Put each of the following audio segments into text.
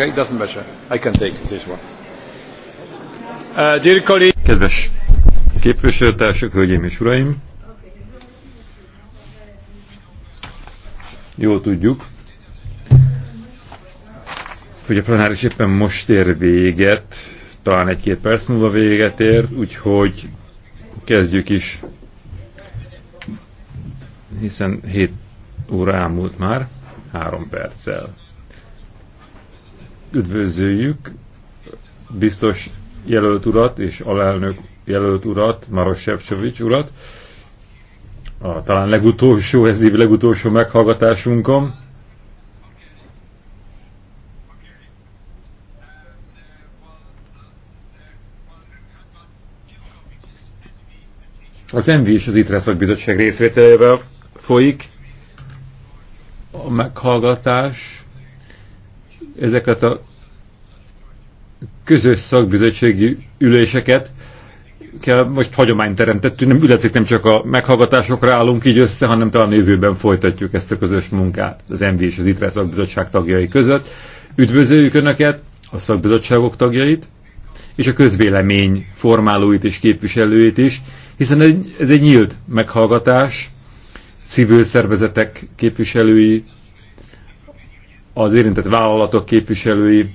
Okay, doesn't matter. I can take this one. Uh, dear colleague... Kedves képviselőtársak, hölgyeim és uraim! Jól tudjuk, hogy a plenáris éppen most ér véget, talán egy-két perc múlva véget ér, úgyhogy kezdjük is, hiszen 7 óra elmúlt már, 3 perccel üdvözöljük biztos jelölt urat és alelnök jelölt urat, Maros Sefcsovics urat, a talán legutolsó, ez év legutolsó meghallgatásunkon. Az MV és az ITRE szakbizottság részvételével folyik a meghallgatás ezeket a közös szakbizottsági üléseket kell, most hagyományt teremtettünk, nem ületszik, nem csak a meghallgatásokra állunk így össze, hanem talán jövőben folytatjuk ezt a közös munkát az MV és az ITRE szakbizottság tagjai között. Üdvözöljük Önöket, a szakbizottságok tagjait, és a közvélemény formálóit és képviselőit is, hiszen ez egy nyílt meghallgatás, civil szervezetek képviselői, az érintett vállalatok képviselői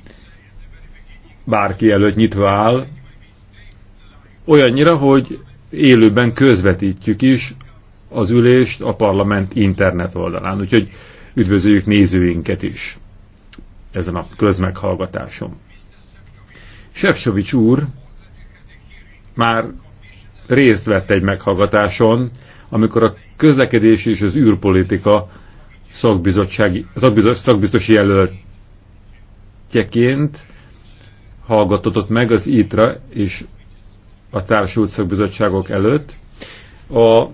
bárki előtt nyitva áll, olyannyira, hogy élőben közvetítjük is az ülést a parlament internet oldalán, úgyhogy üdvözöljük nézőinket is ezen a közmeghallgatáson. Sefcsovics úr már részt vett egy meghallgatáson, amikor a közlekedés és az űrpolitika szakbizottsági, szakbiztosi jelöltjeként hallgatott meg az ITRA és a társult szakbizottságok előtt. A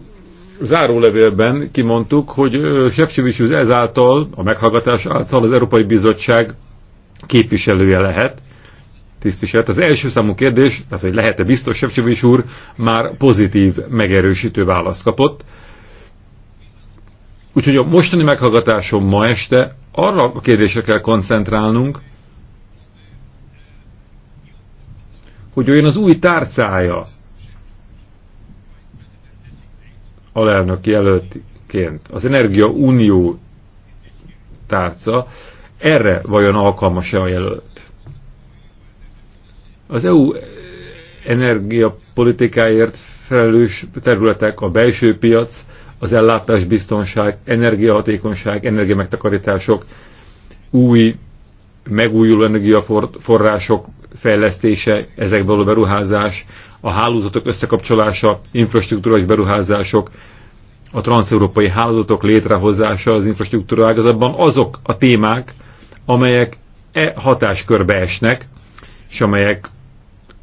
zárólevélben kimondtuk, hogy Sefcsevics ezáltal, a meghallgatás által az Európai Bizottság képviselője lehet, tisztviselt. Az első számú kérdés, tehát hogy lehet-e biztos Sefcsivics úr, már pozitív, megerősítő választ kapott. Úgyhogy a mostani meghallgatásom ma este arra a kérdésre kell koncentrálnunk, hogy olyan az új tárcája alelnök jelöltként, az Energia Unió tárca, erre vajon alkalmas-e a jelölt? Az EU energiapolitikáért felelős területek, a belső piac, az biztonság, energiahatékonyság, energiamegtakarítások, új megújuló energiaforrások fejlesztése, ezekből a beruházás, a hálózatok összekapcsolása, infrastruktúrás beruházások, a transzeurópai hálózatok létrehozása az infrastruktúra ágazatban, azok a témák, amelyek e hatáskörbe esnek, és amelyek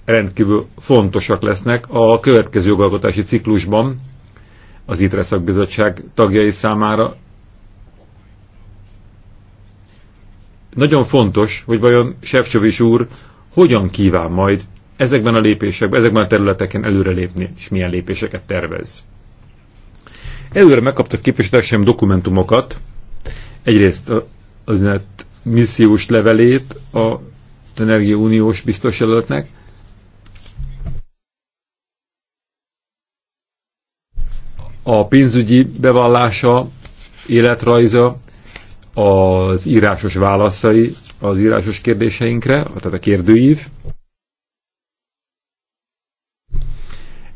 rendkívül fontosak lesznek a következő jogalkotási ciklusban, az ITRE szakbizottság tagjai számára. Nagyon fontos, hogy vajon Sefcsovics úr hogyan kíván majd ezekben a lépésekben, ezekben a területeken előrelépni, és milyen lépéseket tervez. Előre megkaptak képviselőtársaim dokumentumokat, egyrészt az missziós levelét a Uniós biztos jelöltnek, a pénzügyi bevallása, életrajza, az írásos válaszai az írásos kérdéseinkre, tehát a kérdőív.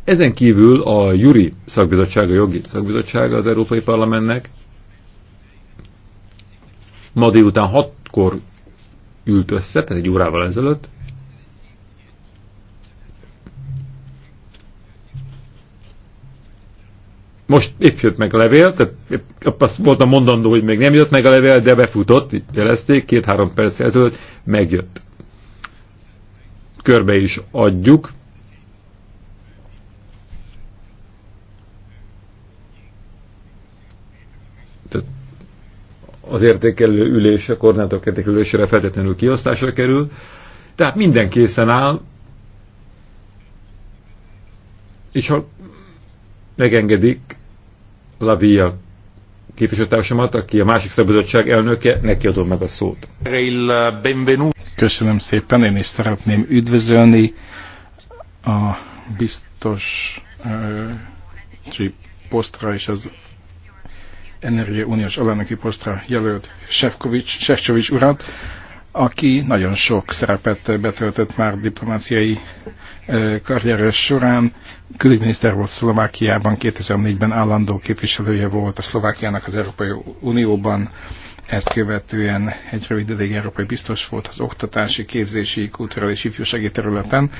Ezen kívül a Juri szakbizottsága, jogi szakbizottsága az Európai Parlamentnek ma délután hatkor ült össze, tehát egy órával ezelőtt, most épp jött meg a levél, tehát épp azt voltam mondandó, hogy még nem jött meg a levél, de befutott, így jelezték, két-három perc ezelőtt megjött. Körbe is adjuk. Tehát az értékelő ülés, a koordinátok értékelősére feltétlenül kiosztásra kerül. Tehát minden készen áll, és ha megengedik, Lavia képviselőtársamat, aki a másik szabadság elnöke, neki adom meg a szót. Köszönöm szépen, én is szeretném üdvözölni a biztos uh, posztra és az Energia Uniós alelnöki posztra jelölt Sefcovics, Sefcovics urat, aki nagyon sok szerepet betöltött már diplomáciai karrieres során. Külügyminiszter volt Szlovákiában, 2004-ben állandó képviselője volt a Szlovákiának az Európai Unióban, ezt követően egy rövid ideig európai biztos volt az oktatási, képzési, kulturális ifjúsági területen.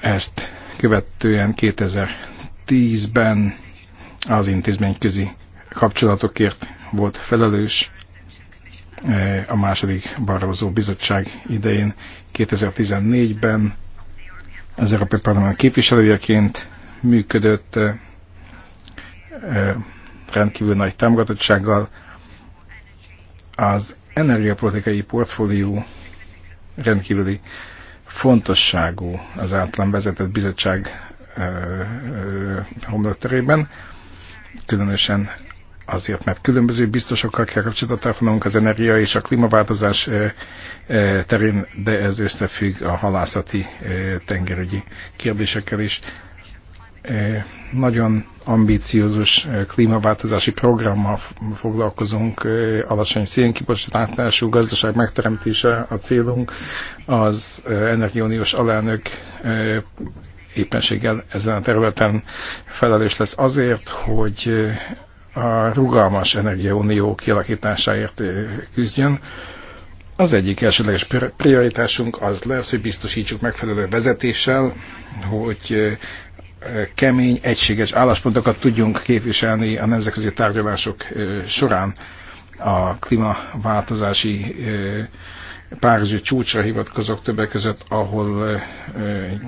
Ezt követően 2010-ben az intézményközi kapcsolatokért volt felelős, a második Barroso bizottság idején 2014-ben az Európai Parlament képviselőjeként működött rendkívül nagy támogatottsággal. Az energiapolitikai portfólió rendkívüli fontosságú az általán vezetett bizottság homlokterében, különösen azért, mert különböző biztosokkal kell kapcsolatot telefonunk az energia és a klímaváltozás terén, de ez összefügg a halászati tengerügyi kérdésekkel is. Nagyon ambíciózus klímaváltozási programmal foglalkozunk, alacsony szénkibocsátású gazdaság megteremtése a célunk. Az Energiauniós alelnök éppenséggel ezen a területen felelős lesz azért, hogy a rugalmas energiaunió kialakításáért küzdjön. Az egyik elsődleges prioritásunk az lesz, hogy biztosítsuk megfelelő vezetéssel, hogy kemény, egységes álláspontokat tudjunk képviselni a nemzetközi tárgyalások során a klímaváltozási párizsi csúcsra hivatkozok többek között, ahol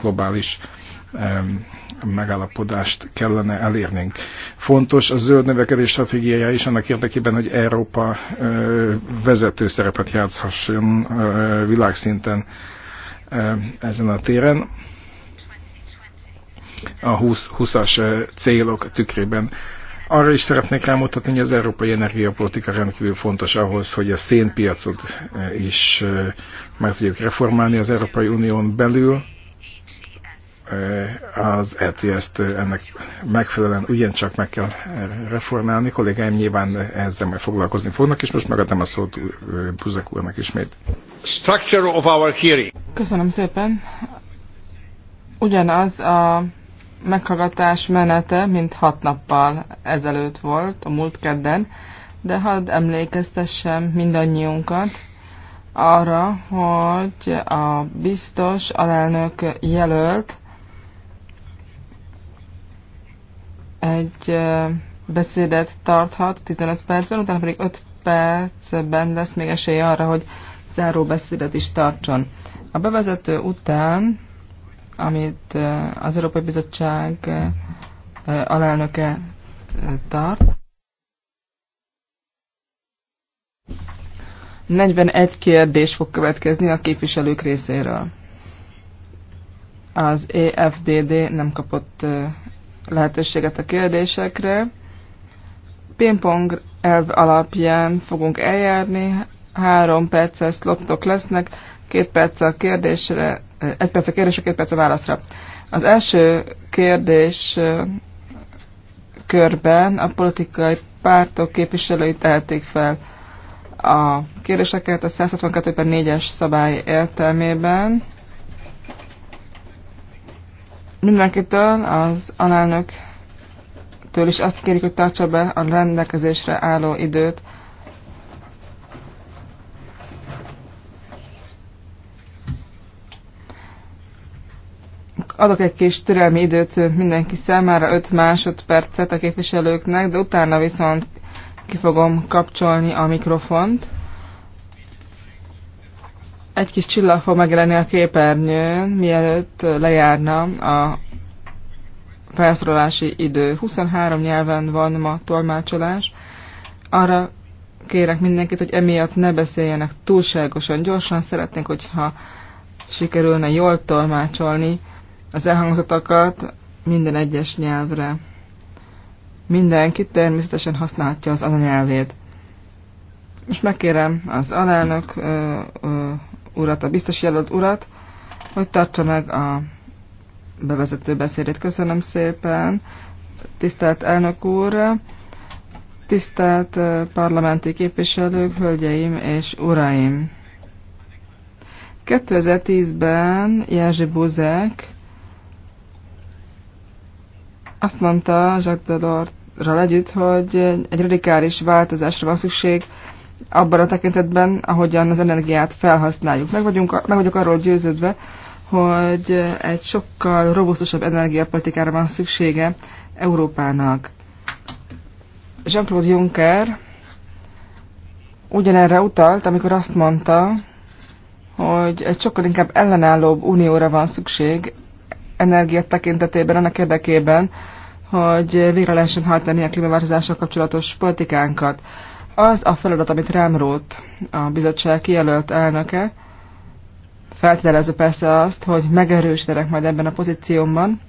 globális megállapodást kellene elérnünk. Fontos a zöld növekedés stratégiája is annak érdekében, hogy Európa vezető szerepet játszhasson világszinten ezen a téren a 20-as célok tükrében. Arra is szeretnék rámutatni, hogy az európai energiapolitika rendkívül fontos ahhoz, hogy a szénpiacot is meg tudjuk reformálni az Európai Unión belül az ETS-t ennek megfelelően ugyancsak meg kell reformálni. Kollégáim nyilván ezzel majd foglalkozni fognak, és most megadom a szót Buzek úrnak ismét. Structure of our hearing. Köszönöm szépen. Ugyanaz a meghallgatás menete, mint hat nappal ezelőtt volt, a múlt kedden, de hadd emlékeztessem mindannyiunkat, arra, hogy a biztos alelnök jelölt egy beszédet tarthat 15 percben, utána pedig 5 percben lesz még esély arra, hogy záró beszédet is tartson. A bevezető után, amit az Európai Bizottság alelnöke tart, 41 kérdés fog következni a képviselők részéről. Az EFDD nem kapott lehetőséget a kérdésekre. Pingpong elv alapján fogunk eljárni, három perces loptok lesznek, két perc a kérdésre, egy perc a kérdésre, két perc a válaszra. Az első kérdés körben a politikai pártok képviselői tehetik fel a kérdéseket a 162 4-es szabály értelmében mindenkitől, az alelnök től is azt kérik, hogy tartsa be a rendelkezésre álló időt. Adok egy kis türelmi időt mindenki számára, 5 másodpercet a képviselőknek, de utána viszont ki fogom kapcsolni a mikrofont. Egy kis csillag fog megjelenni a képernyőn, mielőtt lejárna a felszorolási idő. 23 nyelven van ma tolmácsolás. Arra kérek mindenkit, hogy emiatt ne beszéljenek túlságosan gyorsan. Szeretnénk, hogyha sikerülne jól tolmácsolni az elhangzottakat minden egyes nyelvre. Mindenki természetesen használhatja az anyanyelvét. Most megkérem az alelnök ö, ö, urat, a biztos jelölt urat, hogy tartsa meg a bevezető beszédét. Köszönöm szépen, tisztelt elnök úr, tisztelt parlamenti képviselők, hölgyeim és uraim! 2010-ben Jerzy Buzek azt mondta Jacques Delors-ral együtt, hogy egy radikális változásra van szükség abban a tekintetben, ahogyan az energiát felhasználjuk. Meg, vagyunk, meg vagyok arról győződve, hogy egy sokkal robusztusabb energiapolitikára van szüksége Európának. Jean-Claude Juncker ugyanerre utalt, amikor azt mondta, hogy egy sokkal inkább ellenállóbb unióra van szükség energiát tekintetében, annak érdekében, hogy végre lehessen hajtani a klímaváltozással kapcsolatos politikánkat az a feladat, amit rám rót a bizottság kijelölt elnöke, feltételező persze azt, hogy megerősítenek majd ebben a pozíciómban.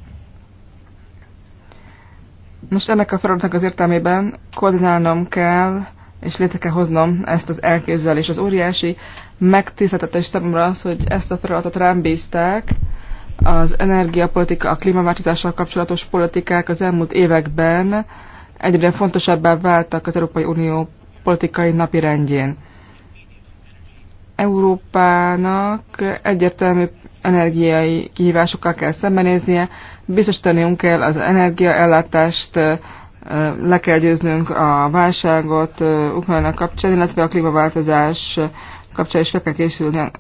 Most ennek a feladatnak az értelmében koordinálnom kell, és létre kell hoznom ezt az elképzelést. Az óriási megtiszteltetés számomra az, hogy ezt a feladatot rám bízták, az energiapolitika, a klímaváltozással kapcsolatos politikák az elmúlt években egyre fontosabbá váltak az Európai Unió politikai napirendjén. Európának egyértelmű energiai kihívásokkal kell szembenéznie, biztosítanunk kell az energiaellátást, le kell győznünk a válságot Ukrajna kapcsán, illetve a klímaváltozás kapcsán is fel kell készülni a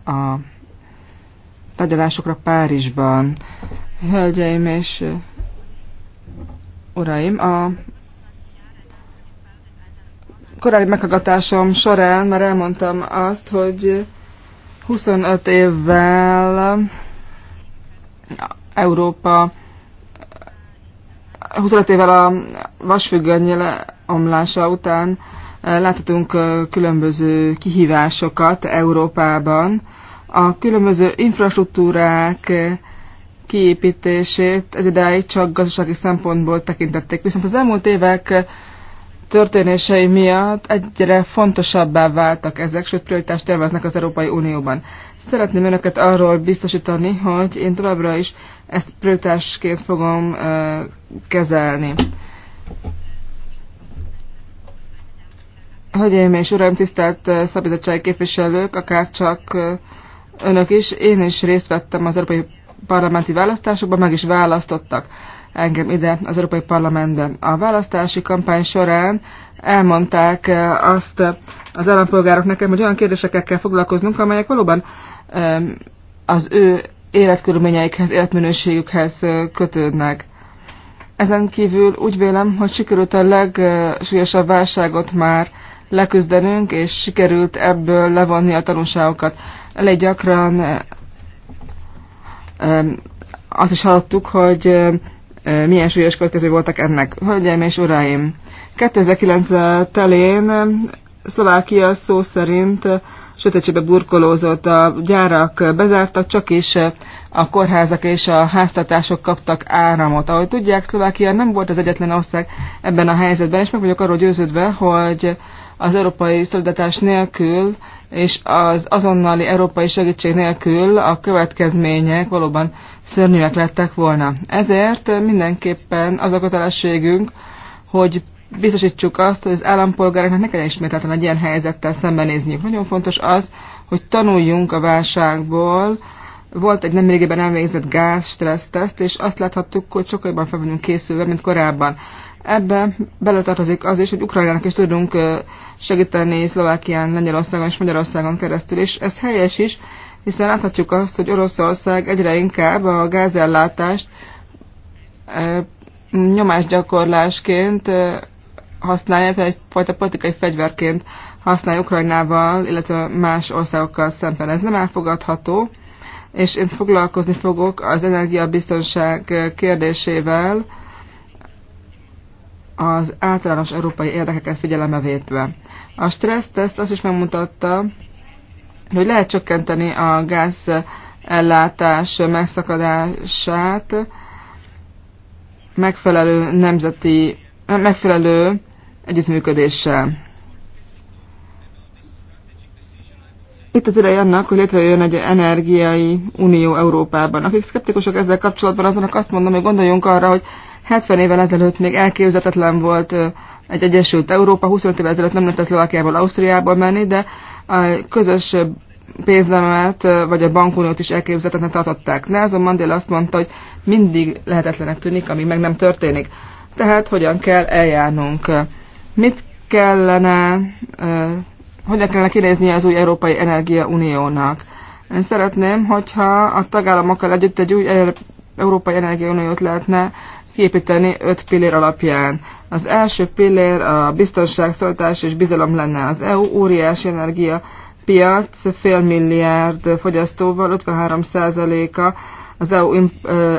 tárgyalásokra Párizsban. Hölgyeim és uraim, a korábbi meghallgatásom során már elmondtam azt, hogy 25 évvel Európa 25 évvel a vasfüggöny omlása után eh, láthatunk eh, különböző kihívásokat Európában. A különböző infrastruktúrák eh, kiépítését ez idáig csak gazdasági szempontból tekintették. Viszont az elmúlt évek történései miatt egyre fontosabbá váltak ezek, sőt prioritást terveznek az Európai Unióban. Szeretném önöket arról biztosítani, hogy én továbbra is ezt prioritásként fogom uh, kezelni. Hölgyeim és Uraim, tisztelt szabizottsági képviselők, akár csak önök is, én is részt vettem az európai parlamenti választásokban, meg is választottak engem ide az Európai Parlamentbe. A választási kampány során elmondták eh, azt az állampolgárok nekem, hogy olyan kérdésekkel kell foglalkoznunk, amelyek valóban az ő életkörülményeikhez, életminőségükhez eh, kötődnek. Ezen kívül úgy vélem, hogy sikerült a legsúlyosabb válságot már leküzdenünk, és sikerült ebből levonni a tanulságokat. Elég gyakran azt is hallottuk, hogy Eh, milyen súlyos következő voltak ennek. Hölgyeim és uraim, 2009 telén eh, Szlovákia szó szerint eh, sötétségbe burkolózott, a gyárak bezártak, csak is a kórházak és a háztartások kaptak áramot. Ahogy tudják, Szlovákia nem volt az egyetlen ország ebben a helyzetben, és meg vagyok arról győződve, hogy az európai szolidatás nélkül és az azonnali európai segítség nélkül a következmények valóban szörnyűek lettek volna. Ezért mindenképpen az a kötelességünk, hogy biztosítsuk azt, hogy az állampolgároknak ne kelljen ismételten egy ilyen helyzettel szembenézniük. Nagyon fontos az, hogy tanuljunk a válságból. Volt egy nemrégiben elvégzett gázstresszteszt, és azt láthattuk, hogy sokkal jobban fel vagyunk készülve, mint korábban. Ebbe beletartozik az is, hogy Ukrajnának is tudunk segíteni Szlovákián, Lengyelországon és Magyarországon keresztül, és ez helyes is, hiszen láthatjuk azt, hogy Oroszország egyre inkább a gázellátást nyomásgyakorlásként használja, tehát egyfajta politikai fegyverként használja Ukrajnával, illetve más országokkal szemben. Ez nem elfogadható, és én foglalkozni fogok az energiabiztonság kérdésével, az általános európai érdekeket figyelembe vétve. A stresszteszt azt is megmutatta, hogy lehet csökkenteni a gáz ellátás megszakadását megfelelő nemzeti, megfelelő együttműködéssel. Itt az ideje annak, hogy létrejön egy energiai unió Európában. Akik szkeptikusok ezzel kapcsolatban, azonnak azt mondom, hogy gondoljunk arra, hogy 70 évvel ezelőtt még elképzelhetetlen volt egy Egyesült Európa, 25 évvel ezelőtt nem lehetett Szlovákiából Ausztriából menni, de a közös pénznemet vagy a bankuniót is elképzelhetetlen tartották. azon Mandela azt mondta, hogy mindig lehetetlenek tűnik, ami meg nem történik. Tehát hogyan kell eljárnunk? Mit kellene, hogyan kellene kinézni az új Európai Energia Uniónak? Én szeretném, hogyha a tagállamokkal együtt egy új Európai energia Uniót lehetne kiépíteni öt pillér alapján. Az első pillér a biztonságszoltás és bizalom lenne az EU, óriási energia piac, fél milliárd fogyasztóval, 53%-a az EU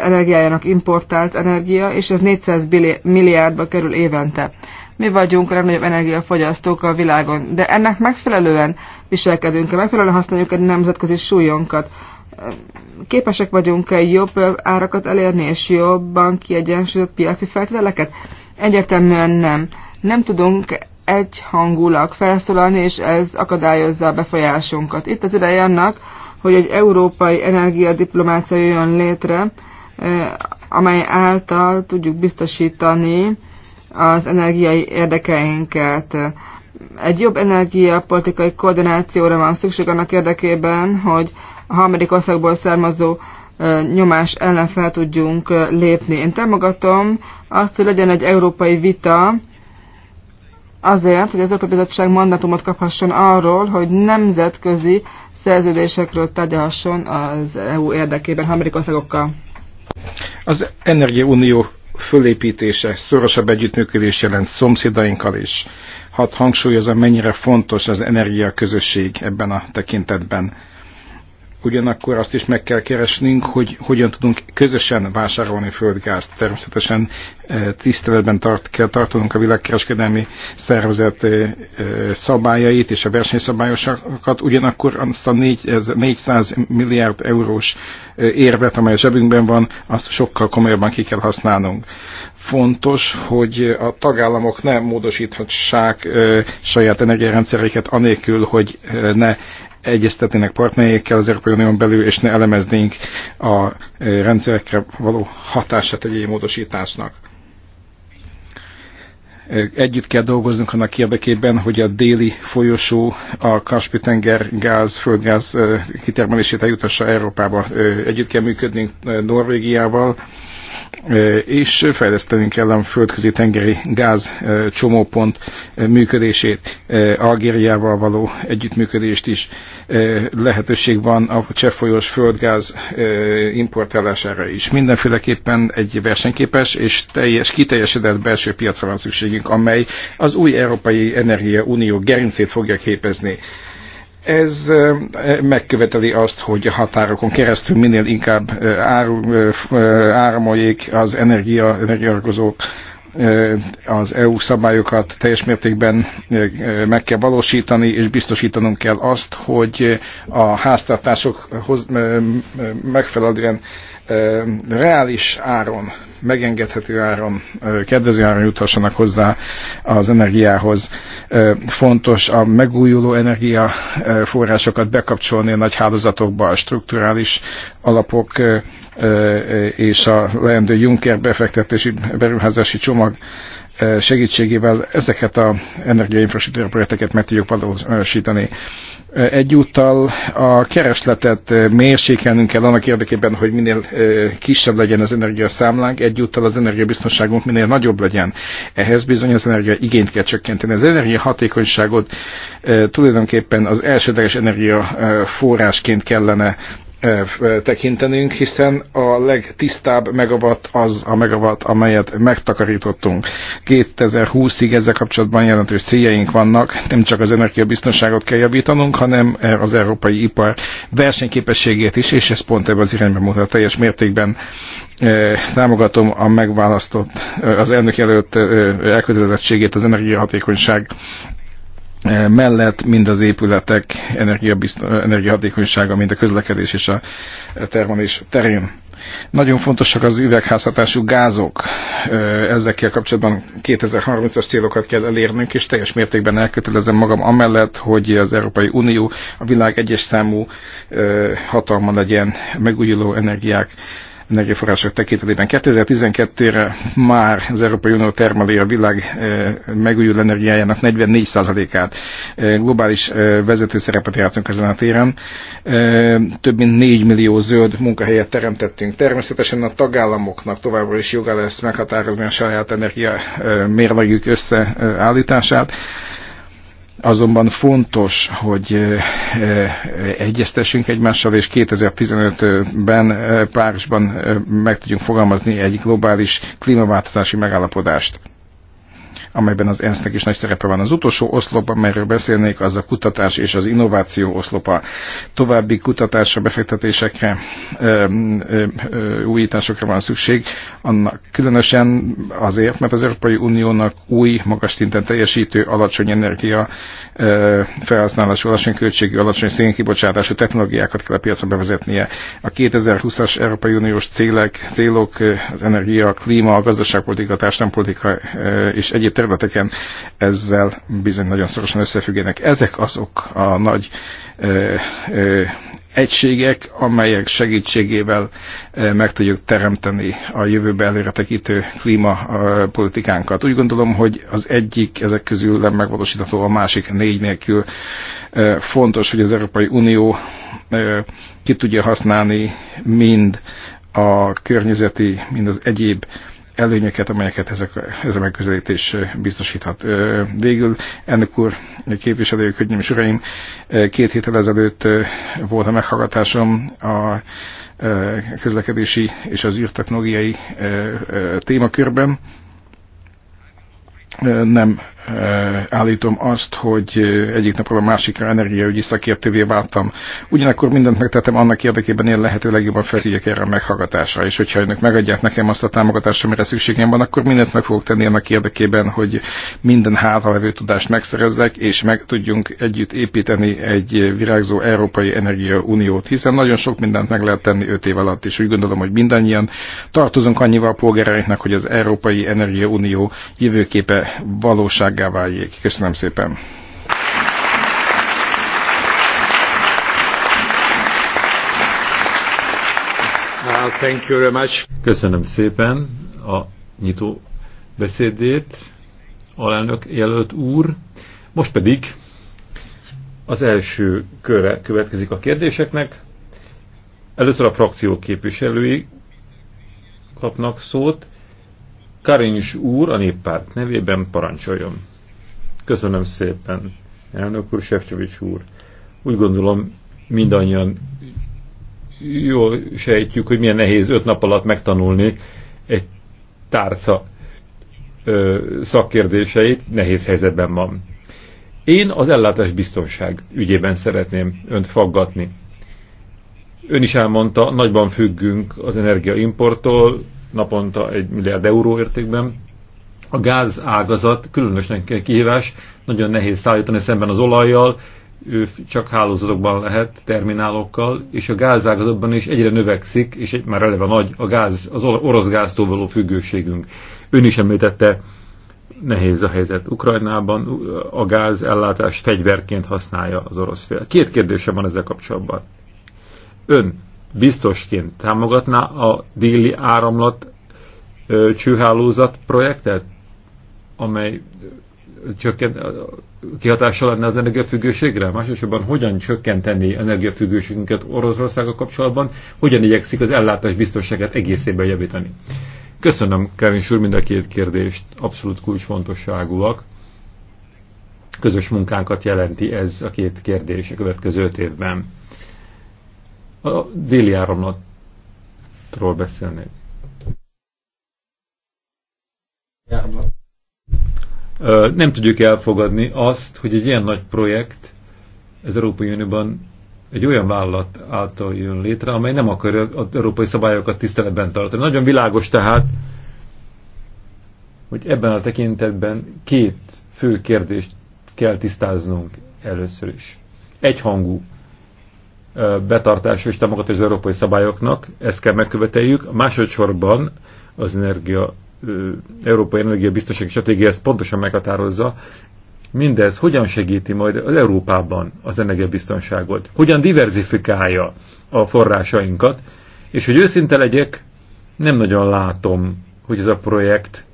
energiájának importált energia, és ez 400 milliárdba kerül évente. Mi vagyunk a legnagyobb energiafogyasztók a világon, de ennek megfelelően viselkedünk, megfelelően használjuk a nemzetközi súlyunkat képesek vagyunk-e jobb árakat elérni, és jobban kiegyensúlyozott piaci feltételeket? Egyértelműen nem. Nem tudunk egyhangulag felszólalni, és ez akadályozza a befolyásunkat. Itt az ideje annak, hogy egy európai energiadiplomácia jöjjön létre, amely által tudjuk biztosítani az energiai érdekeinket. Egy jobb energiapolitikai koordinációra van szükség annak érdekében, hogy a harmadik országból származó nyomás ellen fel tudjunk lépni. Én támogatom azt, hogy legyen egy európai vita azért, hogy az Európai Bizottság mandátumot kaphasson arról, hogy nemzetközi szerződésekről tárgyalhasson az EU érdekében harmadik országokkal. Az Energiaunió fölépítése, szorosabb együttműködés jelent szomszédainkkal is. Hadd hangsúlyozom, mennyire fontos az energiaközösség ebben a tekintetben ugyanakkor azt is meg kell keresnünk, hogy hogyan tudunk közösen vásárolni földgázt. Természetesen eh, tiszteletben tart, kell tartanunk a világkereskedelmi szervezet eh, eh, szabályait és a versenyszabályosakat, ugyanakkor azt a 400 milliárd eurós érvet, amely a zsebünkben van, azt sokkal komolyabban ki kell használnunk. Fontos, hogy a tagállamok ne módosíthassák saját energiarendszereiket anélkül, hogy ne egyeztetnének partnereikkel az Európai Unión belül, és ne elemeznénk a e, rendszerekre való hatását egy ilyen módosításnak. E, együtt kell dolgoznunk annak érdekében, hogy a déli folyosó a Kaspi-tenger gáz, földgáz e, kitermelését eljutassa Európába. Együtt kell működnünk Norvégiával, és fejlesztenünk kell a földközi tengeri gáz csomópont működését, Algériával való együttműködést is lehetőség van a cseppfolyós földgáz importálására is. Mindenféleképpen egy versenyképes és teljes, kiteljesedett belső piacra van szükségünk, amely az új Európai Energia Unió gerincét fogja képezni. Ez megköveteli azt, hogy a határokon keresztül minél inkább áru, áramoljék az energia, energiargozók az EU szabályokat teljes mértékben meg kell valósítani, és biztosítanunk kell azt, hogy a háztartások megfelelően reális áron, megengedhető áron, kedvező áron juthassanak hozzá az energiához. Fontos a megújuló energiaforrásokat bekapcsolni a nagy hálózatokba, a strukturális alapok és a leendő Juncker befektetési beruházási csomag segítségével ezeket a energiainfrastruktúra projekteket meg tudjuk valósítani. Egyúttal a keresletet eh, mérsékelnünk kell annak érdekében, hogy minél eh, kisebb legyen az energiaszámlánk, egyúttal az energiabiztonságunk minél nagyobb legyen. Ehhez bizony az energia igényt kell csökkenteni. Az energia hatékonyságot eh, tulajdonképpen az elsődleges energia forrásként kellene tekintenünk, hiszen a legtisztább megavat az a megavat, amelyet megtakarítottunk. 2020-ig ezzel kapcsolatban jelentős céljaink vannak, nem csak az energiabiztonságot kell javítanunk, hanem e, az európai ipar versenyképességét is, és ez pont ebben az irányban mutat teljes mértékben e, támogatom a megválasztott, e, az elnök előtt elkötelezettségét az energiahatékonyság mellett mind az épületek energiahatékonysága, mind a közlekedés és a termelés terén. Nagyon fontosak az üvegházhatású gázok. Ezekkel kapcsolatban 2030-as célokat kell elérnünk, és teljes mértékben elkötelezem magam amellett, hogy az Európai Unió a világ egyes számú hatalma legyen megújuló energiák energiaforrások tekintetében. 2012-re már az Európai Unió termeli a világ e, megújuló energiájának 44%-át. E, globális e, vezető szerepet játszunk ezen a téren. Több mint 4 millió zöld munkahelyet teremtettünk. Természetesen a tagállamoknak továbbra is joga lesz meghatározni a saját energia mérlegük összeállítását Azonban fontos, hogy egyeztessünk egymással, és 2015-ben Párizsban meg tudjunk fogalmazni egy globális klímaváltozási megállapodást amelyben az ENSZ-nek is nagy szerepe van. Az utolsó oszlop, amelyről beszélnék, az a kutatás és az innováció oszlopa. További kutatásra, befektetésekre, ö, ö, ö, újításokra van szükség, annak különösen azért, mert az Európai Uniónak új, magas szinten teljesítő, alacsony energia ö, felhasználású, alacsony költségű, alacsony szénkibocsátású technológiákat kell a piacon bevezetnie. A 2020-as Európai Uniós célek, célok, az energia, a klíma, a gazdaságpolitika, a társadalompolitika és egyéb területeken, ezzel bizony nagyon szorosan összefüggenek. Ezek azok a nagy ö, ö, egységek, amelyek segítségével meg tudjuk teremteni a jövőbe előre tekítő klímapolitikánkat. Úgy gondolom, hogy az egyik ezek közül nem megvalósítható a másik négy nélkül. Fontos, hogy az Európai Unió ki tudja használni mind a környezeti, mind az egyéb előnyöket, amelyeket ezek, ez a megközelítés biztosíthat. Végül ennek úr képviselő, hölgyeim és uraim, két héttel ezelőtt volt a meghallgatásom a közlekedési és az űrtechnológiai témakörben. Nem Eh, állítom azt, hogy eh, egyik napról a másikra energiaügyi szakértővé váltam. Ugyanakkor mindent megtettem annak érdekében, én lehető legjobban feszüljek erre a meghallgatásra, és hogyha önök megadják nekem azt a támogatást, amire szükségem van, akkor mindent meg fogok tenni annak érdekében, hogy minden hátralevő tudást megszerezzek, és meg tudjunk együtt építeni egy virágzó Európai Energia Uniót, hiszen nagyon sok mindent meg lehet tenni öt év alatt, és úgy gondolom, hogy mindannyian tartozunk annyival a polgáraiknak, hogy az Európai Energia Unió jövőképe valóság valósággá váljék. Köszönöm szépen! Thank you very much. Köszönöm szépen a nyitó beszédét, alelnök jelölt úr. Most pedig az első körre következik a kérdéseknek. Először a frakció képviselői kapnak szót. Karincs úr a néppárt nevében parancsoljon. Köszönöm szépen, elnök úr, Sefcsovics úr. Úgy gondolom, mindannyian jól sejtjük, hogy milyen nehéz öt nap alatt megtanulni egy tárca ö, szakkérdéseit, nehéz helyzetben van. Én az ellátás biztonság ügyében szeretném önt faggatni. Ön is elmondta, nagyban függünk az energiaimporttól, naponta egy milliárd euró értékben. A gáz ágazat különösen kihívás, nagyon nehéz szállítani szemben az olajjal, ő csak hálózatokban lehet, terminálokkal, és a gázágazatban is egyre növekszik, és egy, már eleve nagy a gáz, az orosz gáztól való függőségünk. Ön is említette, nehéz a helyzet. Ukrajnában a gáz ellátást fegyverként használja az orosz fél. Két kérdése van ezzel kapcsolatban. Ön biztosként támogatná a déli áramlat ö, csőhálózat projektet, amely csökkent, kihatással lenne az energiafüggőségre? Másosabban hogyan csökkenteni energiafüggőségünket Oroszországgal kapcsolatban? Hogyan igyekszik az ellátás biztonságát egészében javítani? Köszönöm, Kevin úr, mind a két kérdést, abszolút kulcsfontosságúak. Közös munkánkat jelenti ez a két kérdés a következő évben a déli áramlatról beszélnék. Nem tudjuk elfogadni azt, hogy egy ilyen nagy projekt az Európai Unióban egy olyan vállalat által jön létre, amely nem akarja az európai szabályokat tiszteletben tartani. Nagyon világos tehát, hogy ebben a tekintetben két fő kérdést kell tisztáznunk először is. Egyhangú betartása és támogatás az európai szabályoknak, ezt kell megköveteljük. Másodszorban az energia, Európai Energia Biztonsági Stratégia ezt pontosan meghatározza, mindez hogyan segíti majd az Európában az energiabiztonságot, hogyan diverzifikálja a forrásainkat, és hogy őszinte legyek, nem nagyon látom, hogy ez a projekt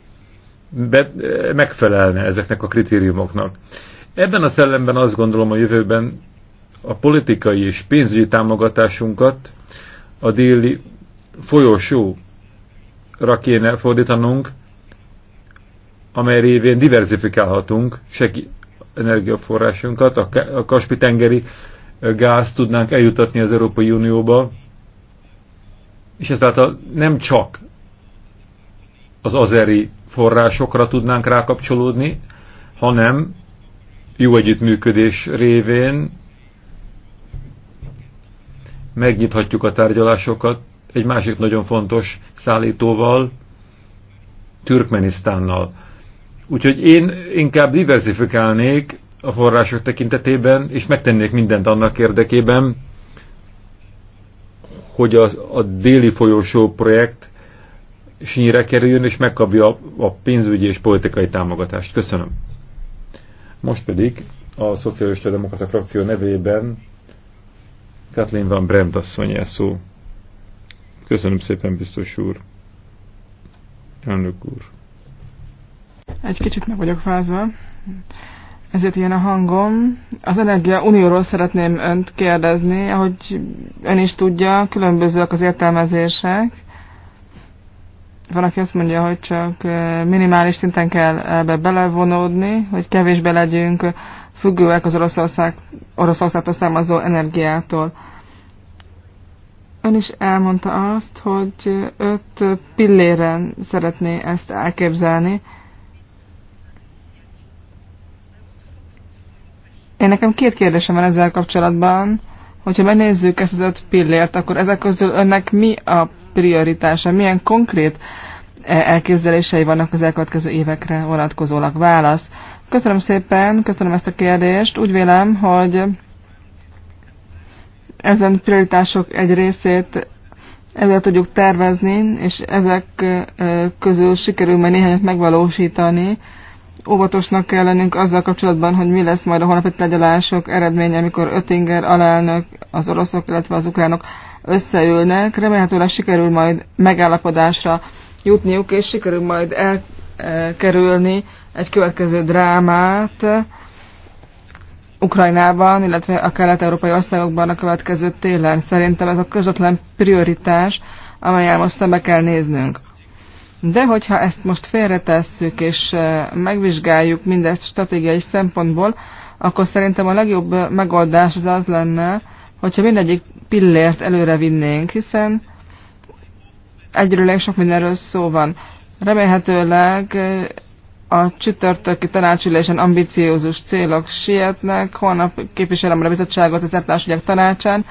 be, megfelelne ezeknek a kritériumoknak. Ebben a szellemben azt gondolom, a jövőben a politikai és pénzügyi támogatásunkat a déli folyosóra kéne fordítanunk, amely révén diversifikálhatunk seki energiaforrásunkat, a Kaspi-tengeri gáz tudnánk eljutatni az Európai Unióba, és ezáltal nem csak az azeri forrásokra tudnánk rákapcsolódni, hanem jó együttműködés révén megnyithatjuk a tárgyalásokat egy másik nagyon fontos szállítóval, Türkmenisztánnal. Úgyhogy én inkább diversifikálnék a források tekintetében, és megtennék mindent annak érdekében, hogy az, a déli folyósó projekt sínyre kerüljön, és megkapja a pénzügyi és politikai támogatást. Köszönöm. Most pedig a szociális Demokrata frakció nevében Kathleen van Brand asszony szó. Köszönöm szépen, biztos úr. Elnök úr. Egy kicsit meg vagyok fázva, ezért ilyen a hangom. Az Energia Unióról szeretném önt kérdezni, ahogy ön is tudja, különbözőek az értelmezések. Van, aki azt mondja, hogy csak eh, minimális szinten kell ebbe belevonódni, hogy kevésbé legyünk függőek az Oroszország, Oroszországtól származó energiától. Ön is elmondta azt, hogy öt pilléren szeretné ezt elképzelni. Én nekem két kérdésem van ezzel kapcsolatban. Hogyha megnézzük ezt az öt pillért, akkor ezek közül önnek mi a prioritása? Milyen konkrét eh, elképzelései vannak az elkövetkező évekre vonatkozólag? Válasz. Köszönöm szépen, köszönöm ezt a kérdést. Úgy vélem, hogy ezen prioritások egy részét ezzel tudjuk tervezni, és ezek közül sikerül majd néhányat megvalósítani. Óvatosnak kell lennünk azzal kapcsolatban, hogy mi lesz majd a holnapi tegyalások eredménye, amikor Ötinger alelnök, az oroszok, illetve az ukránok összeülnek. Remélhetőleg sikerül majd megállapodásra jutniuk, és sikerül majd elkerülni egy következő drámát Ukrajnában, illetve a kelet-európai országokban a következő télen. Szerintem ez a közvetlen prioritás, amelyel most szembe kell néznünk. De hogyha ezt most félretesszük és eh, megvizsgáljuk mindezt stratégiai szempontból, akkor szerintem a legjobb megoldás az az lenne, hogyha mindegyik pillért előre vinnénk, hiszen egyről sok mindenről szó van. Remélhetőleg eh, a csütörtöki tanácsülésen ambiciózus célok sietnek, holnap képviselem a bizottságot az általános tanácsán,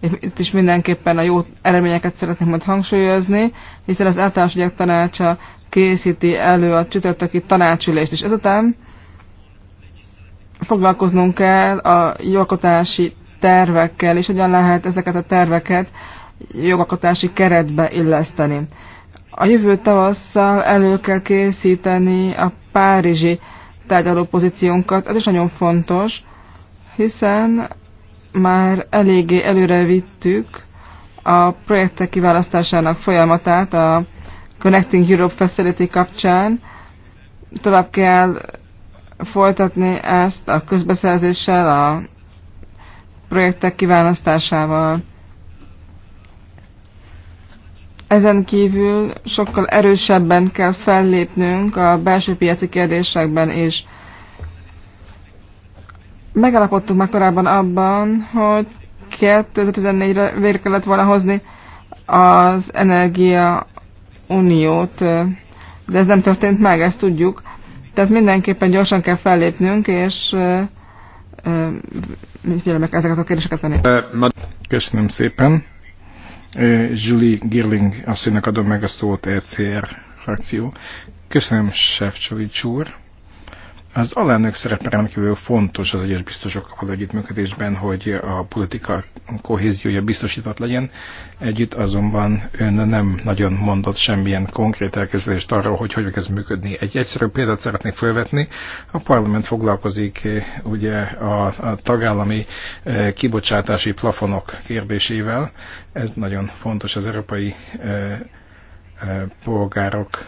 itt is mindenképpen a jó eredményeket szeretném, majd hangsúlyozni, hiszen az általános tanácsa készíti elő a csütörtöki tanácsülést, és ezután foglalkoznunk kell a jogalkotási tervekkel, és hogyan lehet ezeket a terveket jogalkotási keretbe illeszteni. A jövő tavasszal elő kell készíteni a párizsi tárgyaló pozíciónkat. Ez is nagyon fontos, hiszen már eléggé előre vittük a projektek kiválasztásának folyamatát a Connecting Europe Facility kapcsán. Tovább kell folytatni ezt a közbeszerzéssel, a projektek kiválasztásával. Ezen kívül sokkal erősebben kell fellépnünk a belső piaci kérdésekben is. Megalapodtunk már korábban abban, hogy 2014-re végre kellett volna hozni az Energia Uniót, de ez nem történt meg, ezt tudjuk. Tehát mindenképpen gyorsan kell fellépnünk, és meg ezeket a kérdéseket venni. Köszönöm szépen. Julie Girling asszonynak adom meg a szót ECR frakció. Köszönöm, Sefcsovics úr. Az alelnök szerepe rendkívül fontos az egyes biztosok való együttműködésben, hogy a politika kohéziója biztosított legyen. Együtt azonban ön nem nagyon mondott semmilyen konkrét elkezdést arról, hogy hogy fog ez működni. Egy egyszerű példát szeretnék felvetni. A parlament foglalkozik eh, ugye a, a tagállami eh, kibocsátási plafonok kérdésével. Ez nagyon fontos az európai eh, polgárok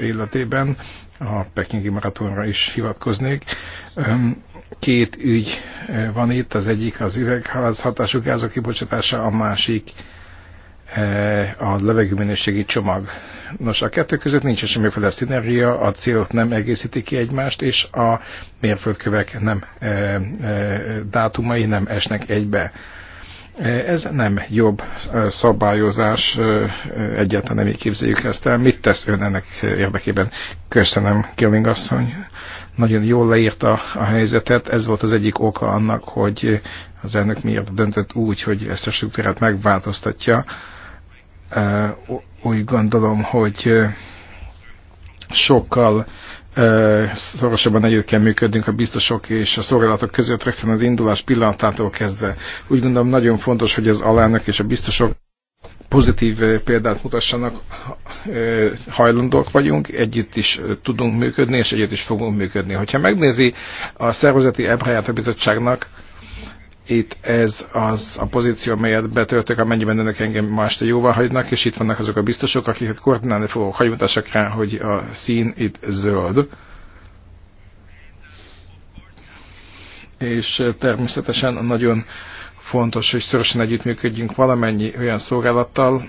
életében a Pekingi maratonra is hivatkoznék. Két ügy van itt, az egyik az hatású gázok kibocsátása, a másik a levegőminőségi csomag. Nos, a kettő között nincs semmiféle szinergia, a célok nem egészítik ki egymást, és a mérföldkövek nem dátumai nem esnek egybe ez nem jobb szabályozás, egyáltalán nem így képzeljük ezt el. Mit tesz ön ennek érdekében? Köszönöm, Killing asszony. Nagyon jól leírta a helyzetet. Ez volt az egyik oka annak, hogy az elnök miért döntött úgy, hogy ezt a struktúrát megváltoztatja. Úgy gondolom, hogy sokkal szorosabban együtt kell működnünk a biztosok és a szolgálatok között rögtön az indulás pillanatától kezdve. Úgy gondolom nagyon fontos, hogy az alának és a biztosok pozitív példát mutassanak, hajlandók vagyunk, együtt is tudunk működni, és együtt is fogunk működni. Hogyha megnézi a szervezeti ebráját a bizottságnak, itt ez az a pozíció, amelyet betöltök, amennyiben önök engem ma este jóval, hagynak, és itt vannak azok a biztosok, akiket koordinálni fogok, hagymutassak rá, hogy a szín itt zöld. És eh, természetesen nagyon fontos, hogy szorosan együttműködjünk valamennyi olyan szolgálattal,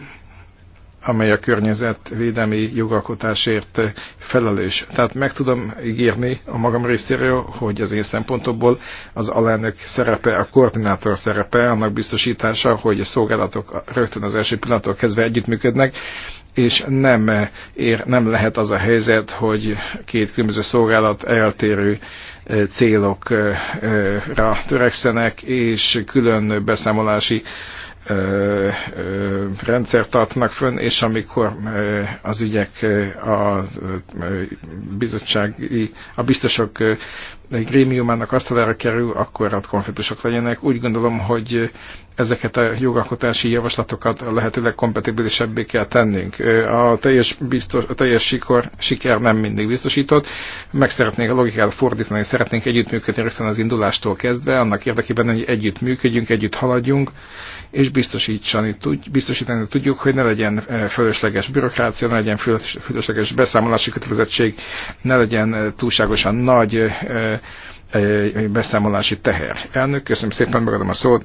amely a környezetvédelmi jogalkotásért felelős. Tehát meg tudom ígérni a magam részéről, hogy az én szempontomból az alelnök szerepe, a koordinátor szerepe, annak biztosítása, hogy a szolgálatok rögtön az első pillanattól kezdve együttműködnek, és nem, ér, nem lehet az a helyzet, hogy két különböző szolgálat eltérő e, célokra törekszenek, és külön beszámolási rendszer tartanak fönn, és amikor az ügyek a bizottsági, a biztosok grémiumának asztalára kerül, akkor ott konfliktusok legyenek. Úgy gondolom, hogy ezeket a jogalkotási javaslatokat lehetőleg kompatibilisebbé kell tennünk. A teljes, biztos, a teljes sikor, siker nem mindig biztosított. Meg szeretnénk a logikát fordítani, szeretnénk együttműködni rögtön az indulástól kezdve, annak érdekében, hogy együtt működjünk, együtt haladjunk, és biztosítani, tud, biztosítani tudjuk, hogy ne legyen fölösleges bürokrácia, ne legyen fölösleges beszámolási kötelezettség, ne legyen túlságosan nagy beszámolási teher. Elnök, köszönöm szépen, megadom a szót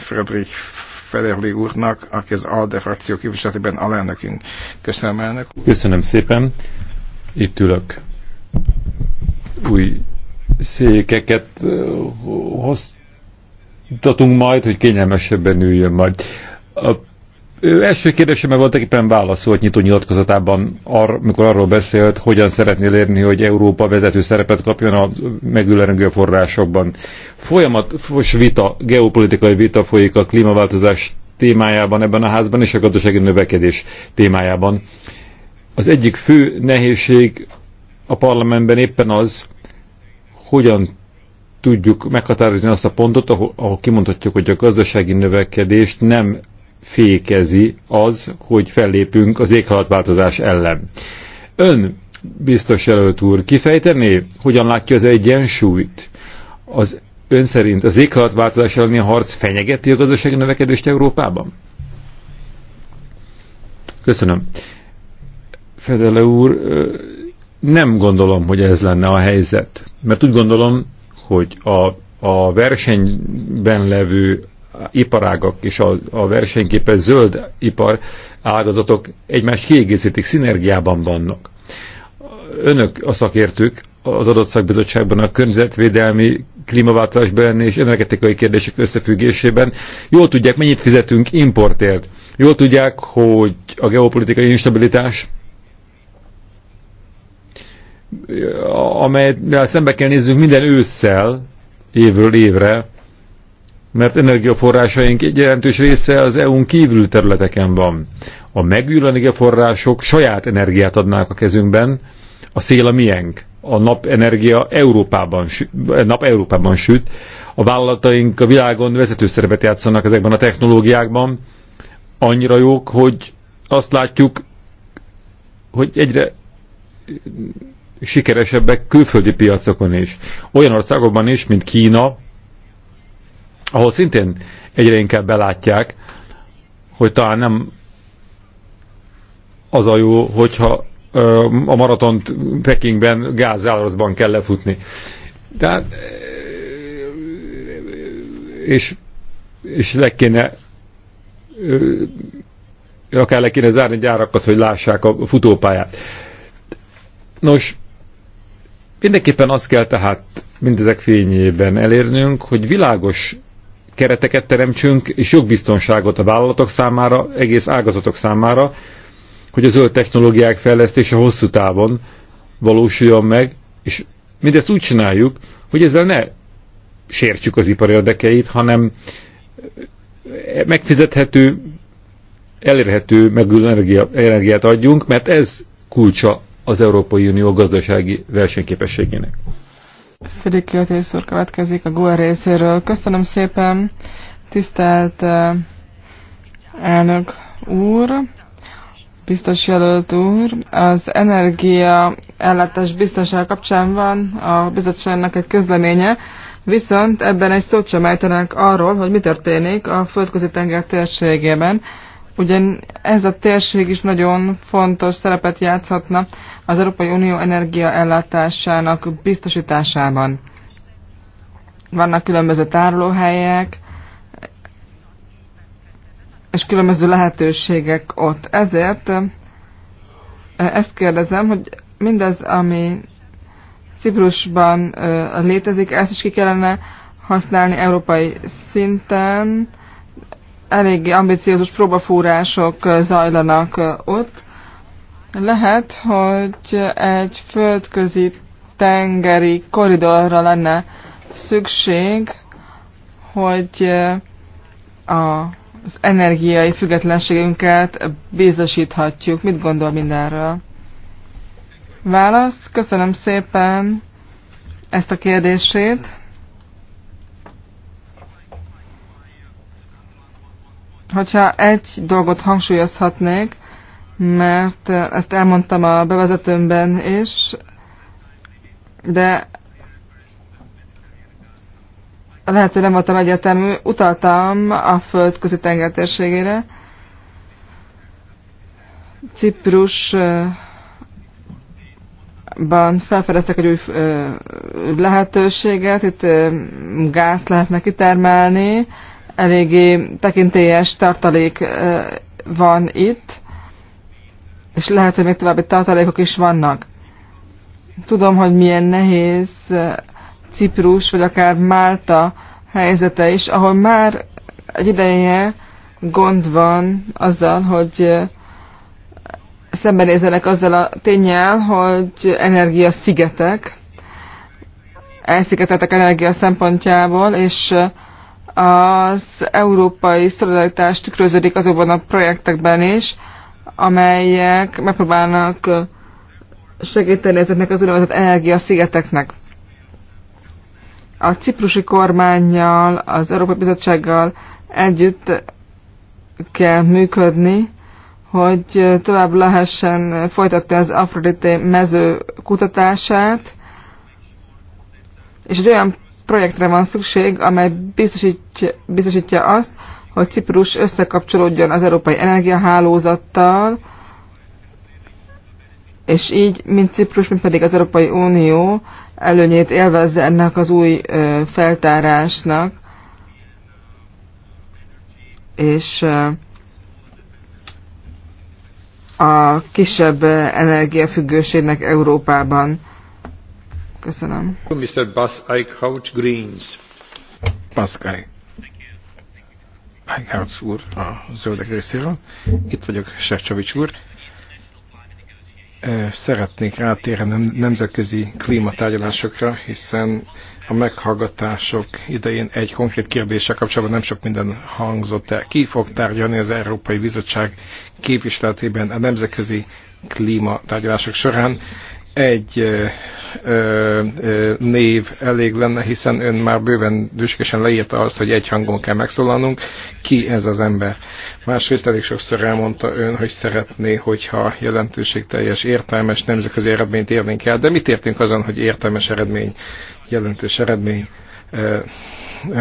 Fredrik Federli úrnak, aki az ALDE frakció képviseletében alelnökünk. Köszönöm, elnök. Köszönöm szépen. Itt ülök. Új székeket hoztatunk majd, hogy kényelmesebben üljön majd. A ő első kérdésemre volt éppen válaszolt nyitó nyilatkozatában, ar, amikor arról beszélt, hogyan szeretnél érni, hogy Európa vezető szerepet kapjon a megülő energiaforrásokban. Folyamatos vita, geopolitikai vita folyik a klímaváltozás témájában ebben a házban és a gazdasági növekedés témájában. Az egyik fő nehézség a parlamentben éppen az, hogyan tudjuk meghatározni azt a pontot, ahol, ahol kimondhatjuk, hogy a gazdasági növekedést nem fékezi az, hogy fellépünk az éghajlatváltozás ellen. Ön, biztos jelölt úr, kifejteni, hogyan látja az egyensúlyt? Az ön szerint az éghajlatváltozás elleni harc fenyegeti a gazdasági növekedést Európában? Köszönöm. Fedele úr, nem gondolom, hogy ez lenne a helyzet. Mert úgy gondolom, hogy a, a versenyben levő iparágak és a, a versenyképes zöld ipar ágazatok egymást kiegészítik, szinergiában vannak. Önök a szakértők az adott szakbizottságban a környezetvédelmi, klímaváltozás benne és energetikai kérdések összefüggésében. Jól tudják, mennyit fizetünk importért. Jól tudják, hogy a geopolitikai instabilitás amelyel szembe kell nézzünk minden ősszel, évről évre, mert energiaforrásaink egy jelentős része az EU-n kívül területeken van. A megújuló energiaforrások saját energiát adnák a kezünkben, a szél a miénk, a napenergia Európában, eh, nap Európában süt, a vállalataink a világon vezető szerepet játszanak ezekben a technológiákban, annyira jók, hogy azt látjuk, hogy egyre sikeresebbek külföldi piacokon is. Olyan országokban is, mint Kína, ahol szintén egyre inkább belátják, hogy talán nem az a jó, hogyha a maratont Pekingben gázállatban kell lefutni. Tehát, és, és le kéne akár le kéne zárni gyárakat, hogy lássák a futópályát. Nos, mindenképpen azt kell tehát mindezek fényében elérnünk, hogy világos kereteket teremtsünk, és jogbiztonságot a vállalatok számára, egész ágazatok számára, hogy a zöld technológiák fejlesztése hosszú távon valósuljon meg, és mindezt úgy csináljuk, hogy ezzel ne sértsük az ipar érdekeit, hanem megfizethető, elérhető megülő energia, energiát adjunk, mert ez kulcsa az Európai Unió gazdasági versenyképességének. Szidikiotész úr következik a GUA részéről. Köszönöm szépen, tisztelt eh, elnök úr, biztos jelölt úr. Az energia ellátás biztonság kapcsán van a bizottságnak egy közleménye, viszont ebben egy szót sem arról, hogy mi történik a földközi tenger térségében. Ugyan ez a térség is nagyon fontos szerepet játszhatna az Európai Unió energiaellátásának biztosításában. Vannak különböző tárolóhelyek, és különböző lehetőségek ott. Ezért eh, ezt kérdezem, hogy mindez, ami Ciprusban eh, létezik, ezt is ki kellene használni európai szinten, Elég ambiciózus próbafúrások zajlanak ott. Lehet, hogy egy földközi tengeri koridorra lenne szükség, hogy az energiai függetlenségünket biztosíthatjuk. Mit gondol mindenről? Válasz, köszönöm szépen ezt a kérdését. Hogyha egy dolgot hangsúlyozhatnék, mert ezt elmondtam a bevezetőmben is, de lehet, hogy nem voltam egyetemű, utaltam a földközi tengertérségére. Ciprusban felfedeztek egy új lehetőséget, itt gáz lehetne kitermelni, eléggé tekintélyes tartalék van itt, és lehet, hogy még további tartalékok is vannak. Tudom, hogy milyen nehéz Ciprus, vagy akár Málta helyzete is, ahol már egy ideje gond van azzal, hogy szembenézenek azzal a tényel, hogy energia szigetek, elszigeteltek energia szempontjából, és az európai szolidaritás tükröződik azokban a projektekben is, amelyek megpróbálnak segíteni ezeknek az úgynevezett energiaszigeteknek. A ciprusi kormányjal, az Európai Bizottsággal együtt kell működni, hogy tovább lehessen folytatni az Afrodite mező kutatását, és egy olyan projektre van szükség, amely biztosítja, biztosítja azt, hogy Ciprus összekapcsolódjon az európai energiahálózattal, és így mind Ciprus, mint pedig az Európai Unió előnyét élvezze ennek az új ö, feltárásnak, és ö, a kisebb energiafüggőségnek Európában. Köszönöm. Mr. Bas Eichhout Greens. Bas, Eichhout úr a zöldek részéről. Itt vagyok, Sercsovics úr. Eh, szeretnék rátérni a nemzetközi klímatárgyalásokra, hiszen a meghallgatások idején egy konkrét kérdéssel kapcsolatban nem sok minden hangzott el. Ki fog tárgyalni az Európai Bizottság képviseletében a nemzetközi klímatárgyalások során egy ö, ö, név elég lenne, hiszen ön már bőven düskesen leírta azt, hogy egy hangon kell megszólalnunk. Ki ez az ember? Másrészt elég sokszor elmondta ön, hogy szeretné, hogyha jelentőségteljes, értelmes nemzetközi eredményt érnénk el, de mit értünk azon, hogy értelmes eredmény, jelentős eredmény? Ö,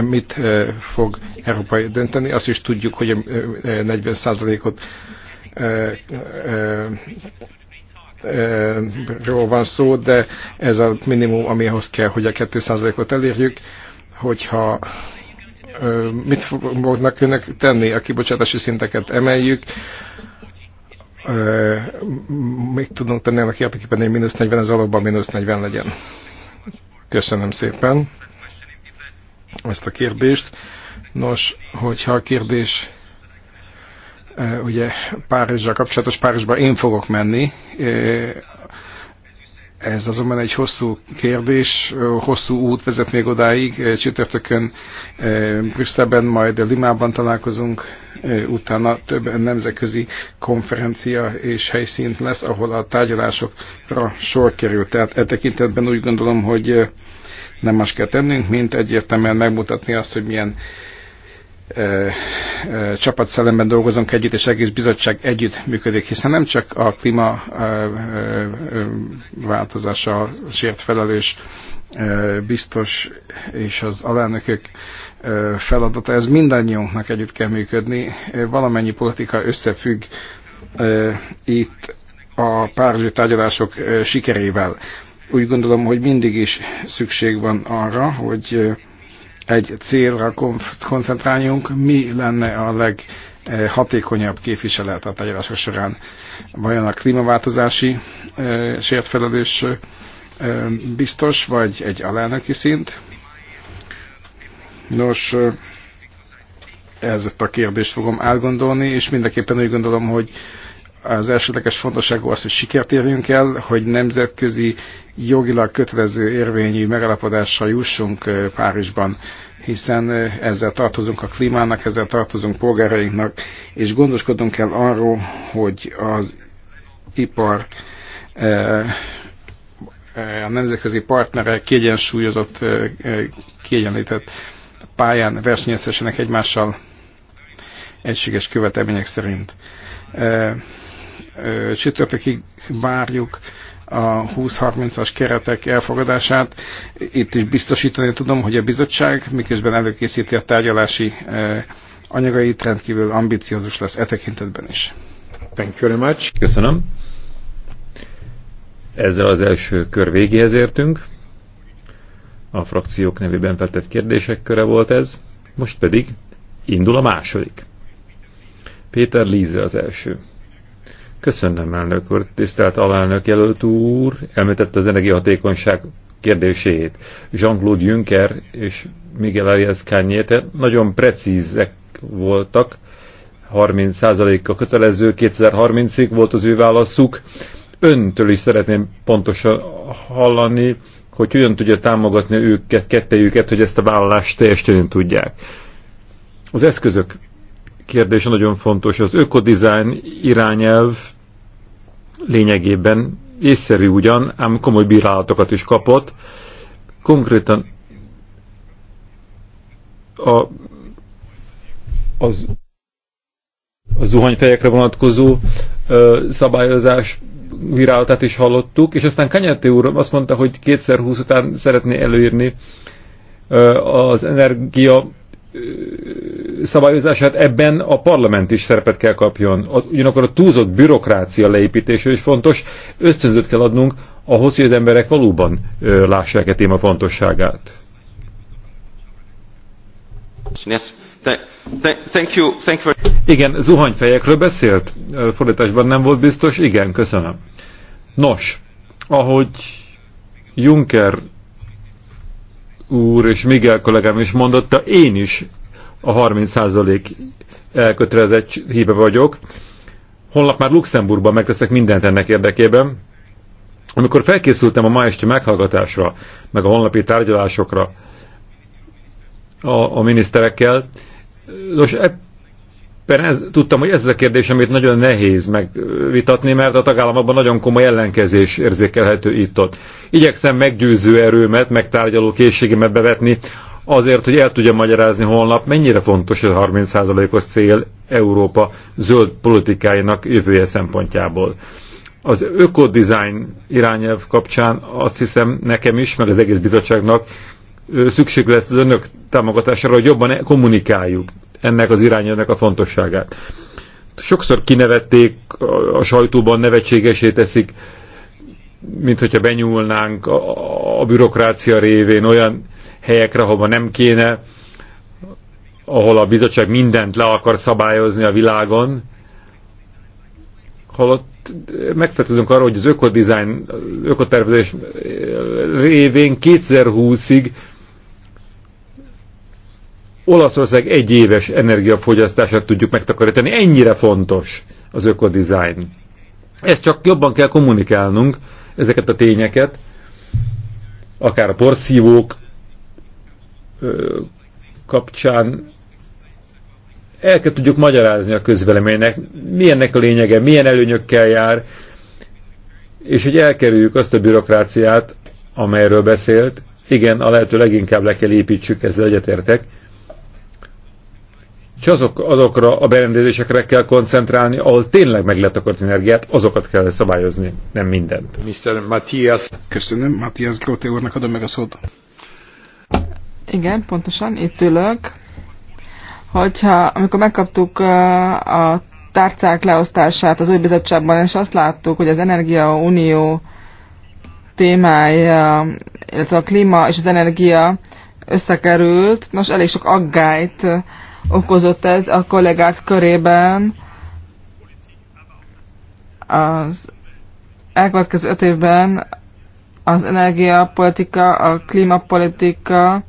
mit fog Európai dönteni. Azt is tudjuk, hogy 40%-ot ról van szó, de ez a minimum, amihoz kell, hogy a 2%-ot elérjük, hogyha mit fognak önök tenni, a kibocsátási szinteket emeljük, mit tudunk tenni annak érdekében, hogy mínusz 40, az alapban mínusz 40 legyen. Köszönöm szépen ezt a kérdést. Nos, hogyha a kérdés Eh, ugye Párizsra kapcsolatos Párizsba én fogok menni. Eh, ez azonban egy hosszú kérdés, hosszú út vezet még odáig. Eh, csütörtökön Brüsszelben, majd Limában találkozunk, utána több nemzetközi konferencia és helyszín lesz, ahol a tárgyalásokra sor kerül. Tehát e tekintetben úgy gondolom, hogy nem más kell tennünk, mint egyértelműen megmutatni azt, hogy milyen csapatszellemben dolgozunk együtt, és egész bizottság együtt működik, hiszen nem csak a klíma változása sért felelős biztos és az alelnökök feladata, ez mindannyiunknak együtt kell működni, valamennyi politika összefügg itt a párizsi tárgyalások sikerével. Úgy gondolom, hogy mindig is szükség van arra, hogy egy célra koncentráljunk, mi lenne a leghatékonyabb eh, képviselet a tárgyalások során. Vajon a klímaváltozási eh, sértfelelős eh, biztos, vagy egy alelnöki szint? Nos, ezt a kérdést fogom elgondolni, és mindenképpen úgy gondolom, hogy az elsődleges fontosságú az, hogy sikert érjünk el, hogy nemzetközi jogilag kötelező érvényű megállapodásra jussunk Párizsban, hiszen ezzel tartozunk a klímának, ezzel tartozunk polgárainknak, és gondoskodunk kell arról, hogy az ipar a nemzetközi partnerek kiegyensúlyozott, kiegyenlített pályán versenyezhessenek egymással egységes követelmények szerint csütörtökig várjuk a 20-30-as keretek elfogadását. Itt is biztosítani tudom, hogy a bizottság miközben előkészíti a tárgyalási anyagait, rendkívül ambiciózus lesz e tekintetben is. Thank you very much. Köszönöm. Ezzel az első kör végéhez értünk. A frakciók nevében feltett kérdések köre volt ez. Most pedig indul a második. Péter Líze az első. Köszönöm, elnök úr. Tisztelt alelnök jelölt úr, említette az energiahatékonyság kérdését. Jean-Claude Juncker és Miguel Arias Kányéte nagyon precízek voltak, 30%-a kötelező, 2030-ig volt az ő válaszuk. Öntől is szeretném pontosan hallani, hogy hogyan tudja támogatni őket, kettejüket, hogy ezt a vállalást teljesen tudják. Az eszközök kérdése nagyon fontos. Az ökodizájn irányelv lényegében észszerű ugyan, ám komoly bírálatokat is kapott. Konkrétan a, az, a zuhanyfejekre vonatkozó ö, szabályozás virálatát is hallottuk, és aztán Kanyete úr azt mondta, hogy kétszer húsz után szeretné előírni ö, az energia szabályozását ebben a parlament is szerepet kell kapjon. Ugyanakkor a túlzott bürokrácia leépítése is fontos, ösztönzőt kell adnunk ahhoz, hogy az emberek valóban lássák e téma fontosságát. Yes. Thank you. Thank you. Igen, zuhanyfejekről beszélt? Fordításban nem volt biztos? Igen, köszönöm. Nos, ahogy Juncker úr és Miguel kollégám is mondotta, én is a 30% elkötelezett híve vagyok. Holnap már Luxemburgban megteszek mindent ennek érdekében. Amikor felkészültem a ma esti meghallgatásra, meg a holnapi tárgyalásokra a, a miniszterekkel, nos, ez, tudtam, hogy ez a kérdés, amit nagyon nehéz megvitatni, mert a tagállamokban nagyon komoly ellenkezés érzékelhető itt-ott. Igyekszem meggyőző erőmet, megtárgyaló készségemet bevetni, azért, hogy el tudja magyarázni holnap, mennyire fontos a 30%-os cél Európa zöld politikáinak jövője szempontjából. Az ökodizájn irányelv kapcsán azt hiszem nekem is, meg az egész bizottságnak szükség lesz az önök támogatására, hogy jobban e- kommunikáljuk ennek az irányának a fontosságát. Sokszor kinevették, a sajtóban nevetségesé teszik, mint hogyha benyúlnánk a, bürokrácia révén olyan helyekre, ahova nem kéne, ahol a bizottság mindent le akar szabályozni a világon, holott megfelelkezünk arra, hogy az ökodizájn, ökotervezés révén 2020-ig Olaszország egy éves energiafogyasztását tudjuk megtakarítani. Ennyire fontos az ökodizájn. Ezt csak jobban kell kommunikálnunk, ezeket a tényeket, akár a porszívók ö, kapcsán el kell tudjuk magyarázni a közveleménynek, milyennek a lényege, milyen előnyökkel jár, és hogy elkerüljük azt a bürokráciát, amelyről beszélt. Igen, a lehető leginkább le kell építsük, ezzel egyetértek, és azok, azokra a berendezésekre kell koncentrálni, ahol tényleg meg lehet akart energiát, azokat kell szabályozni, nem mindent. Mr. Matthias. Köszönöm, Matthias Grote úrnak adom meg a szót. Igen, pontosan, itt ülök. Hogyha, amikor megkaptuk a tárcák leosztását az új bizottságban, és azt láttuk, hogy az Energia Unió témája, illetve a klíma és az energia összekerült, most elég sok aggályt okozott ez a kollégák körében. Az elkövetkező öt évben az energiapolitika, a klímapolitika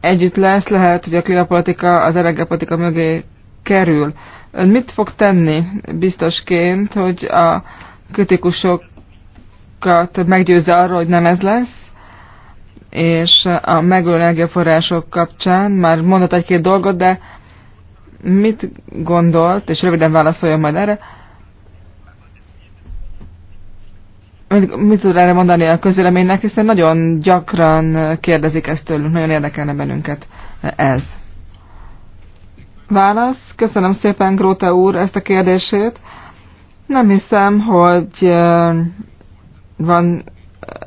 együtt lesz, lehet, hogy a klímapolitika az energiapolitika mögé kerül. Ön mit fog tenni biztosként, hogy a kritikusokat meggyőzze arról, hogy nem ez lesz? és a megújuló energiaforrások kapcsán. Már mondott egy-két dolgot, de mit gondolt, és röviden válaszoljon majd erre, mit, mit tud erre mondani a közvéleménynek, hiszen nagyon gyakran kérdezik ezt tőlünk, nagyon érdekelne bennünket ez. Válasz. Köszönöm szépen, Gróta úr, ezt a kérdését. Nem hiszem, hogy van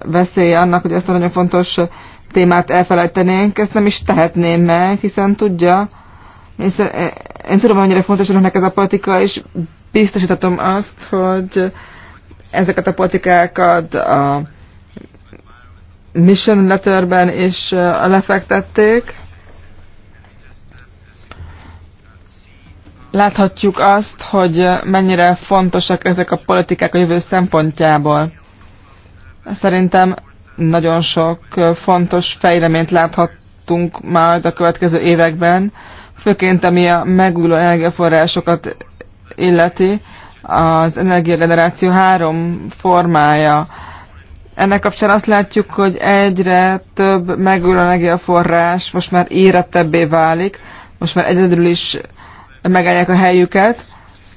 veszélye annak, hogy ezt a nagyon fontos témát elfelejtenénk, ezt nem is tehetném meg, hiszen tudja, hiszen én tudom, mennyire fontos önöknek ez a politika, és biztosítatom azt, hogy ezeket a politikákat a Mission Letterben is lefektették. Láthatjuk azt, hogy mennyire fontosak ezek a politikák a jövő szempontjából. Szerintem nagyon sok fontos fejleményt láthattunk már a következő években, főként ami a megújuló energiaforrásokat illeti, az energiageneráció három formája. Ennek kapcsán azt látjuk, hogy egyre több megújuló energiaforrás most már érettebbé válik, most már egyedül is megállják a helyüket,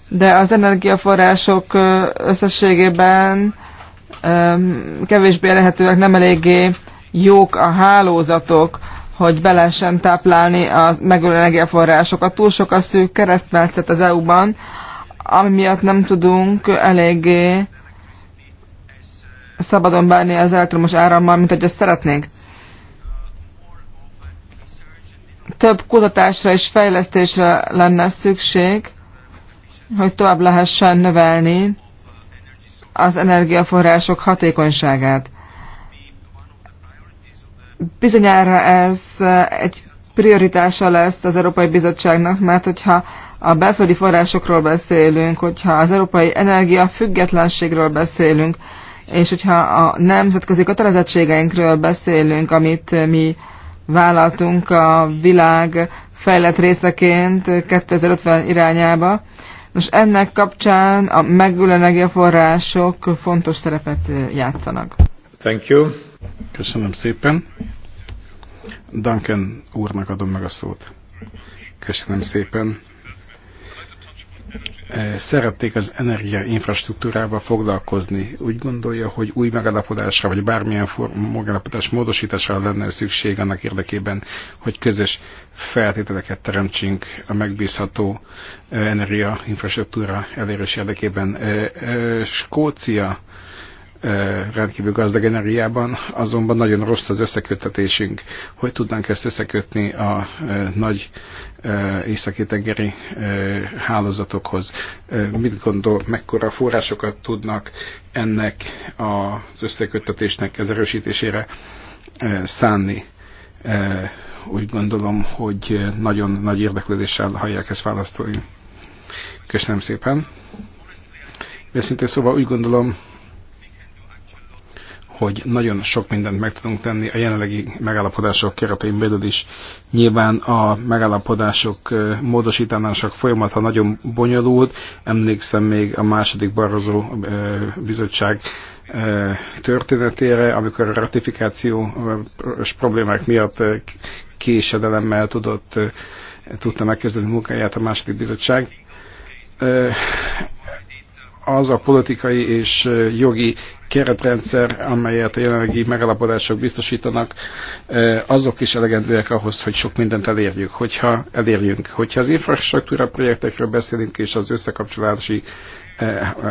de az energiaforrások összességében kevésbé lehetőek nem eléggé jók a hálózatok, hogy be lehessen táplálni a megújuló energiaforrásokat. Túl sok a szűk keresztmetszet az EU-ban, ami miatt nem tudunk eléggé szabadon bánni az elektromos árammal, mint ahogy ezt szeretnénk. Több kutatásra és fejlesztésre lenne szükség, hogy tovább lehessen növelni az energiaforrások hatékonyságát. Bizonyára ez eh, egy prioritása lesz az Európai Bizottságnak, mert hogyha a belföldi forrásokról beszélünk, hogyha az európai energia függetlenségről beszélünk, és hogyha a nemzetközi kötelezettségeinkről beszélünk, amit mi vállaltunk a világ fejlett részeként 2050 irányába, Nos, ennek kapcsán a megújuló források fontos szerepet játszanak. Thank you. Köszönöm szépen. Duncan úrnak adom meg a szót. Köszönöm szépen. Eh, Szeretnék az energiainfrastruktúrával foglalkozni. Úgy gondolja, hogy új megállapodásra, vagy bármilyen megállapodás módosításra lenne szükség annak érdekében, hogy közös feltételeket teremtsünk a megbízható eh, energiainfrastruktúra elérés érdekében. Eh, Skócia rendkívül gazdag energiában, azonban nagyon rossz az összekötetésünk, Hogy tudnánk ezt összekötni a nagy északi tengeri hálózatokhoz? Mit gondol, mekkora forrásokat tudnak ennek az összekötetésnek az erősítésére szánni? Úgy gondolom, hogy nagyon nagy érdeklődéssel hallják ezt választói. Köszönöm szépen. Őszintén szóval úgy gondolom, hogy nagyon sok mindent meg tudunk tenni a jelenlegi megállapodások keretein belül is. Nyilván a megállapodások módosítanások folyamata nagyon bonyolult. Emlékszem még a második Barozó bizottság történetére, amikor a ratifikációs problémák miatt késedelemmel tudott, tudta megkezdeni munkáját a második bizottság az a politikai és jogi keretrendszer, amelyet a jelenlegi megalapodások biztosítanak, azok is elegendőek ahhoz, hogy sok mindent elérjük, hogyha elérjünk. Hogyha az infrastruktúra projektekről beszélünk és az összekapcsolási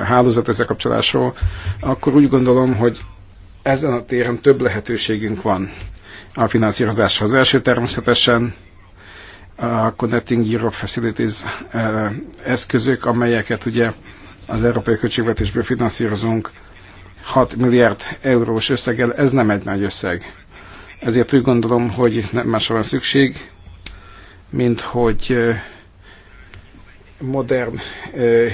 hálózat összekapcsolásról, akkor úgy gondolom, hogy ezen a téren több lehetőségünk van a finanszírozáshoz. Az első természetesen a Connecting Europe Facilities eszközök, amelyeket ugye az európai költségvetésből finanszírozunk 6 milliárd eurós összeggel, ez nem egy nagy összeg. Ezért úgy gondolom, hogy nem másra van szükség, mint hogy modern,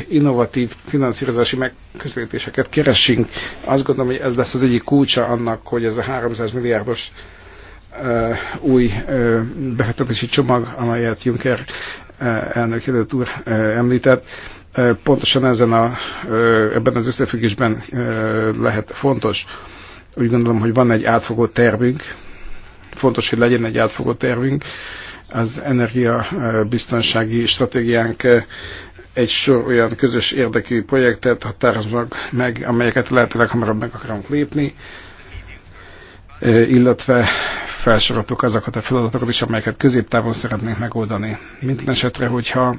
innovatív finanszírozási megközelítéseket keresünk. Azt gondolom, hogy ez lesz az egyik kulcsa annak, hogy ez a 300 milliárdos új befektetési csomag, amelyet Juncker elnök jelölt úr említett, pontosan ezen a, ebben az összefüggésben lehet fontos. Úgy gondolom, hogy van egy átfogó tervünk, fontos, hogy legyen egy átfogó tervünk. Az energiabiztonsági stratégiánk egy sor olyan közös érdekű projektet határoznak meg, amelyeket lehetőleg hamarabb meg akarunk lépni, illetve felsoroltuk azokat a feladatokat is, amelyeket középtávon szeretnénk megoldani. Minden esetre, hogyha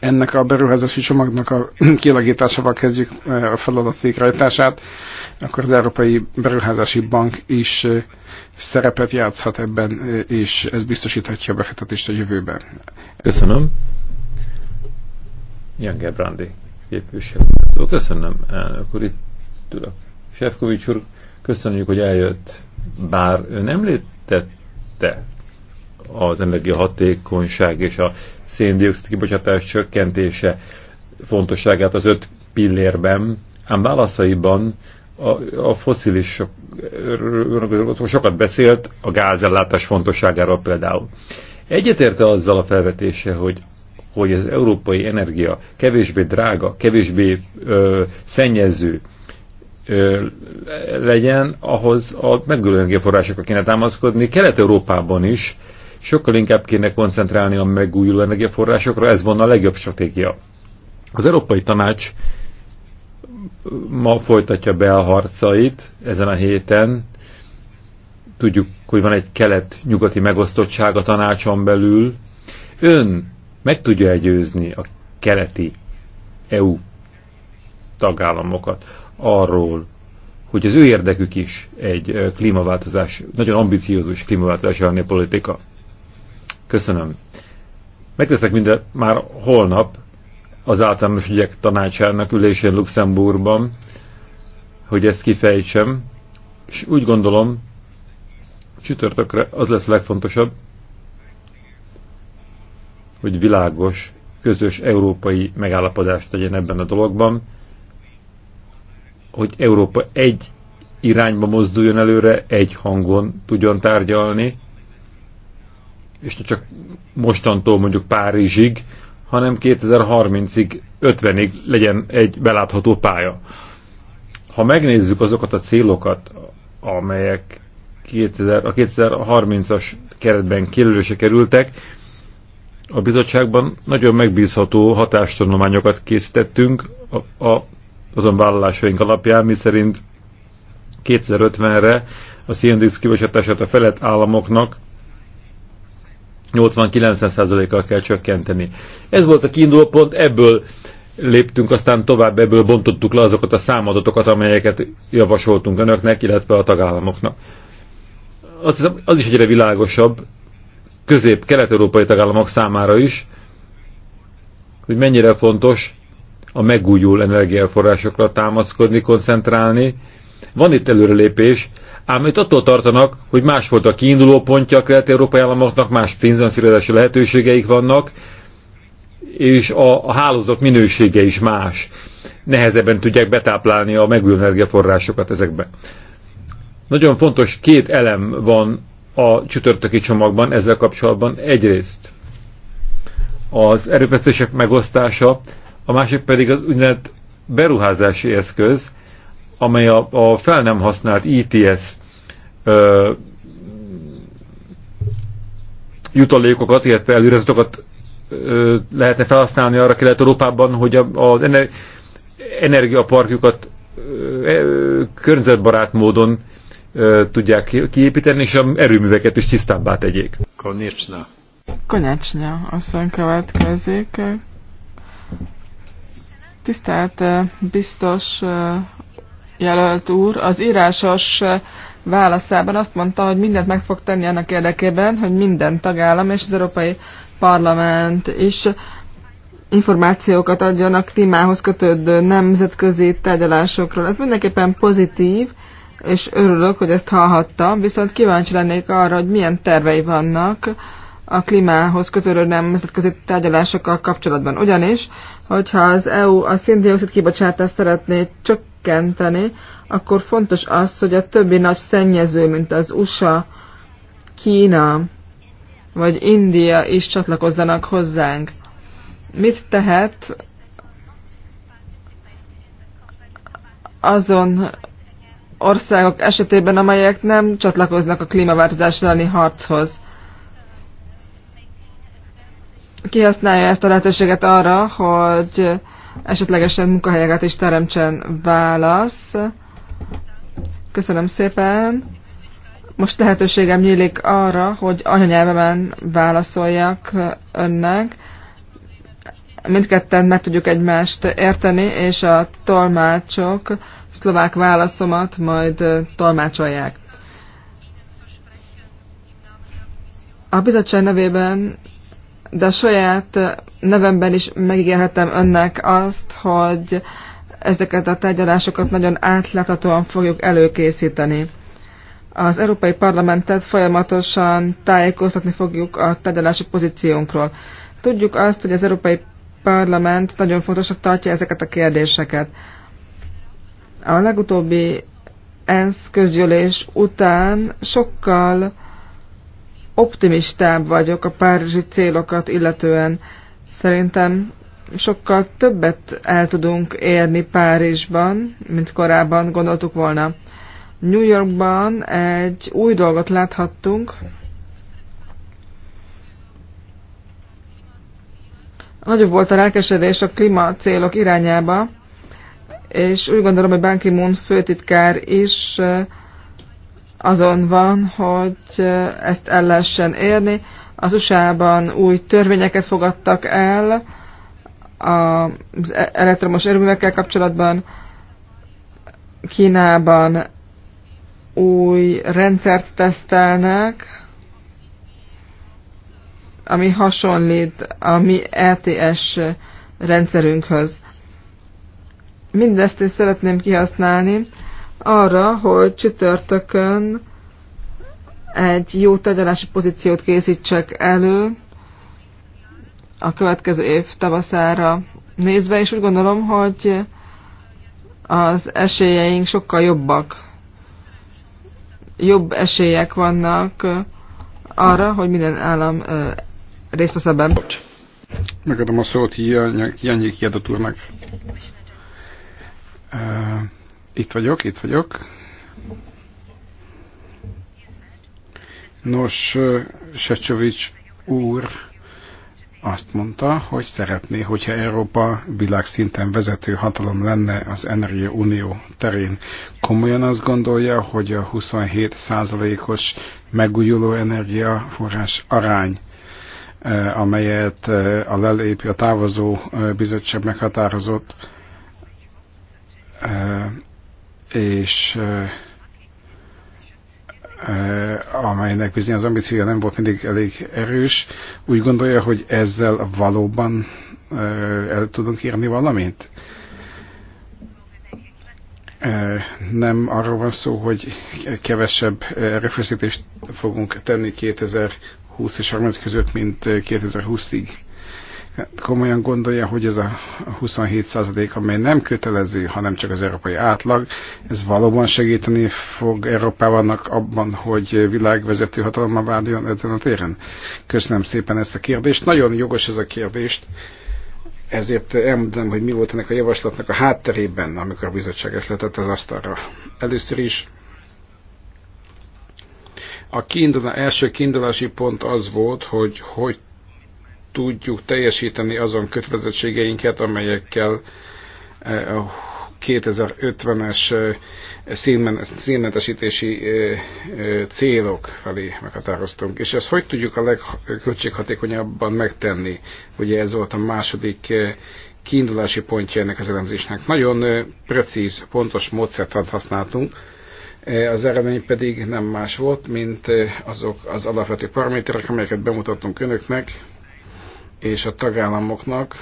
ennek a beruházási csomagnak a kialakításával kezdjük eh, a feladat végrehajtását, akkor az Európai Beruházási Bank is eh, szerepet játszhat ebben, eh, és ez biztosíthatja a befektetést a jövőben. Köszönöm. Jan Gebrandi képviselő. Szóval köszönöm, elnök úr, itt tudok. Sefkovics úr, köszönjük, hogy eljött. Bár ön említette az hatékonyság és a széndiokszid kibocsátás csökkentése fontosságát az öt pillérben, ám válaszaiban a, a foszilis sokat beszélt, a gázellátás fontosságáról például. Egyetérte azzal a felvetése, hogy hogy az európai energia kevésbé drága, kevésbé ö, szennyező, ö, legyen, ahhoz a megülő energiaforrásokra kéne támaszkodni. Kelet-Európában is sokkal inkább kéne koncentrálni a megújuló energiaforrásokra, ez volna a legjobb stratégia. Az Európai Tanács ma folytatja be a harcait ezen a héten. Tudjuk, hogy van egy kelet-nyugati megosztottság a tanácson belül. Ön meg tudja egyőzni a keleti EU tagállamokat arról, hogy az ő érdekük is egy klímaváltozás, nagyon ambiciózus klímaváltozás elleni politika. Köszönöm. Megteszek minden már holnap az általános ügyek tanácsának ülésén Luxemburgban, hogy ezt kifejtsem, és úgy gondolom, csütörtökre az lesz a legfontosabb, hogy világos, közös európai megállapodást tegyen ebben a dologban, hogy Európa egy irányba mozduljon előre, egy hangon tudjon tárgyalni, és ne csak mostantól mondjuk Párizsig, hanem 2030-ig, 50-ig legyen egy belátható pálya. Ha megnézzük azokat a célokat, amelyek 2000, a 2030-as keretben kérdőse kerültek, a bizottságban nagyon megbízható hatástanulmányokat készítettünk a, a azon vállalásaink alapján, miszerint 2050-re a CNDX kibocsátását a felett államoknak 80-90%-kal kell csökkenteni. Ez volt a kiinduló pont, ebből léptünk, aztán tovább ebből bontottuk le azokat a számadatokat, amelyeket javasoltunk önöknek, illetve a tagállamoknak. Azt hiszem, az is egyre világosabb, közép-kelet-európai tagállamok számára is, hogy mennyire fontos a megújuló energiaforrásokra támaszkodni, koncentrálni. Van itt előrelépés, ám itt attól tartanak, hogy más volt a kiinduló pontja a kelet-európai államoknak, más finanszírozási lehetőségeik vannak, és a, a hálózat minősége is más. Nehezebben tudják betáplálni a megújuló energiaforrásokat ezekbe. Nagyon fontos két elem van a csütörtöki csomagban ezzel kapcsolatban. Egyrészt az erőfeszítések megosztása a másik pedig az úgynevezett beruházási eszköz, amely a, a fel nem használt ITS e ö, jutalékokat, illetve előrezetokat lehetne felhasználni arra Kelet-Európában, hogy az energiaparkjukat e, környezetbarát módon ö, tudják kiépíteni, és a erőműveket is tisztábbá tegyék. Konecsna. Konecsna, aztán következik. Tisztelt biztos jelölt úr, az írásos válaszában azt mondta, hogy mindent meg fog tenni annak érdekében, hogy minden tagállam és az Európai Parlament is információkat adjanak témához kötődő nemzetközi tárgyalásokról. Ez mindenképpen pozitív, és örülök, hogy ezt hallhattam, viszont kíváncsi lennék arra, hogy milyen tervei vannak a klímához kötődő nemzetközi tárgyalásokkal kapcsolatban. Ugyanis, hogyha az EU a széndiokszid kibocsátást szeretné csökkenteni, akkor fontos az, hogy a többi nagy szennyező, mint az USA, Kína vagy India is csatlakozzanak hozzánk. Mit tehet azon országok esetében, amelyek nem csatlakoznak a klímaváltozás elleni harchoz? kihasználja ezt a lehetőséget arra, hogy esetlegesen munkahelyeket is teremtsen válasz. Köszönöm szépen. Most lehetőségem nyílik arra, hogy anyanyelvemen válaszoljak önnek. Mindketten meg tudjuk egymást érteni, és a tolmácsok szlovák válaszomat majd tolmácsolják. A bizottság nevében de a saját nevemben is megígérhetem önnek azt, hogy ezeket a tárgyalásokat nagyon átláthatóan fogjuk előkészíteni. Az Európai Parlamentet folyamatosan tájékoztatni fogjuk a tárgyalási pozíciónkról. Tudjuk azt, hogy az Európai Parlament nagyon fontosnak tartja ezeket a kérdéseket. A legutóbbi ENSZ közgyűlés után sokkal optimistább vagyok a párizsi célokat illetően. Szerintem sokkal többet el tudunk érni Párizsban, mint korábban gondoltuk volna. New Yorkban egy új dolgot láthattunk. Nagyobb volt a lelkesedés a célok irányába, és úgy gondolom, hogy Ban Ki-moon főtitkár is uh, azon van, hogy ezt el lehessen érni. Az USA-ban új törvényeket fogadtak el az e- elektromos erőművekkel kapcsolatban, Kínában új rendszert tesztelnek, ami hasonlít a mi RTS e rendszerünkhöz. Mindezt is szeretném kihasználni, arra, hogy csütörtökön egy jó tegyelási pozíciót készítsek elő a következő év tavaszára nézve, és úgy gondolom, hogy az esélyeink sokkal jobbak. Jobb esélyek vannak arra, hogy minden állam részt vesz ebben. Megadom a szót Janyék Jadot úrnak. Uh... Itt vagyok, itt vagyok. Nos, Secsovics úr azt mondta, hogy szeretné, hogyha Európa világszinten vezető hatalom lenne az Energia Unió terén. Komolyan azt gondolja, hogy a 27 százalékos megújuló energiaforrás arány, amelyet a lelépi a távozó bizottság meghatározott, és amelynek bizony az ambíciója nem volt mindig elég erős, úgy gondolja, hogy ezzel valóban el tudunk írni valamit? Nem arról van szó, hogy kevesebb erőfeszítést fogunk tenni 2020 és 30 között, mint 2020-ig komolyan gondolja, hogy ez a 27 amely nem kötelező, hanem csak az európai átlag, ez valóban segíteni fog Európának abban, hogy világvezető hatalma váljon ezen a téren? Köszönöm szépen ezt a kérdést. Nagyon jogos ez a kérdést, ezért elmondom, hogy mi volt ennek a javaslatnak a hátterében, amikor a bizottság ezt letett az asztalra. Először is a kiindulás, első kiindulási pont az volt, hogy hogy tudjuk teljesíteni azon kötelezettségeinket, amelyekkel eh, a 2050-es eh, színmentesítési eh, célok felé meghatároztunk. És ezt hogy tudjuk a legköltséghatékonyabban megtenni? Ugye ez volt a második kiindulási pontja ennek az elemzésnek. Nagyon precíz, pontos módszertant használtunk, az eredmény pedig nem más volt, mint azok az alapvető paraméterek, amelyeket bemutattunk önöknek, és a tagállamoknak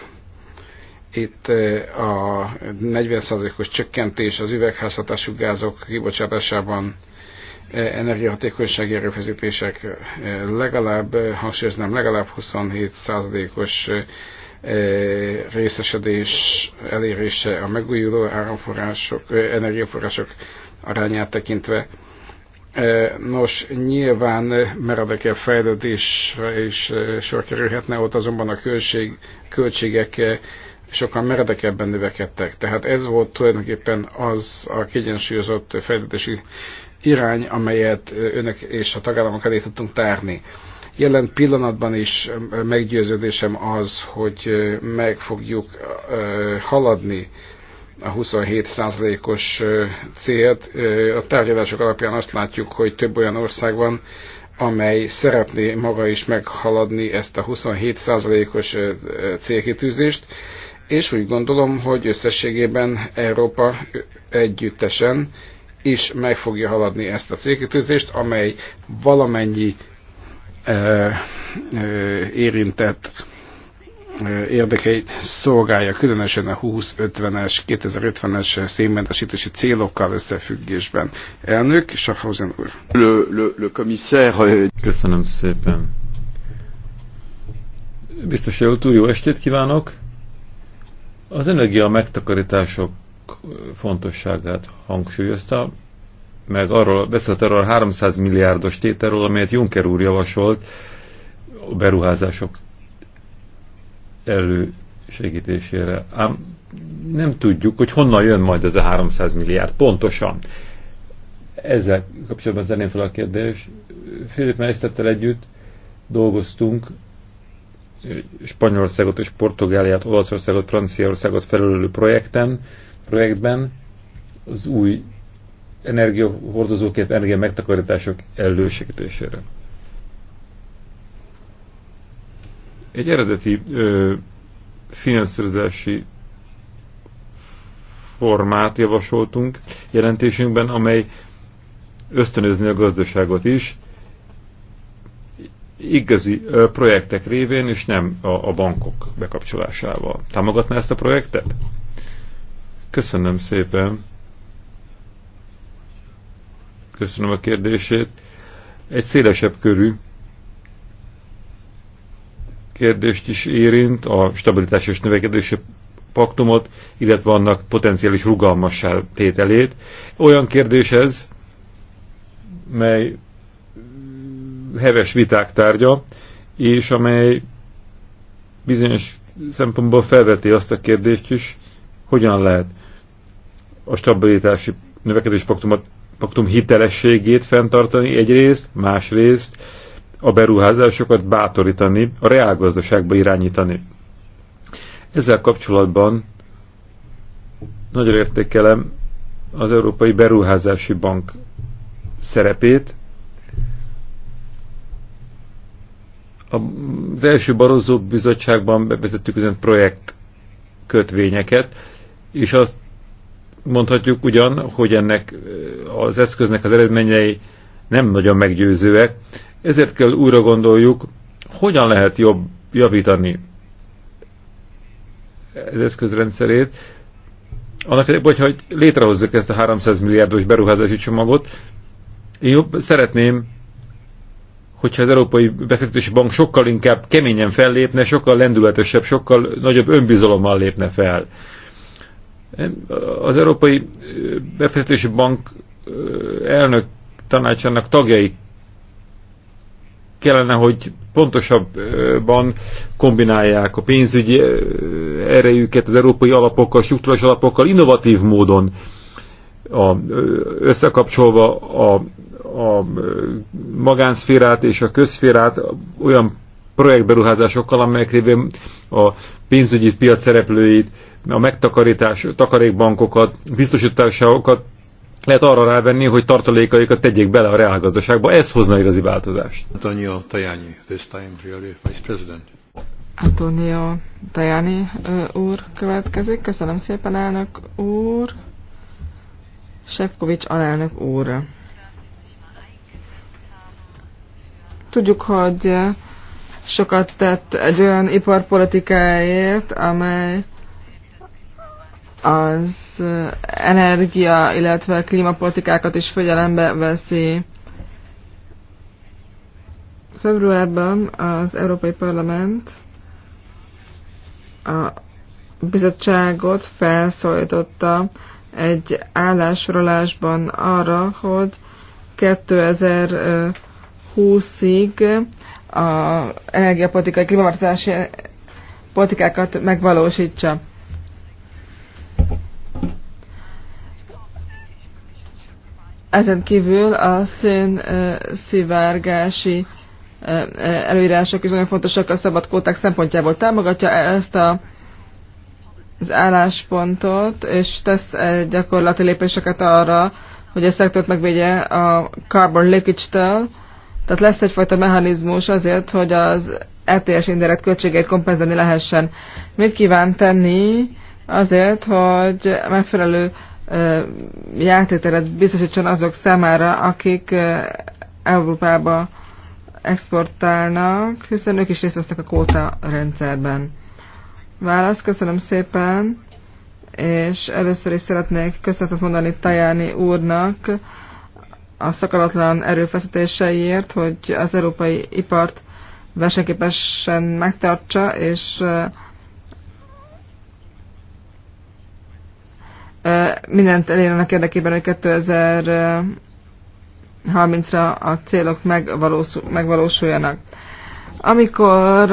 itt a 40%-os csökkentés az üvegházhatású gázok kibocsátásában energiahatékonysági erőfeszítések legalább, hangsúlyoznám, legalább 27%-os részesedés elérése a megújuló áramforrások, energiaforrások arányát tekintve E, nos, nyilván meredekebb fejlődésre is e, sor kerülhetne, ott azonban a költség, költségek e, sokkal meredekebben növekedtek. Tehát ez volt tulajdonképpen az a kiegyensúlyozott fejlődési irány, amelyet önök és a tagállamok elé tudtunk tárni. Jelen pillanatban is meggyőződésem az, hogy meg fogjuk haladni a 27%-os célt. A tárgyalások alapján azt látjuk, hogy több olyan ország van, amely szeretné maga is meghaladni ezt a 27%-os célkitűzést, és úgy gondolom, hogy összességében Európa együttesen is meg fogja haladni ezt a célkitűzést, amely valamennyi érintett érdekeit szolgálja, különösen a 2050-es, 2050-es szénmentesítési célokkal összefüggésben. Elnök, Schaffhausen úr. Le, le, le commissaire... Euh, Köszönöm szépen. Biztos hogy túl jó estét kívánok! Az energia megtakarítások fontosságát hangsúlyozta, meg arról beszélt arról a 300 milliárdos tételről, amelyet Juncker úr javasolt a beruházások elősegítésére. Ám nem tudjuk, hogy honnan jön majd ez a 300 milliárd pontosan. Ezzel kapcsolatban tenném fel a kérdést. Filip Meisztettel együtt dolgoztunk Spanyolországot és Portugáliát, Olaszországot, Franciaországot felülő projekten, projektben az új energiahordozóként energia megtakarítások elősegítésére. Egy eredeti ö, finanszírozási formát javasoltunk jelentésünkben, amely ösztönözni a gazdaságot is, igazi ö, projektek révén, és nem a, a bankok bekapcsolásával. Támogatná ezt a projektet? Köszönöm szépen. Köszönöm a kérdését. Egy szélesebb körű kérdést is érint, a stabilitás és növekedési paktumot, illetve annak potenciális rugalmassá tételét. Olyan kérdés ez, mely heves viták tárgya, és amely bizonyos szempontból felveti azt a kérdést is, hogyan lehet a stabilitási növekedés paktumot, paktum hitelességét fenntartani egyrészt, másrészt a beruházásokat bátorítani, a reálgazdaságba irányítani. Ezzel kapcsolatban nagyon értékelem az Európai Beruházási Bank szerepét. Az első Barozó bizottságban bevezettük olyan projekt kötvényeket, és azt mondhatjuk ugyan, hogy ennek az eszköznek az eredményei nem nagyon meggyőzőek, ezért kell újra gondoljuk, hogyan lehet jobb javítani az eszközrendszerét, annak, vagy hogy létrehozzuk ezt a 300 milliárdos beruházási csomagot, én jobb szeretném, hogyha az Európai Befektetési Bank sokkal inkább keményen fellépne, sokkal lendületesebb, sokkal nagyobb önbizalommal lépne fel. Az Európai Befektetési Bank elnök tanácsának tagjai kellene, hogy pontosabban kombinálják a pénzügyi erejüket az európai alapokkal, struktúrás alapokkal, innovatív módon a, összekapcsolva a, a magánszférát és a közszférát olyan projektberuházásokkal, amelyek révén a pénzügyi piac szereplőit, a megtakarítás, takarékbankokat, biztosításokat lehet arra rávenni, hogy tartalékaikat tegyék bele a reálgazdaságba. Ez hozna igazi változást. Antonio Tajani, this time really vice president. Antonio Tajani úr következik. Köszönöm szépen, elnök úr. Sefkovics alelnök úr. Tudjuk, hogy sokat tett egy olyan iparpolitikáért, amely az energia, illetve a klímapolitikákat is figyelembe veszi. Februárban az Európai Parlament a bizottságot felszólította egy állásfoglalásban arra, hogy 2020-ig a energiapolitikai klímaváltozási politikákat megvalósítsa. Ezen kívül a szén szivárgási előírások is nagyon fontosak a szabad kóták szempontjából. Támogatja -e ezt a, az álláspontot, és tesz -e gyakorlati lépéseket arra, hogy a szektort megvédje a carbon leakage-től. Tehát lesz egyfajta mechanizmus azért, hogy az RTS e indirekt költségeit kompenzálni lehessen. Mit kíván tenni azért, hogy megfelelő játéteret biztosítson azok számára, akik Európába exportálnak, hiszen ők is részt vesznek a kóta rendszerben. Válasz, köszönöm szépen, és először is szeretnék köszönetet mondani Tajáni úrnak a szakadatlan erőfeszítéseiért, hogy az európai ipart versenyképesen megtartsa, és mindent elérnek érdekében, hogy 2030-ra a célok megvalósuljanak. Amikor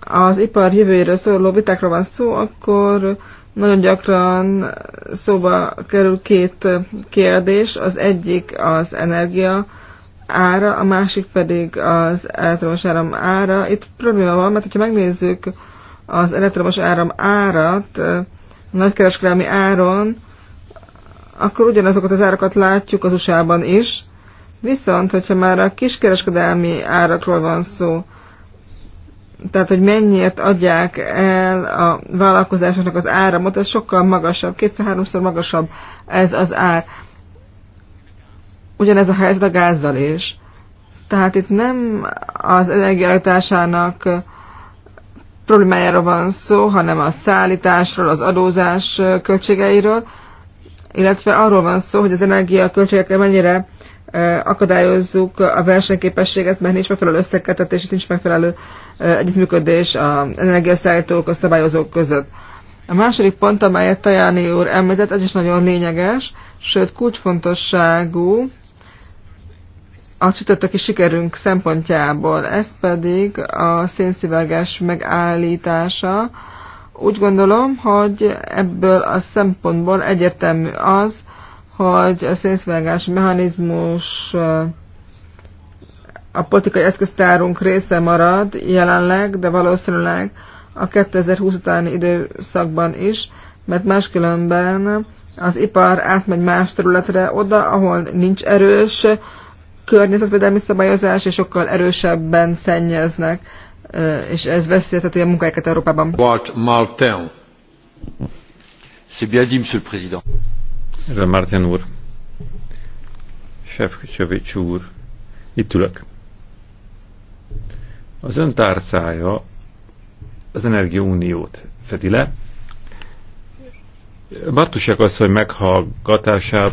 az ipar jövőjéről szóló vitákról van szó, akkor nagyon gyakran szóba kerül két kérdés. Az egyik az energia ára, a másik pedig az elektromos áram ára. Itt probléma van, mert hogyha megnézzük az elektromos áram árat, nagykereskedelmi áron, akkor ugyanazokat az árakat látjuk az USA-ban is, viszont hogyha már a kiskereskedelmi árakról van szó, tehát hogy mennyiért adják el a vállalkozásoknak az áramot, ez sokkal magasabb, kétszer-háromszor magasabb ez az ár. Ugyanez a helyzet a gázzal is. Tehát itt nem az energiállításának problémájáról van szó, hanem a szállításról, az adózás költségeiről, illetve arról van szó, hogy az költségekkel mennyire akadályozzuk a versenyképességet, mert nincs megfelelő összekötetés, nincs megfelelő együttműködés az energiaszállítók, a szabályozók között. A második pont, amelyet Tajáni úr említett, ez is nagyon lényeges, sőt kulcsfontosságú, a csütörtöki sikerünk szempontjából. Ez pedig a szénszivárgás megállítása. Úgy gondolom, hogy ebből a szempontból egyértelmű az, hogy a szénszivárgás mechanizmus eh, a politikai eszköztárunk része marad jelenleg, de valószínűleg a 2020 utáni időszakban is, mert máskülönben az ipar átmegy más területre, oda, ahol nincs erős környezetvédelmi szabályozás, és sokkal erősebben szennyeznek, és ez veszélyezteti a munkáikat Európában. Bart Martin. C'est bien dit, monsieur le président. Ez a Martin úr. Sefcovics úr. Itt ülök. Az ön tárcája az energiauniót fedi le, Bartusek asszony meghallgatásában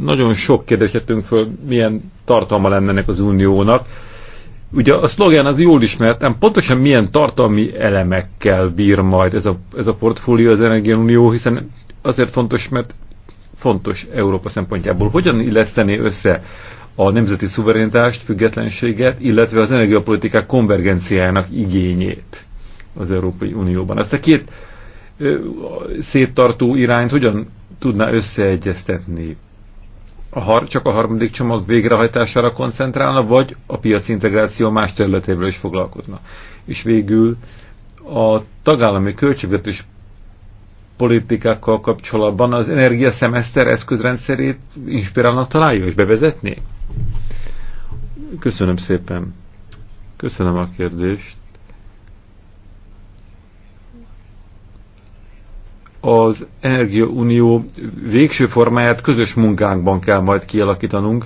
nagyon sok kérdésetünk föl, milyen tartalma lenne ennek az uniónak. Ugye a szlogán az jól ismert, nem pontosan milyen tartalmi elemekkel bír majd ez a, ez a portfólió az Energiaunió, hiszen azért fontos, mert fontos Európa szempontjából. Hogyan illeszteni össze a nemzeti szuverenitást, függetlenséget, illetve az energiapolitikák konvergenciájának igényét az Európai Unióban? Ezt a két széttartó irányt hogyan tudná összeegyeztetni? A har csak a harmadik csomag végrehajtására koncentrálna, vagy a piaci integráció más területével is foglalkozna? És végül a tagállami költségvetés politikákkal kapcsolatban az energiaszemeszter eszközrendszerét inspirálnak találja és bevezetni? Köszönöm szépen. Köszönöm a kérdést. az Energiaunió végső formáját közös munkánkban kell majd kialakítanunk,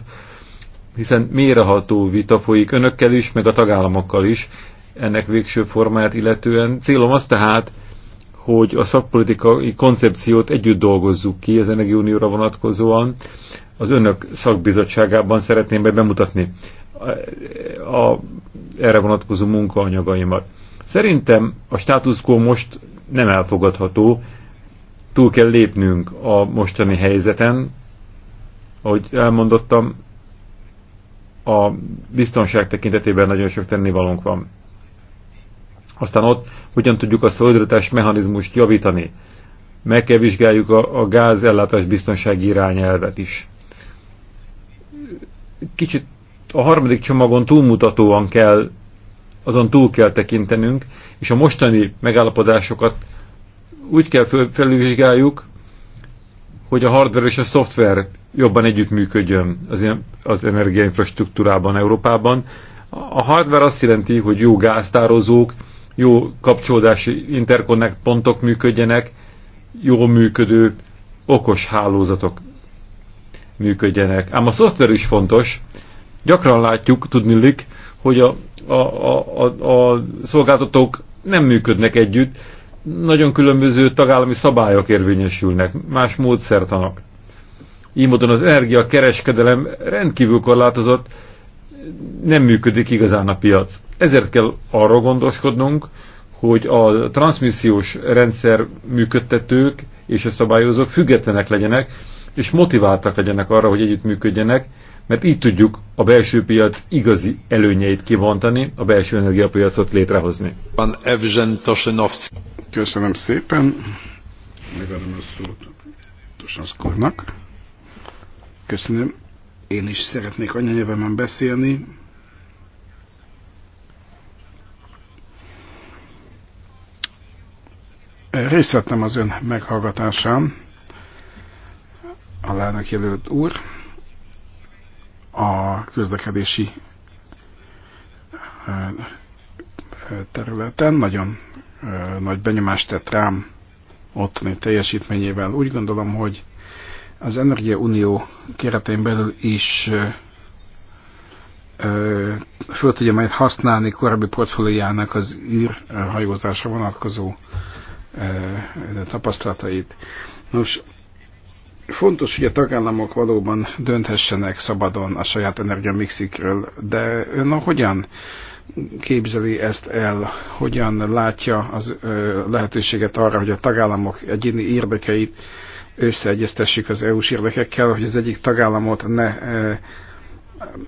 hiszen méreható vita folyik önökkel is, meg a tagállamokkal is ennek végső formáját illetően. Célom az tehát, hogy a szakpolitikai koncepciót együtt dolgozzuk ki az Energiaunióra vonatkozóan. Az önök szakbizottságában szeretném be bemutatni a, a, erre vonatkozó munkaanyagaimat. Szerintem a státuszkó most nem elfogadható, túl kell lépnünk a mostani helyzeten. Ahogy elmondottam, a biztonság tekintetében nagyon sok tennivalónk van. Aztán ott hogyan tudjuk a szolidaritás mechanizmust javítani. Meg kell vizsgáljuk a, a gázellátás biztonsági irányelvet is. Kicsit a harmadik csomagon túlmutatóan kell, azon túl kell tekintenünk, és a mostani megállapodásokat úgy kell felülvizsgáljuk, hogy a hardware és a szoftver jobban együttműködjön az, az energiainfrastruktúrában Európában. A hardware azt jelenti, hogy jó gáztározók, jó kapcsolódási interconnect pontok működjenek, jó működő, okos hálózatok működjenek. Ám a szoftver is fontos. Gyakran látjuk, tudnilik, hogy a, a, a, a, a szolgáltatók nem működnek együtt, nagyon különböző tagállami szabályok érvényesülnek, más módszertanak. Így módon az energiakereskedelem rendkívül korlátozott, nem működik igazán a piac. Ezért kell arra gondoskodnunk, hogy a transmissziós rendszer működtetők és a szabályozók függetlenek legyenek, és motiváltak legyenek arra, hogy együttműködjenek, mert így tudjuk a belső piac igazi előnyeit kivontani, a belső energiapiacot létrehozni. Van Evzsen Tosenovsz. Köszönöm szépen. Megadom a szót Tosanszkornak. Köszönöm. Én is szeretnék anyanyelvemen beszélni. Részt vettem az ön meghallgatásán, alelnök jelölt úr a közlekedési területen. Nagyon nagy benyomást tett rám ottani teljesítményével. Úgy gondolom, hogy az Energia Unió keretein belül is föl tudja majd használni korábbi portfóliójának az űrhajózásra vonatkozó tapasztalatait. Nos, Fontos, hogy a tagállamok valóban dönthessenek szabadon a saját energiamixikről, de ön a hogyan képzeli ezt el, hogyan látja az ö, lehetőséget arra, hogy a tagállamok egyéni érdekeit összeegyeztessék az EU-s érdekekkel, hogy az egyik tagállamot ne ö,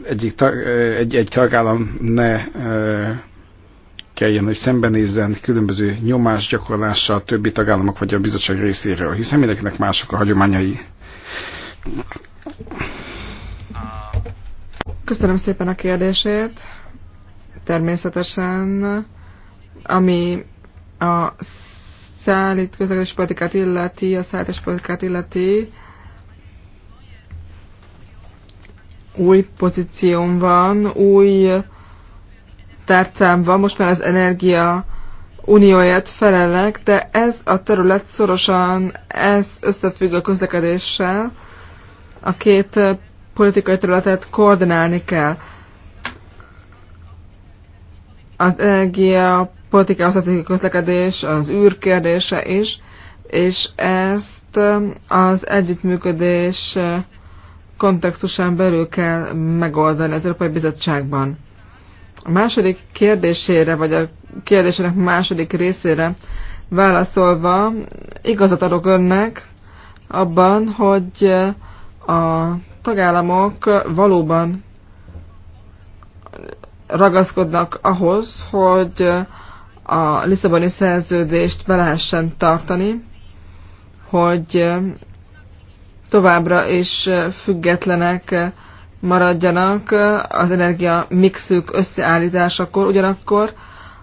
egyik tag, egy, egy tagállam ne ö, kelljen, hogy szembenézzen különböző nyomás gyakorlással többi tagállamok vagy a bizottság részéről, hiszen mindenkinek mások a hagyományai. Köszönöm szépen a kérdését. Természetesen, ami a szállít közlekedési politikát illeti, a szállítás politikát illeti, új pozícióm van, új uh, tárcám van, most már az energia Unióját felelek, de ez a terület szorosan ez összefügg a közlekedéssel. A két politikai területet koordinálni kell. Az energia politikához tartozik a közlekedés, az űr kérdése is, és ezt az együttműködés kontextusán belül kell megoldani az Európai Bizottságban. A második kérdésére, vagy a kérdésének második részére válaszolva igazat adok önnek abban, hogy a tagállamok valóban ragaszkodnak ahhoz, hogy a Lisszaboni szerződést be lehessen tartani, hogy továbbra is függetlenek maradjanak az energia mixük összeállításakor, ugyanakkor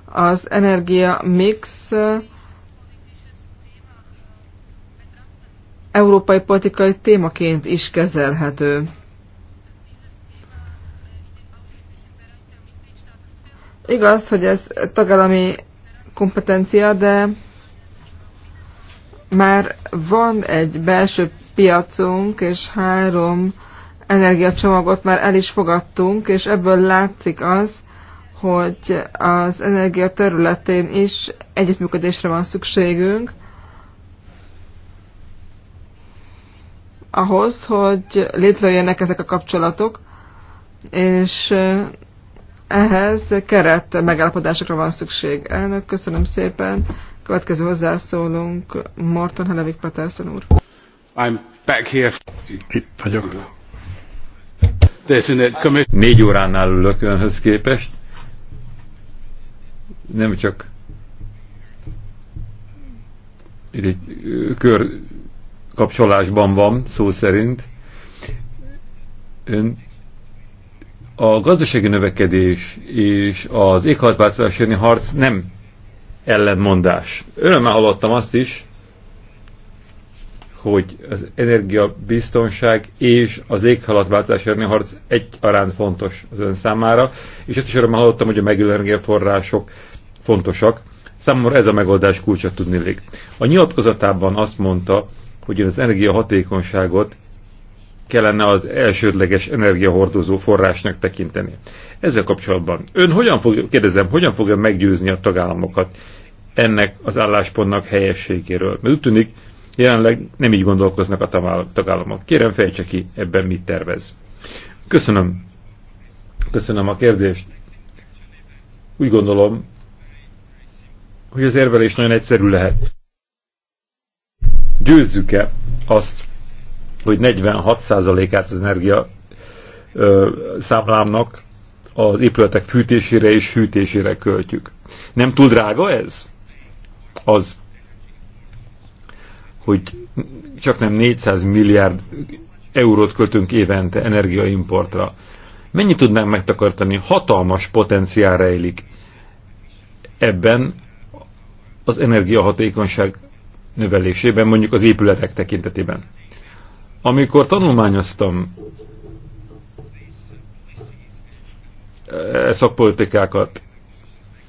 az energia mix európai politikai témaként is kezelhető. Igaz, hogy ez tagállami kompetencia, de már van egy belső piacunk, és három energiacsomagot már el is fogadtunk, és ebből látszik az, hogy az energia területén is együttműködésre van szükségünk, ahhoz, hogy létrejönnek ezek a kapcsolatok, és ehhez keret megállapodásokra van szükség. Elnök, köszönöm szépen. Következő hozzászólunk Morton Helevik Peterson úr. I'm back here. Itt vagyok. Négy óránál ülök önhöz képest. Nem csak itt egy kör kapcsolásban van, szó szerint. Ön a gazdasági növekedés és az éghajlatváltozási harc nem ellenmondás. Örömmel hallottam azt is, hogy az energiabiztonság és az éghalatváltozás elleni harc egyaránt fontos az ön számára, és ezt is arra hallottam, hogy a megülő energiaforrások fontosak. Számomra ez a megoldás kulcsa lég. A nyilatkozatában azt mondta, hogy az energiahatékonyságot kellene az elsődleges energiahordozó forrásnak tekinteni. Ezzel kapcsolatban ön hogyan fog, kérdezem, hogyan fogja meggyőzni a tagállamokat ennek az álláspontnak helyességéről? Mert úgy tűnik, Jelenleg nem így gondolkoznak a tagállamok. Kérem, fejtse ki, ebben mit tervez. Köszönöm. Köszönöm a kérdést. Úgy gondolom, hogy az érvelés nagyon egyszerű lehet. Győzzük-e azt, hogy 46%-át az energia ö, számlámnak az épületek fűtésére és hűtésére költjük. Nem túl drága ez? Az hogy csak nem 400 milliárd eurót költünk évente energiaimportra. Mennyit tudnánk megtakartani? Hatalmas potenciál rejlik ebben az energiahatékonyság növelésében, mondjuk az épületek tekintetében. Amikor tanulmányoztam eh, szakpolitikákat,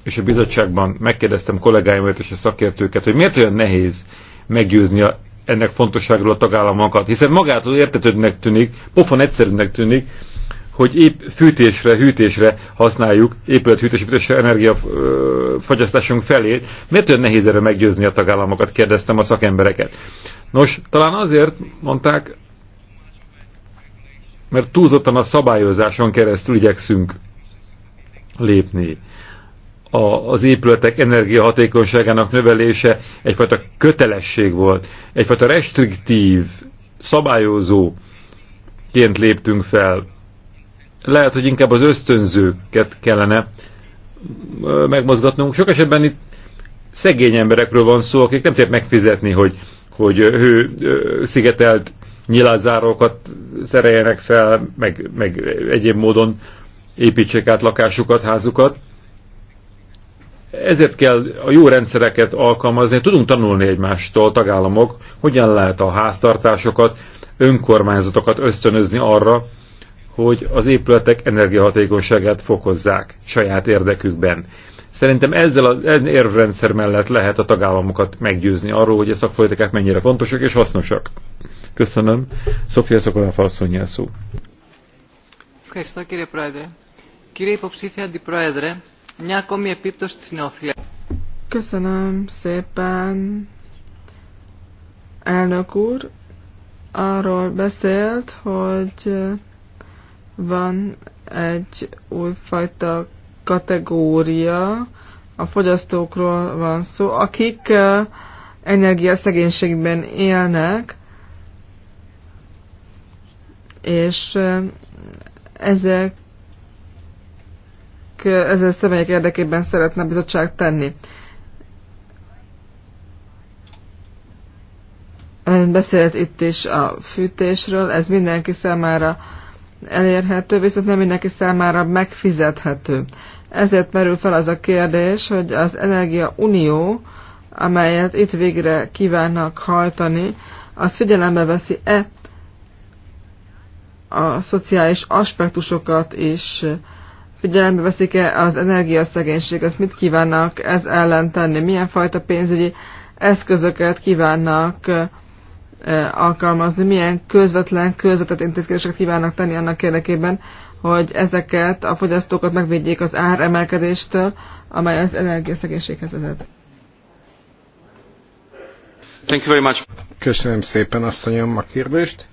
és a bizottságban megkérdeztem kollégáimat és a szakértőket, hogy miért olyan nehéz meggyőzni a, ennek fontosságról a tagállamokat, hiszen magától értetődnek tűnik, pofon egyszerűnek tűnik, hogy épp fűtésre, hűtésre használjuk, energia energiafogyasztásunk felét. Miért olyan nehéz erre meggyőzni a tagállamokat? Kérdeztem a szakembereket. Nos, talán azért mondták, mert túlzottan a szabályozáson keresztül igyekszünk lépni a, az épületek energiahatékonyságának növelése egyfajta kötelesség volt, egyfajta restriktív, szabályozóként léptünk fel. Lehet, hogy inkább az ösztönzőket kellene megmozgatnunk. Sok esetben itt szegény emberekről van szó, akik nem tudják megfizetni, hogy, hogy hő szigetelt nyilázárókat szereljenek fel, meg, meg egyéb módon építsék át lakásukat, házukat. Ezért kell a jó rendszereket alkalmazni, tudunk tanulni egymástól, tagállamok, hogyan lehet a háztartásokat, önkormányzatokat ösztönözni arra, hogy az épületek energiahatékonyságát fokozzák saját érdekükben. Szerintem ezzel az e- érvrendszer mellett lehet a tagállamokat meggyőzni arról, hogy a szakpolitikák mennyire fontosak és hasznosak. Köszönöm. Szofia Falszonyi a szó. Köszönöm, kérje Proedre. Kérje Popszifia, Köszönöm szépen, elnök úr. Arról beszélt, hogy van egy újfajta kategória, a fogyasztókról van szó, akik energiaszegénységben élnek, és ezek ezen személyek érdekében szeretne a bizottság tenni. Ön beszélt itt is a fűtésről, ez mindenki számára elérhető, viszont nem mindenki számára megfizethető. Ezért merül fel az a kérdés, hogy az Energia Unió, amelyet itt végre kívánnak hajtani, az figyelembe veszi-e a szociális aspektusokat is, figyelembe veszik-e az energiaszegénységet, mit kívánnak ez ellen tenni, milyen fajta pénzügyi eszközöket kívánnak alkalmazni, milyen közvetlen, közvetett intézkedéseket kívánnak tenni annak érdekében, hogy ezeket a fogyasztókat megvédjék az áremelkedéstől, amely az energiaszegénységhez vezet. Thank you very much. Köszönöm szépen, asszonyom, a kérdést.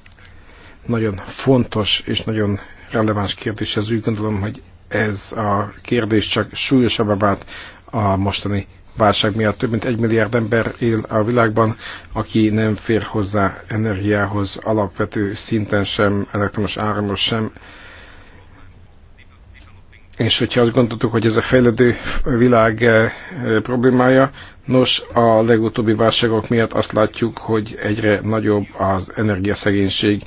Nagyon fontos és nagyon releváns kérdés, ez úgy gondolom, hogy ez a kérdés csak súlyosabbá vált a mostani válság miatt. Több mint egy milliárd ember él a világban, aki nem fér hozzá energiához alapvető szinten sem, elektromos áramos sem. És hogyha azt gondoltuk, hogy ez a fejlődő világ eh, problémája, nos, a legutóbbi válságok miatt azt látjuk, hogy egyre nagyobb az energiaszegénység,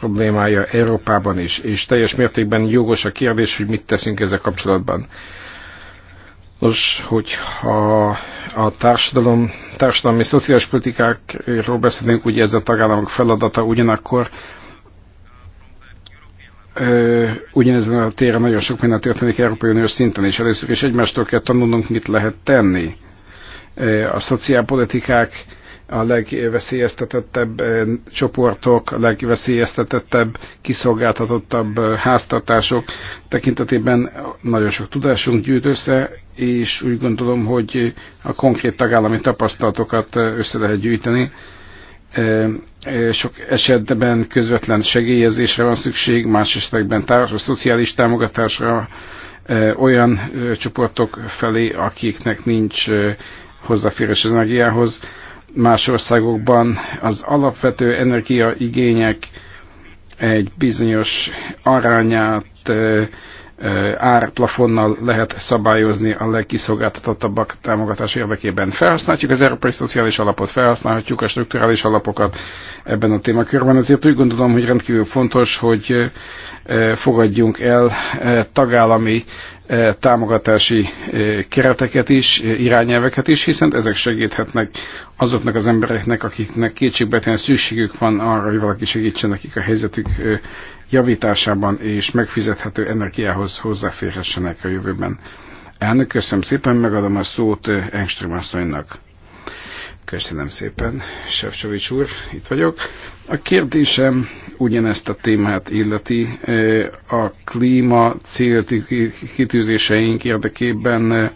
problémája Európában is, és teljes mértékben jogos a kérdés, hogy mit teszünk ezzel kapcsolatban. Nos, hogyha a társadalom, társadalmi szociális politikákról beszélünk, ugye ez a tagállamok feladata, ugyanakkor ugyanezen a téren nagyon sok minden történik Európai Unió szinten, és először is egymástól kell tanulnunk, mit lehet tenni. a szociálpolitikák a legveszélyeztetettebb eh, csoportok, a legveszélyeztetettebb, kiszolgáltatottabb eh, háztartások tekintetében nagyon sok tudásunk gyűjt össze, és úgy gondolom, hogy a konkrét tagállami tapasztalatokat eh, össze lehet gyűjteni. Sok esetben közvetlen segélyezésre van szükség, más esetekben társ, szociális támogatásra, olyan csoportok felé, akiknek nincs hozzáférés az energiához más országokban az alapvető energiaigények egy bizonyos arányát árplafonnal lehet szabályozni a legkiszolgáltatottabbak támogatás érdekében. Felhasználhatjuk az Európai Szociális Alapot, felhasználhatjuk a strukturális alapokat ebben a témakörben. azért úgy gondolom, hogy rendkívül fontos, hogy fogadjunk el tagállami támogatási kereteket is, irányelveket is, hiszen ezek segíthetnek azoknak az embereknek, akiknek kétségbetűen szükségük van arra, hogy valaki segítsen nekik a helyzetük javításában, és megfizethető energiához hozzáférhessenek a jövőben. Elnök, köszönöm szépen, megadom a szót Engström asszonynak. Köszönöm szépen, Sefcsovics úr, itt vagyok. A kérdésem ugyanezt a témát illeti. A klíma célti kitűzéseink érdekében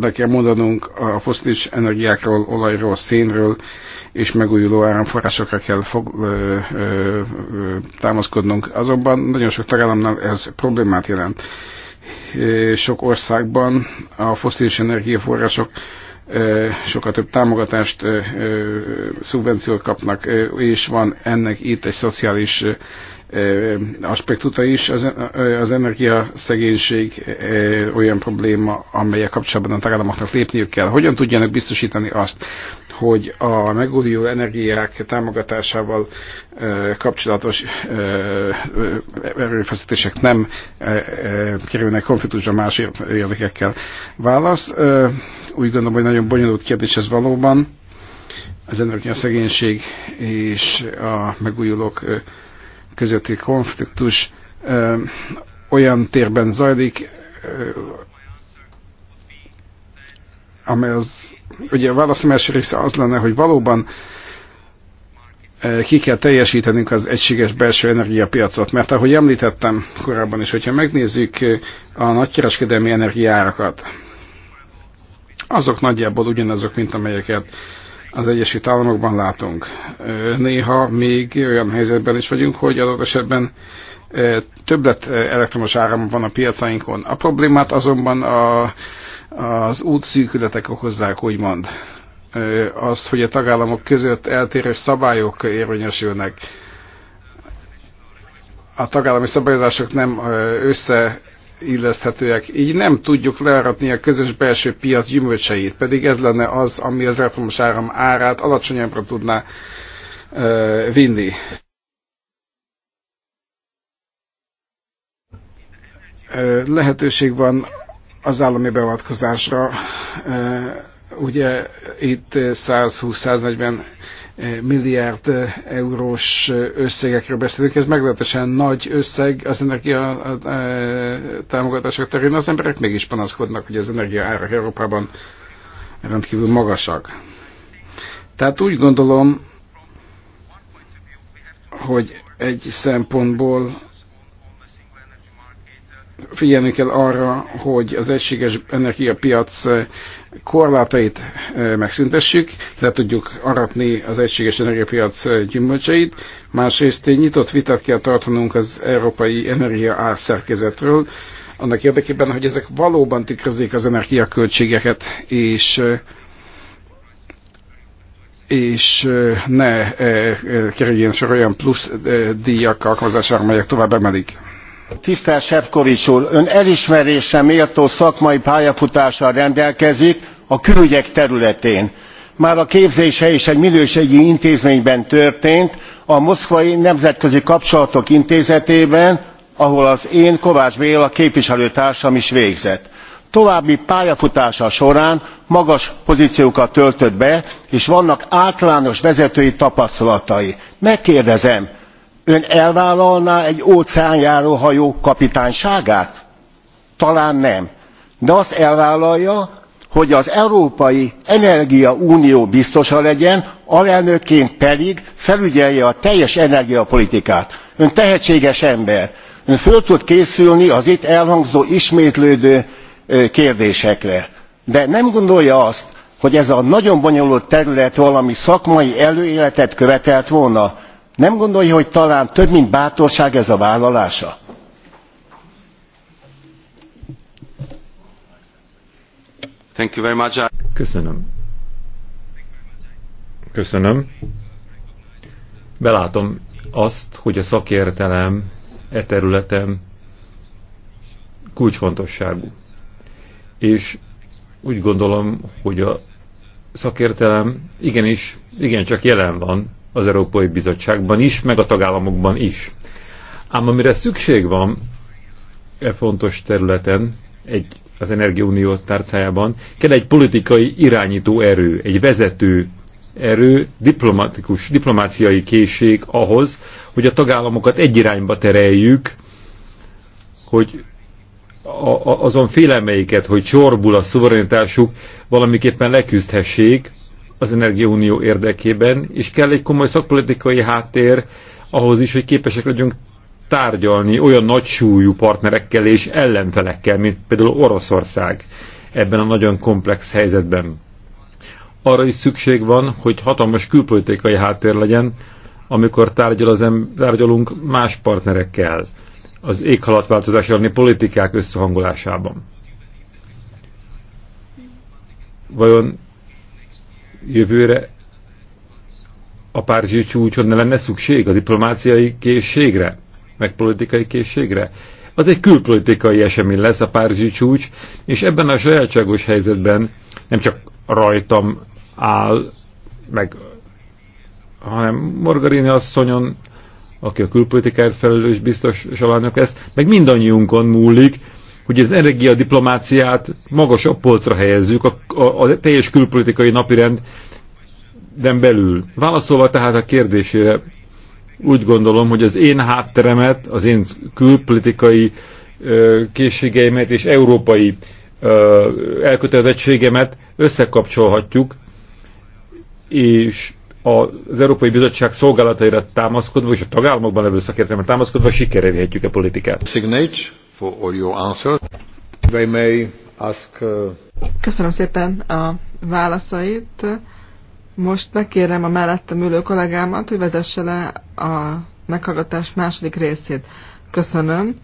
de kell mondanunk a foszilis energiákról, olajról, szénről és megújuló áramforrásokra kell fog, ö, ö, ö, támaszkodnunk. Azonban nagyon sok tagállamnál ez problémát jelent. Sok országban a foszilis energiaforrások sokkal több támogatást, szubvenciót kapnak, és van ennek itt egy szociális aspektusa is az, az energiaszegénység olyan probléma, amelyek kapcsolatban a tagállamoknak lépniük kell. Hogyan tudjanak biztosítani azt, hogy a megújuló energiák támogatásával kapcsolatos erőfeszítések nem kerülnek konfliktusra más érdekekkel? Válasz. Úgy gondolom, hogy nagyon bonyolult kérdés ez valóban. Az energiaszegénység és a megújulók közötti konfliktus olyan térben zajlik, amely az, ugye a válaszom első része az lenne, hogy valóban ki kell teljesítenünk az egységes belső energiapiacot, mert ahogy említettem korábban is, hogyha megnézzük a nagykereskedelmi energiárakat, azok nagyjából ugyanazok, mint amelyeket az Egyesült Államokban látunk. Néha még olyan helyzetben is vagyunk, hogy adott esetben többlet elektromos áram van a piacainkon. A problémát azonban a, az útszűkületek okozzák, úgymond. Az, hogy a tagállamok között eltérő szabályok érvényesülnek. A tagállami szabályozások nem össze illeszthetőek. Így nem tudjuk leáratni a közös belső piac gyümölcseit, pedig ez lenne az, ami az elektromos áram árát alacsonyabbra tudná ö, vinni. lehetőség van az állami beavatkozásra. Ugye itt 120-140 milliárd eurós összegekről beszélünk. Ez meglehetősen nagy összeg az energia eh, támogatások terén. Az emberek mégis panaszkodnak, hogy az energia árak Európában rendkívül magasak. Tehát úgy gondolom, hogy egy szempontból figyelni kell arra, hogy az egységes energiapiac eh, korlátait megszüntessük, le tudjuk aratni az egységes energiapiac gyümölcseit, másrészt egy nyitott vitát kell tartanunk az európai energia árszerkezetről, annak érdekében, hogy ezek valóban tükrözik az energiaköltségeket, és és ne kerüljön sor olyan plusz díjak alkalmazására, amelyek tovább emelik. Tisztelt efovi úr, ön elismerésre méltó szakmai pályafutással rendelkezik a külügyek területén. Már a képzése is egy minőségi intézményben történt, a Moszkvai Nemzetközi Kapcsolatok Intézetében, ahol az én Kovács Béla képviselőtársam is végzett további pályafutása során magas pozciókat töltött be és vannak általános vezetői tapasztalatai. megkérdezem ön elvállalná egy óceánjáró hajó kapitányságát? talán nem de azt elvállalja hogy az európai Unió biztosa legyen alelnökként pedig felügyelje a teljes energiapolitikát. ön tehetséges ember ön föl tud készülni az itt elhangzó ismétlődő kérdésekre de nem gondolja azt hogy ez a nagyon bonyolult terület valami szakmai előéletet követelt volna? nem gondolja hogy talán több mint bátorság ez a vállalása? Köszönöm. Köszönöm. Belátom azt, hogy a szakértelem e területem kulcsfontosságú. És úgy gondolom, hogy a szakértelem igenis, igencsak jelen van az Európai Bizottságban is, meg a tagállamokban is. Ám amire szükség van e fontos területen, egy, az Energiaunió tárcájában, kell egy politikai irányító erő, egy vezető erő, diplomatikus, diplomáciai készség ahhoz, hogy a tagállamokat egy irányba tereljük, hogy a, a, azon félelmeiket, hogy csorbul a szuverenitásuk, valamiképpen leküzdhessék, az Energiaunió érdekében, és kell egy komoly szakpolitikai háttér ahhoz is, hogy képesek legyünk tárgyalni olyan nagy súlyú partnerekkel és ellenfelekkel, mint például Oroszország ebben a nagyon komplex helyzetben. Arra is szükség van, hogy hatalmas külpolitikai háttér legyen, amikor tárgyal az em tárgyalunk más partnerekkel az éghalatváltozás elleni politikák összehangolásában. Vajon jövőre a párizsi csúcson ne lenne szükség a diplomáciai készségre, meg politikai készségre. Az egy külpolitikai esemény lesz a párizsi csúcs, és ebben a sajátságos helyzetben nem csak rajtam áll, meg hanem Margarini asszonyon, aki a külpolitikáért felelős biztos alánok lesz, meg mindannyiunkon múlik, hogy az energiadiplomáciát magasabb polcra helyezzük a, a, a teljes külpolitikai napirend den belül. Válaszolva tehát a kérdésére, úgy gondolom, hogy az én hátteremet, az én külpolitikai ö, készségeimet és európai ö, elkötelezettségemet összekapcsolhatjuk, és az Európai Bizottság szolgálataira támaszkodva és a tagállamokban levő szakértelemre támaszkodva sikerre vihetjük a politikát. for answer. may ask, uh, Köszönöm szépen a válaszait. Most megkérem a mellettem ülő kollégámat, hogy vezesse le a meghallgatás második részét. Köszönöm.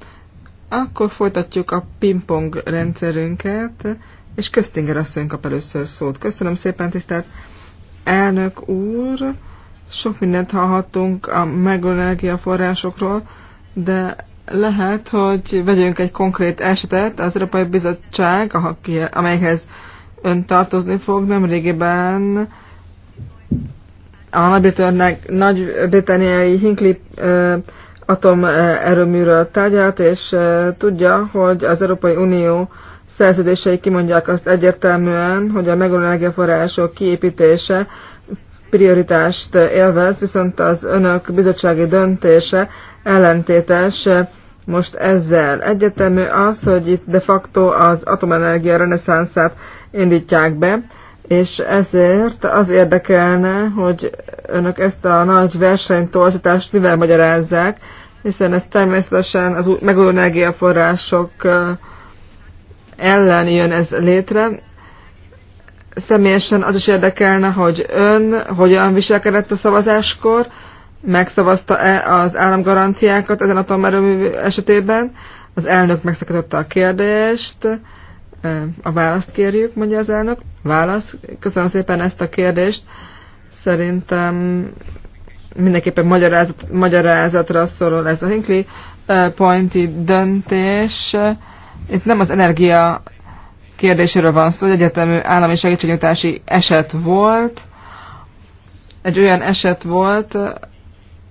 Akkor folytatjuk a pingpong rendszerünket, és Köztinger asszony kap először szót. Köszönöm szépen, tisztelt Elnök úr, sok mindent hallhattunk a megújuló energiaforrásokról, de lehet, hogy vegyünk egy konkrét esetet, az Európai Bizottság, amelyhez ön tartozni fog, nem régiben a nagy-britanniai Hinkley atomerőműről tárgyalt, és tudja, hogy az Európai Unió szerződései kimondják azt egyértelműen, hogy a megújuló energiaforrások kiépítése prioritást élvez, viszont az önök bizottsági döntése ellentétes most ezzel. Egyetemű az, hogy itt de facto az atomenergia reneszánszát indítják be, és ezért az érdekelne, hogy önök ezt a nagy versenytorzítást mivel magyarázzák, hiszen ez természetesen az megújuló energiaforrások források ellen jön ez létre. Személyesen az is érdekelne, hogy ön hogyan viselkedett a szavazáskor, megszavazta-e az államgaranciákat ezen a tanmerőmű esetében. Az elnök megszakította a kérdést. A választ kérjük, mondja az elnök. Válasz. Köszönöm szépen ezt a kérdést. Szerintem mindenképpen magyarázat, magyarázatra szorul ez a Hinkley pointi döntés itt nem az energia kérdéséről van szó, hogy egyetemű állami segítségnyújtási eset volt, egy olyan eset volt,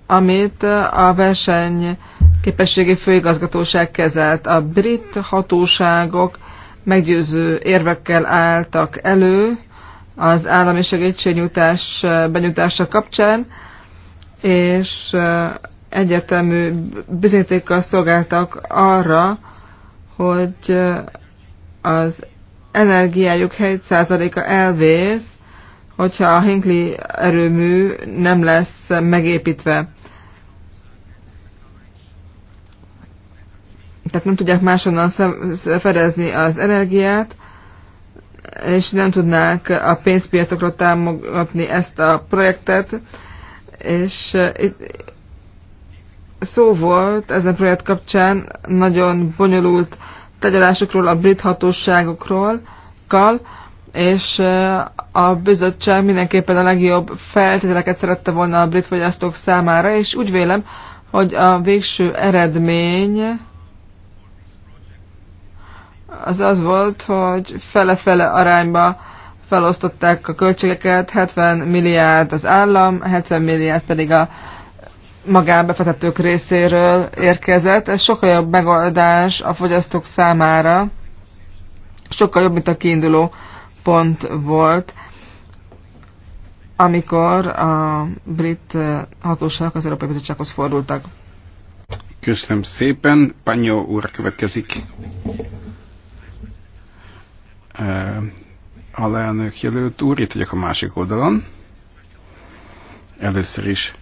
amit a verseny képességi főigazgatóság kezelt. A brit hatóságok meggyőző érvekkel álltak elő az állami segítségnyújtás benyújtása kapcsán, és egyetemű bizonyítékkal szolgáltak arra, hogy az energiájuk 7%-a elvész, hogyha a Hinkley erőmű nem lesz megépítve. Tehát nem tudják máshonnan fedezni az energiát, és nem tudnák a pénzpiacokra támogatni ezt a projektet, és itt szó volt ezen projekt kapcsán nagyon bonyolult tárgyalásokról, a brit hatóságokról, kal, és eh, a bizottság mindenképpen a legjobb feltételeket szerette volna a brit fogyasztók számára, és úgy vélem, hogy a végső eredmény az az volt, hogy fele-fele arányba felosztották a költségeket, 70 milliárd az állam, 70 milliárd pedig a magánbefetetők részéről érkezett. Ez sokkal jobb megoldás a fogyasztók számára, sokkal jobb, mint a kiinduló pont volt, amikor a brit hatóságok az Európai Bizottsághoz fordultak. Köszönöm szépen. Panyó úr következik. Alelnök jelölt úr, itt vagyok a másik oldalon. Először is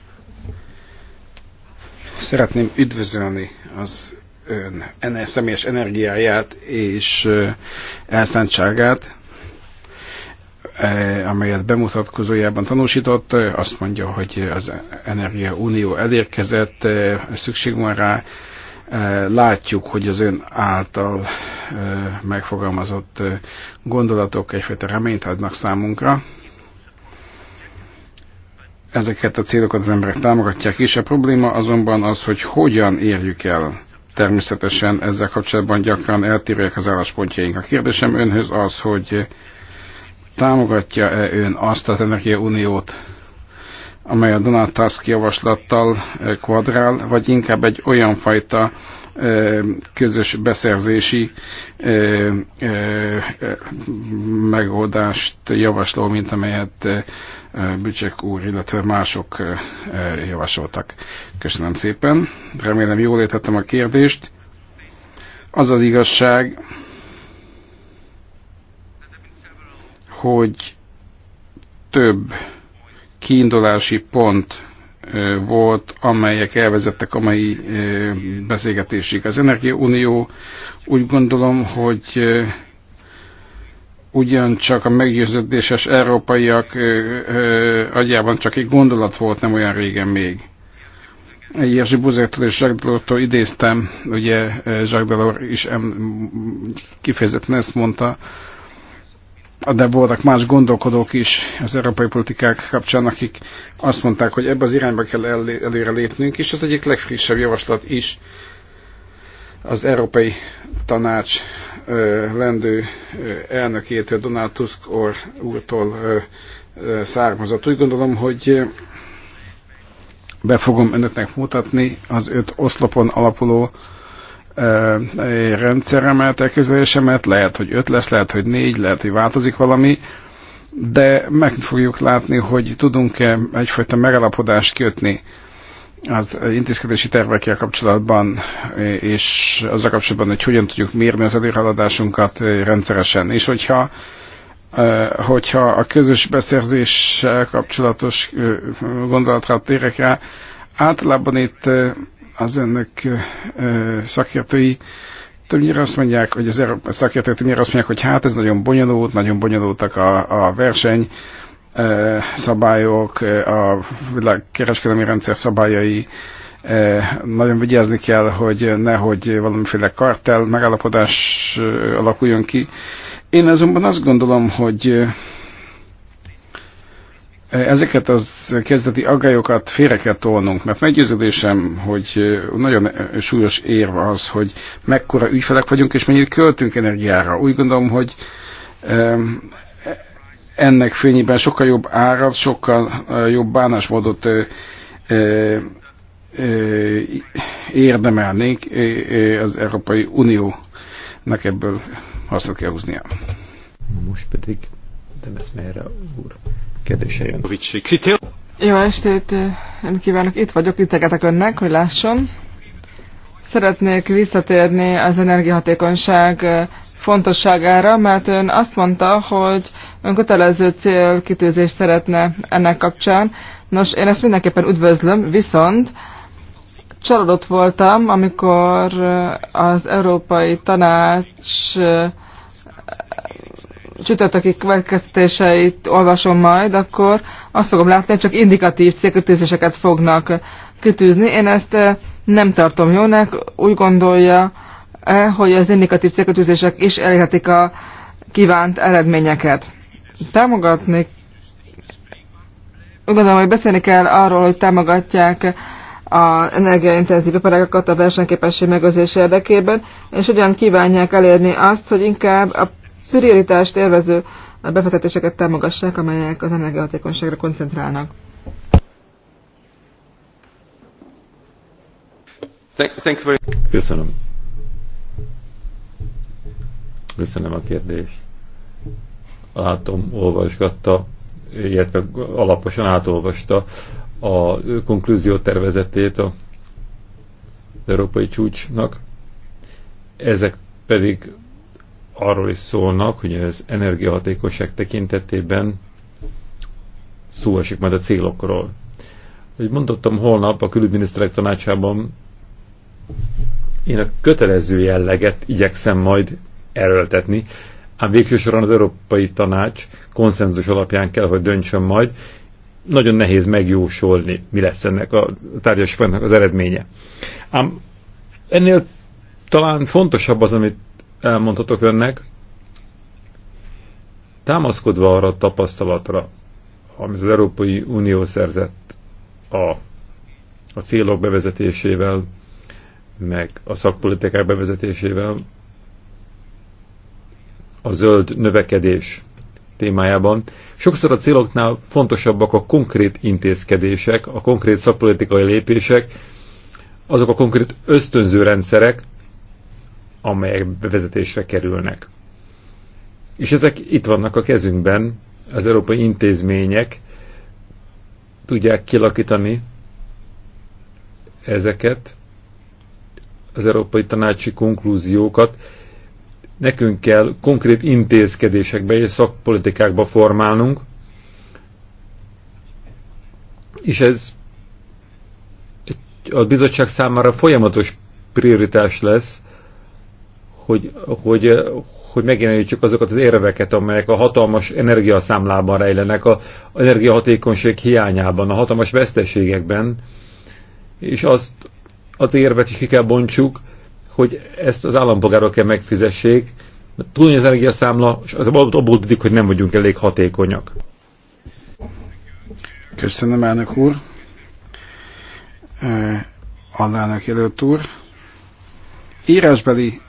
Szeretném üdvözölni az ön enne, személyes energiáját és elszántságát, amelyet bemutatkozójában tanúsított. Azt mondja, hogy az Energia Unió elérkezett, szükség van rá. Látjuk, hogy az ön által megfogalmazott gondolatok egyfajta reményt adnak számunkra Ezeket a célokat az emberek támogatják is. A probléma azonban az, hogy hogyan érjük el. Természetesen ezzel kapcsolatban gyakran eltérőek az álláspontjaink. A kérdésem önhöz az, hogy támogatja-e ön azt az energiauniót, amely a Donald Tusk javaslattal eh, kvadrál, vagy inkább egy olyan fajta eh, közös beszerzési eh, megoldást javasló, mint amelyet Bücsek úr, illetve mások eh, eh, javasoltak. Köszönöm szépen. Remélem jól értettem a kérdést. Az az igazság, hogy több kiindulási pont eh, volt, amelyek elvezettek a mai beszélgetésig. Az Energiaunió úgy gondolom, hogy ugyancsak a meggyőződéses európaiak agyában csak egy gondolat volt nem olyan régen még. Jerzy Buzektől és Jacques Delortól idéztem, ugye Jacques Delors is em, kifejezetten ezt mondta, de voltak más gondolkodók is az európai politikák kapcsán, akik azt mondták, hogy ebbe az irányba kell előre lépnünk, és az egyik legfrissebb javaslat is az Európai Tanács lendő elnökétől, Donald Tusk úrtól származott. Úgy gondolom, hogy be fogom önöknek mutatni az öt oszlopon alapuló rendszeremet, elképzelésemet, lehet, hogy öt lesz, lehet, hogy négy, lehet, hogy változik valami, de meg fogjuk látni, hogy tudunk-e egyfajta megalapodást kötni az intézkedési tervekkel kapcsolatban, és azzal kapcsolatban, hogy hogyan tudjuk mérni az előrehaladásunkat eh, rendszeresen. És hogyha eh, hogyha a közös beszerzéssel kapcsolatos eh, gondolatra térek rá, általában itt az önök szakértői többnyire azt mondják, hogy az szakértők többnyire azt mondják, hogy hát ez nagyon bonyolult, nagyon bonyolultak a, a verseny szabályok, a kereskedelmi rendszer szabályai, nagyon vigyázni kell, hogy nehogy valamiféle kartel megállapodás alakuljon ki. Én azonban azt gondolom, hogy ezeket az kezdeti aggályokat félre kell tolnunk, mert meggyőződésem, hogy nagyon súlyos érve az, hogy mekkora ügyfelek vagyunk, és mennyit költünk energiára. Úgy gondolom, hogy ennek fényében sokkal jobb árat, sokkal jobb bánásmódot érdemelnénk az Európai Uniónak ebből hasznot kell húznia. Most pedig Demeszmelyre úr kérdése jön. Jó estét, én kívánok, itt vagyok, integetek önnek, hogy lásson. Szeretnék visszatérni az energiahatékonyság fontosságára, mert ön azt mondta, hogy kötelező célkitűzést szeretne ennek kapcsán. Nos, én ezt mindenképpen üdvözlöm, viszont csalódott voltam, amikor eh, az Európai Tanács eh, csütörtöki következtetéseit olvasom majd, akkor azt fogom látni, hogy csak indikatív célkitűzéseket fognak kitűzni. Én ezt eh, nem tartom jónak, úgy gondolja, -e, hogy az indikatív célkötőzések is elérhetik a kívánt eredményeket támogatni, gondolom, hogy beszélni kell arról, hogy támogatják az energiaintenzív iparágakat a versenyképesség megőrzése érdekében, és ugyan kívánják elérni azt, hogy inkább a prioritást élvező befektetéseket támogassák, amelyek az energiahatékonyságra koncentrálnak. Köszönöm. Köszönöm a kérdést olvasgatta, illetve alaposan átolvasta a konklúzió tervezetét a európai csúcsnak. Ezek pedig arról is szólnak, hogy az energiahatékosság tekintetében szó esik majd a célokról. Hogy mondottam, holnap a külügyminiszterek tanácsában én a kötelező jelleget igyekszem majd erőltetni, Hát végső soron az Európai Tanács konszenzus alapján kell, hogy döntsön majd. Nagyon nehéz megjósolni, mi lesz ennek a tárgyasoknak az eredménye. Ám ennél talán fontosabb az, amit elmondhatok önnek, támaszkodva arra a tapasztalatra, amit az Európai Unió szerzett a, a célok bevezetésével, meg a szakpolitikák bevezetésével, a zöld növekedés témájában. Sokszor a céloknál fontosabbak a konkrét intézkedések, a konkrét szakpolitikai lépések, azok a konkrét ösztönző rendszerek, amelyek bevezetésre kerülnek. És ezek itt vannak a kezünkben, az európai intézmények tudják kilakítani ezeket, az európai tanácsi konklúziókat, nekünk kell konkrét intézkedésekbe és szakpolitikákba formálnunk, és ez a bizottság számára folyamatos prioritás lesz, hogy, hogy, hogy megjelenítsük azokat az érveket, amelyek a hatalmas energiaszámlában rejlenek, a energiahatékonyság hiányában, a hatalmas veszteségekben, és azt az érvet is ki kell bontsuk, hogy ezt az állampolgárok kell megfizessék, túl az energiaszámla, és az abból tudik, hogy nem vagyunk elég hatékonyak. Köszönöm, elnök úr. Alelnök jelölt úr. Írásbeli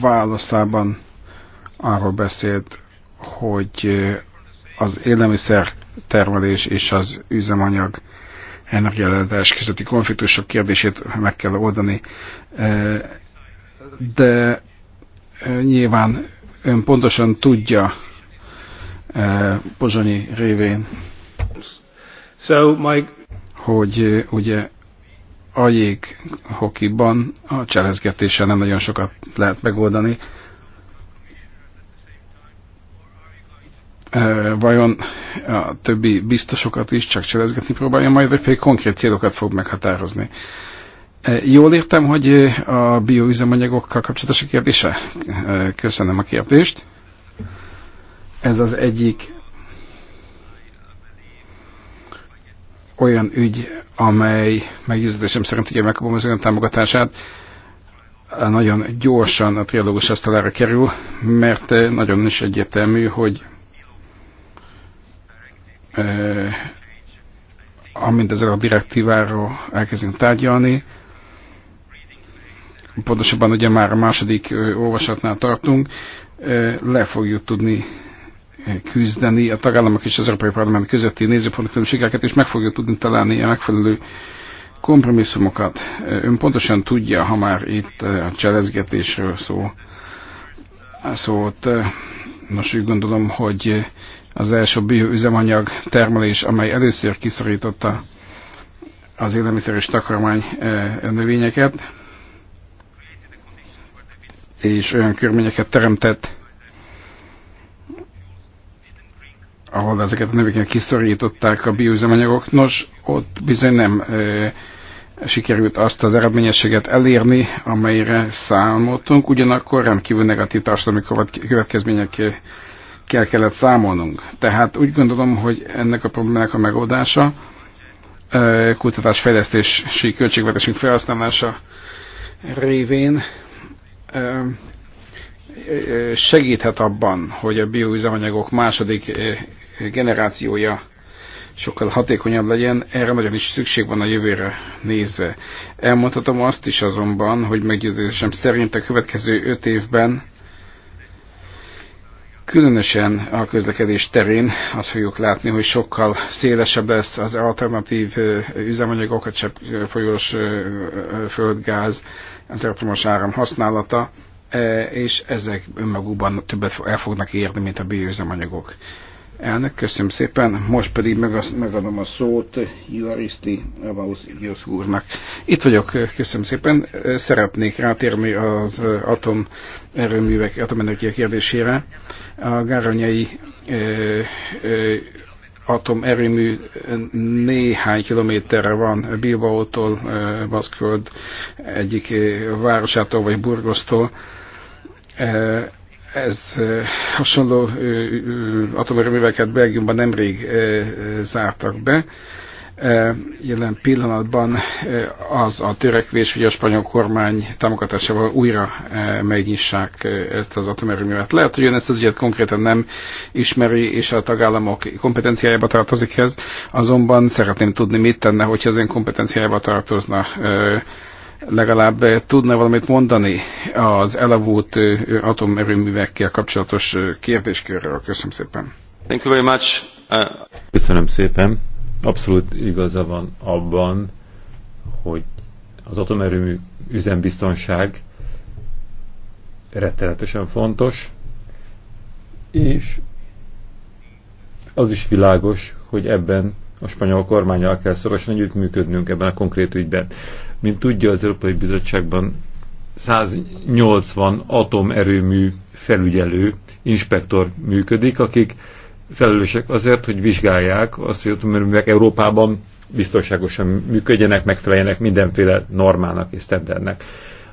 válaszában arról beszélt, hogy az élelmiszer termelés és az üzemanyag jelentés közötti konfliktusok kérdését meg kell oldani, e, de e, nyilván ön pontosan tudja e, Pozsonyi révén, so my... hogy ugye a jéghokiban a cselezgetéssel nem nagyon sokat lehet megoldani, vajon a többi biztosokat is csak cselezgetni próbálja majd, vagy pedig konkrét célokat fog meghatározni. Jól értem, hogy a bioüzemanyagokkal kapcsolatos a kérdése? Köszönöm a kérdést. Ez az egyik olyan ügy, amely meggyőződésem szerint ugye megkapom az olyan támogatását, nagyon gyorsan a triadógus asztalára kerül, mert nagyon is egyértelmű, hogy Eh, amint ezzel a direktíváról elkezdünk tárgyalni, pontosabban ugye már a második olvasatnál tartunk, eh, le fogjuk tudni eh, küzdeni a tagállamok és az Európai Parlament közötti nézőpont különbségeket, és meg fogjuk tudni találni a megfelelő kompromisszumokat. Ön pontosan tudja, ha már itt a cselezgetésről szó, szót, nos úgy gondolom, hogy az első bioüzemanyag termelés, amely először kiszorította az élelmiszer és takarmány e, növényeket, és olyan körményeket teremtett, ahol ezeket a növényeket kiszorították a bioüzemanyagok. Nos, ott bizony nem e, sikerült azt az eredményességet elérni, amelyre számoltunk, ugyanakkor rendkívül negatív társadalmi következmények e, kell kellett számolnunk. Tehát úgy gondolom, hogy ennek a problémának a megoldása kutatásfejlesztési költségvetésünk felhasználása révén segíthet abban, hogy a bioüzemanyagok második generációja sokkal hatékonyabb legyen, erre nagyon is szükség van a jövőre nézve. Elmondhatom azt is azonban, hogy meggyőződésem szerint a következő öt évben Különösen a közlekedés terén azt fogjuk látni, hogy sokkal szélesebb lesz az alternatív üzemanyagok, a cseppfolyós földgáz, az elektromos áram használata, és ezek önmagukban többet el fognak érni, mint a bioüzemanyagok. Elnök, köszönöm szépen. Most pedig megadom a szót Juaristi Avaus Ilios úrnak. Itt vagyok, köszönöm szépen. Szeretnék rátérni az atom erőművek, atomenergia kérdésére. A gáronyai atomerőmű néhány kilométerre van Bilbao-tól, Baszkföld egyik városától vagy Burgosztól ez hasonló atomerőműveket Belgiumban nemrég zártak be. Jelen pillanatban az a törekvés, hogy a spanyol kormány támogatásával újra megnyissák ezt az atomerőművet. Lehet, hogy ön ezt az ügyet konkrétan nem ismeri, és a tagállamok kompetenciájába tartozik ez, azonban szeretném tudni, mit tenne, hogyha az ön kompetenciájába tartozna legalább eh, tudna valamit mondani az elavult eh, atomerőművekkel kapcsolatos eh, kérdéskörről. Köszönöm szépen. Thank you very much. Uh... Köszönöm szépen. Abszolút igaza van abban, hogy az atomerőmű üzembiztonság rettenetesen fontos, és az is világos, hogy ebben a spanyol kormányjal kell szorosan együttműködnünk ebben a konkrét ügyben. Mint tudja, az Európai Bizottságban 180 atomerőmű felügyelő, inspektor működik, akik felelősek azért, hogy vizsgálják azt, hogy atomerőművek Európában biztonságosan működjenek, megfeleljenek mindenféle normának és standardnek.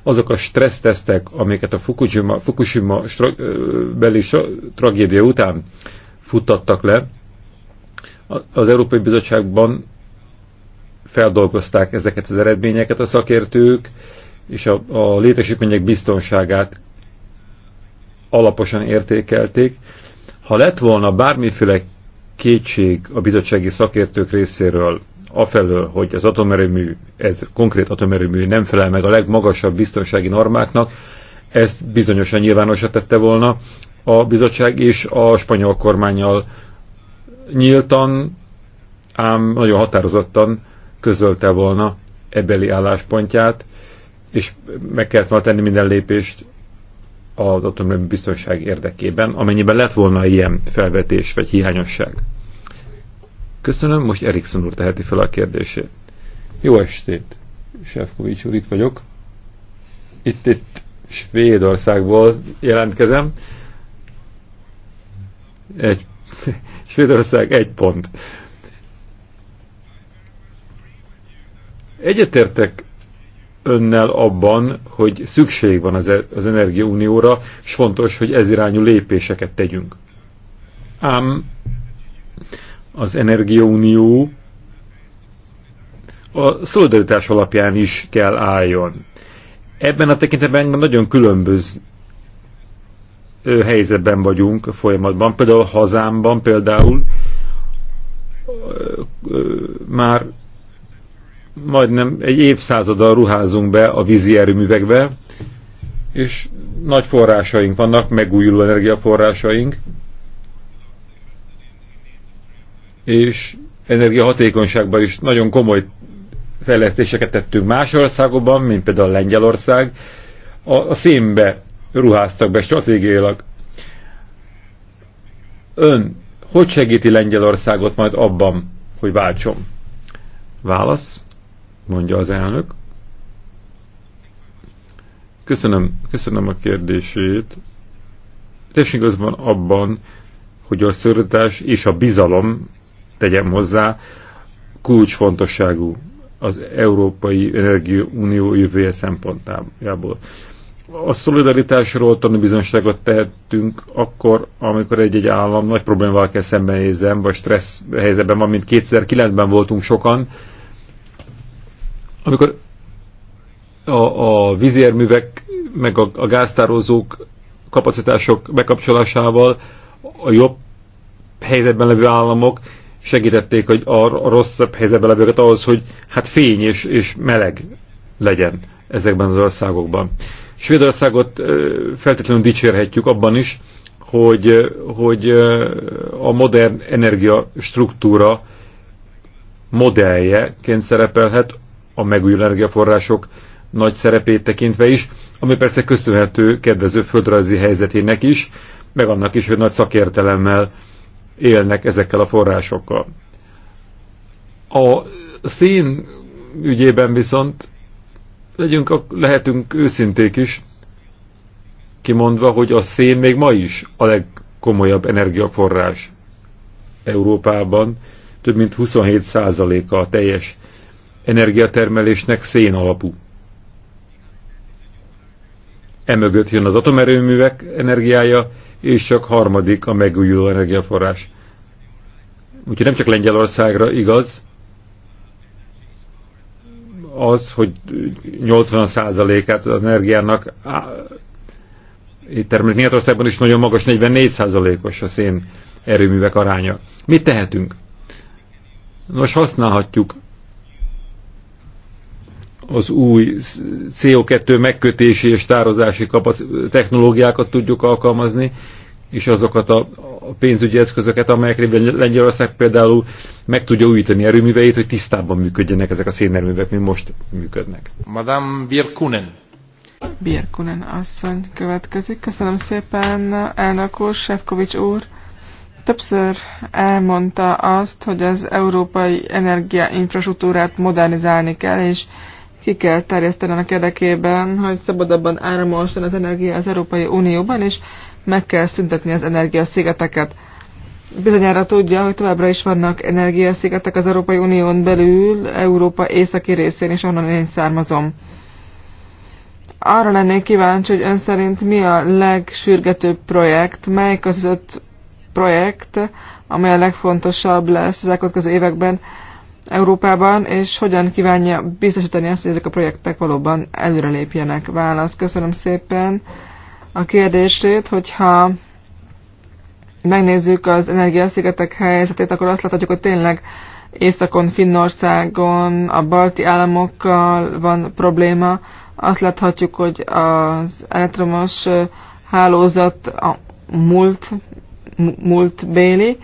Azok a stressztesztek, amiket a Fukushima, Fukushima stra, beli tragédia után futtattak le, az Európai Bizottságban feldolgozták ezeket az eredményeket a szakértők, és a, a létesítmények biztonságát alaposan értékelték. Ha lett volna bármiféle kétség a bizottsági szakértők részéről afelől, hogy az atomerőmű, ez konkrét atomerőmű nem felel meg a legmagasabb biztonsági normáknak, ezt bizonyosan nyilvánosra tette volna a bizottság és a spanyol kormányjal nyíltan, ám nagyon határozottan közölte volna ebeli álláspontját, és meg kellett volna tenni minden lépést az atomerőmű biztonság érdekében, amennyiben lett volna ilyen felvetés vagy hiányosság. Köszönöm, most Erikson úr teheti fel a kérdését. Jó estét, Sefkovics úr, itt vagyok. Itt, itt Svédországból jelentkezem. Egy, Svédország egy pont. Egyetértek önnel abban, hogy szükség van az, e- az energiaunióra, és fontos, hogy ez irányú lépéseket tegyünk. Ám az energiaunió a szolidaritás alapján is kell álljon. Ebben a tekintetben nagyon különböző helyzetben vagyunk a folyamatban. Például hazámban például már majdnem egy évszázaddal ruházunk be a vízi erőművekbe, és nagy forrásaink vannak, megújuló energiaforrásaink, és energiahatékonyságban is nagyon komoly fejlesztéseket tettünk más országokban, mint például Lengyelország, a, a szénbe ruháztak be stratégiailag. Ön hogy segíti Lengyelországot majd abban, hogy váltson? Válasz mondja az elnök. Köszönöm, köszönöm a kérdését. Tessék az van abban, hogy a szorítás és a bizalom, tegyem hozzá, kulcsfontosságú az Európai Energia Unió jövője szempontjából. A szolidaritásról bizonyságot tehetünk akkor, amikor egy-egy állam nagy problémával kell szembenézem, vagy stressz helyzetben van, mint 2009-ben voltunk sokan, amikor a, a vízérművek meg a, a gáztározók kapacitások bekapcsolásával a jobb helyzetben levő államok segítették hogy a, a rosszabb helyzetben levőket ahhoz, hogy hát fény és, és meleg legyen ezekben az országokban. Svédországot feltétlenül dicsérhetjük abban is, hogy, hogy a modern energiastruktúra modellje szerepelhet a megújuló energiaforrások nagy szerepét tekintve is, ami persze köszönhető kedvező földrajzi helyzetének is, meg annak is, hogy nagy szakértelemmel élnek ezekkel a forrásokkal. A szén ügyében viszont legyünk, a, lehetünk őszinték is, kimondva, hogy a szén még ma is a legkomolyabb energiaforrás Európában, több mint 27%-a a teljes energiatermelésnek szén alapú. Emögött jön az atomerőművek energiája, és csak harmadik a megújuló energiaforrás. Úgyhogy nem csak Lengyelországra igaz az, hogy 80%-át az energiának termelik. Németországban is nagyon magas, 44%-os a szén erőművek aránya. Mit tehetünk? Nos, használhatjuk az új CO2 megkötési és tározási technológiákat tudjuk alkalmazni, és azokat a pénzügyi eszközöket, amelyek Lengyelország például meg tudja újítani erőműveit, hogy tisztában működjenek ezek a szénerőművek, mint most működnek. Madame Birkunen. Birkunen asszony következik. Köszönöm szépen, elnök úr, Sefkovics úr. Többször elmondta azt, hogy az európai energiainfrastruktúrát modernizálni kell, és ki kell terjeszteni a érdekében, hogy szabadabban áramolson az energia az Európai Unióban, és meg kell szüntetni az energiaszigeteket. Bizonyára tudja, hogy továbbra is vannak energiaszigetek az Európai Unión belül, Európa északi részén, és onnan én származom. Arra lennék kíváncsi, hogy ön szerint mi a legsürgetőbb projekt, melyik az öt projekt, amely a legfontosabb lesz az elkövetkező években Európában, és hogyan kívánja biztosítani azt, hogy ezek a projektek valóban előrelépjenek. Válasz. Köszönöm szépen a kérdését, hogyha megnézzük az energiaszigetek helyzetét, akkor azt láthatjuk, hogy tényleg Északon, Finnországon, a balti államokkal van probléma. Azt láthatjuk, hogy az elektromos hálózat a múlt, múlt béli,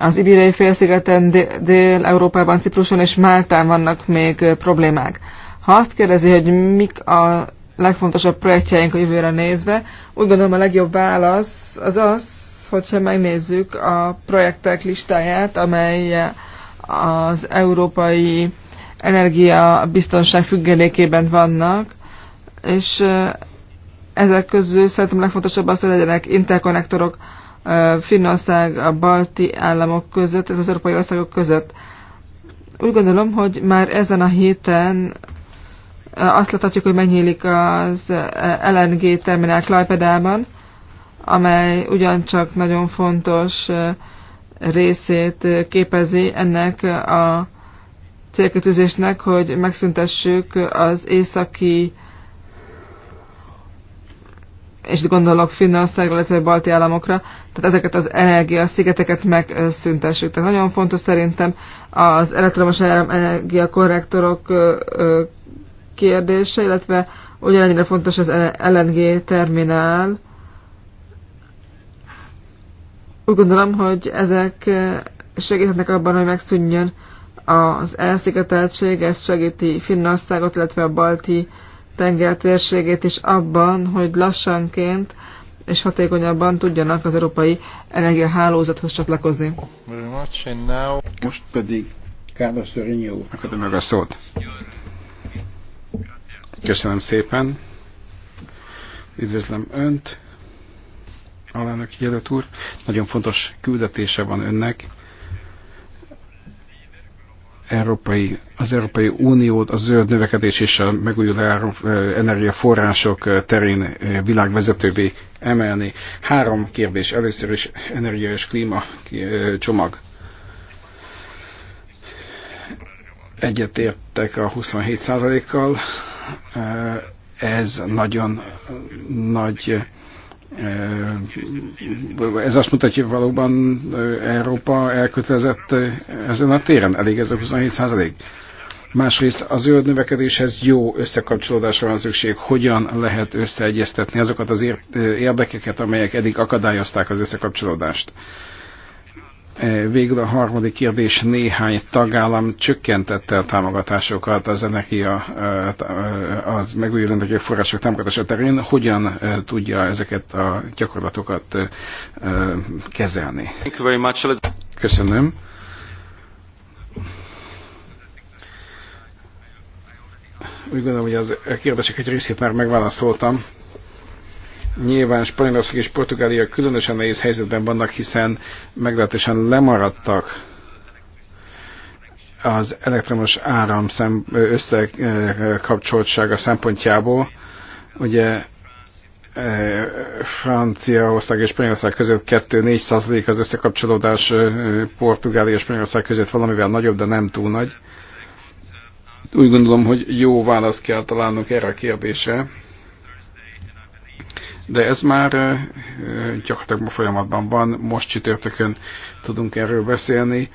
az Ibirei félszigeten, Dél-Európában, Cipruson és Máltán vannak még problémák. Ha azt kérdezi, hogy mik a legfontosabb projektjeink a jövőre nézve, úgy gondolom a legjobb válasz az az, hogyha megnézzük a projektek listáját, amely az európai energia biztonság függelékében vannak, és ezek közül szerintem legfontosabb az, hogy legyenek interkonnektorok Finnország, a balti államok között, az európai országok között. Úgy gondolom, hogy már ezen a héten azt láthatjuk, hogy megnyílik az LNG terminál Klajpedában, amely ugyancsak nagyon fontos részét képezi ennek a célkötőzésnek, hogy megszüntessük az északi és gondolok Finnországra, illetve balti államokra, tehát ezeket az energiaszigeteket megszüntessük. Tehát nagyon fontos szerintem az elektromos energiakorrektorok kérdése, illetve ugyanennyire fontos az LNG terminál. Úgy gondolom, hogy ezek segíthetnek abban, hogy megszűnjön az elszigeteltség, ez segíti Finnországot, illetve a balti tenger térségét is abban, hogy lassanként és hatékonyabban tudjanak az európai energiahálózathoz csatlakozni. Most pedig Carlos Dorinyó úrnak meg a szót. Köszönöm szépen. Üdvözlöm Önt, alelnök jelölt úr. Nagyon fontos küldetése van Önnek európai, az Európai Uniót a zöld növekedés és a megújuló energiaforrások terén világvezetővé emelni. Három kérdés. Először is energia és klíma csomag. Egyetértek a 27%-kal. Ez nagyon nagy ez azt mutatja, hogy valóban Európa elkötelezett ezen a téren. Elég ez a 27 százalék. Másrészt a zöld növekedéshez jó összekapcsolódásra van szükség, hogyan lehet összeegyeztetni azokat az érdekeket, amelyek eddig akadályozták az összekapcsolódást. Eh, végül a harmadik kérdés, néhány tagállam csökkentette a támogatásokat az energia, eh, az megújuló energiaforrások támogatása terén. Hogyan eh, tudja ezeket a gyakorlatokat kezelni? Köszönöm. Úgy gondolom, hogy az kérdések egy részét már megválaszoltam. Nyilván Spanyolország és Portugália különösen nehéz helyzetben vannak, hiszen meglehetősen lemaradtak az elektromos áram szem, összekapcsoltsága szempontjából. Ugye e, Franciaország és Spanyolország között 2-4 százalék az összekapcsolódás, e, Portugália és Spanyolország között valamivel nagyobb, de nem túl nagy. Úgy gondolom, hogy jó választ kell találnunk erre a kérdésre de ez már gyakorlatilag folyamatban van, most csütörtökön tudunk erről beszélni.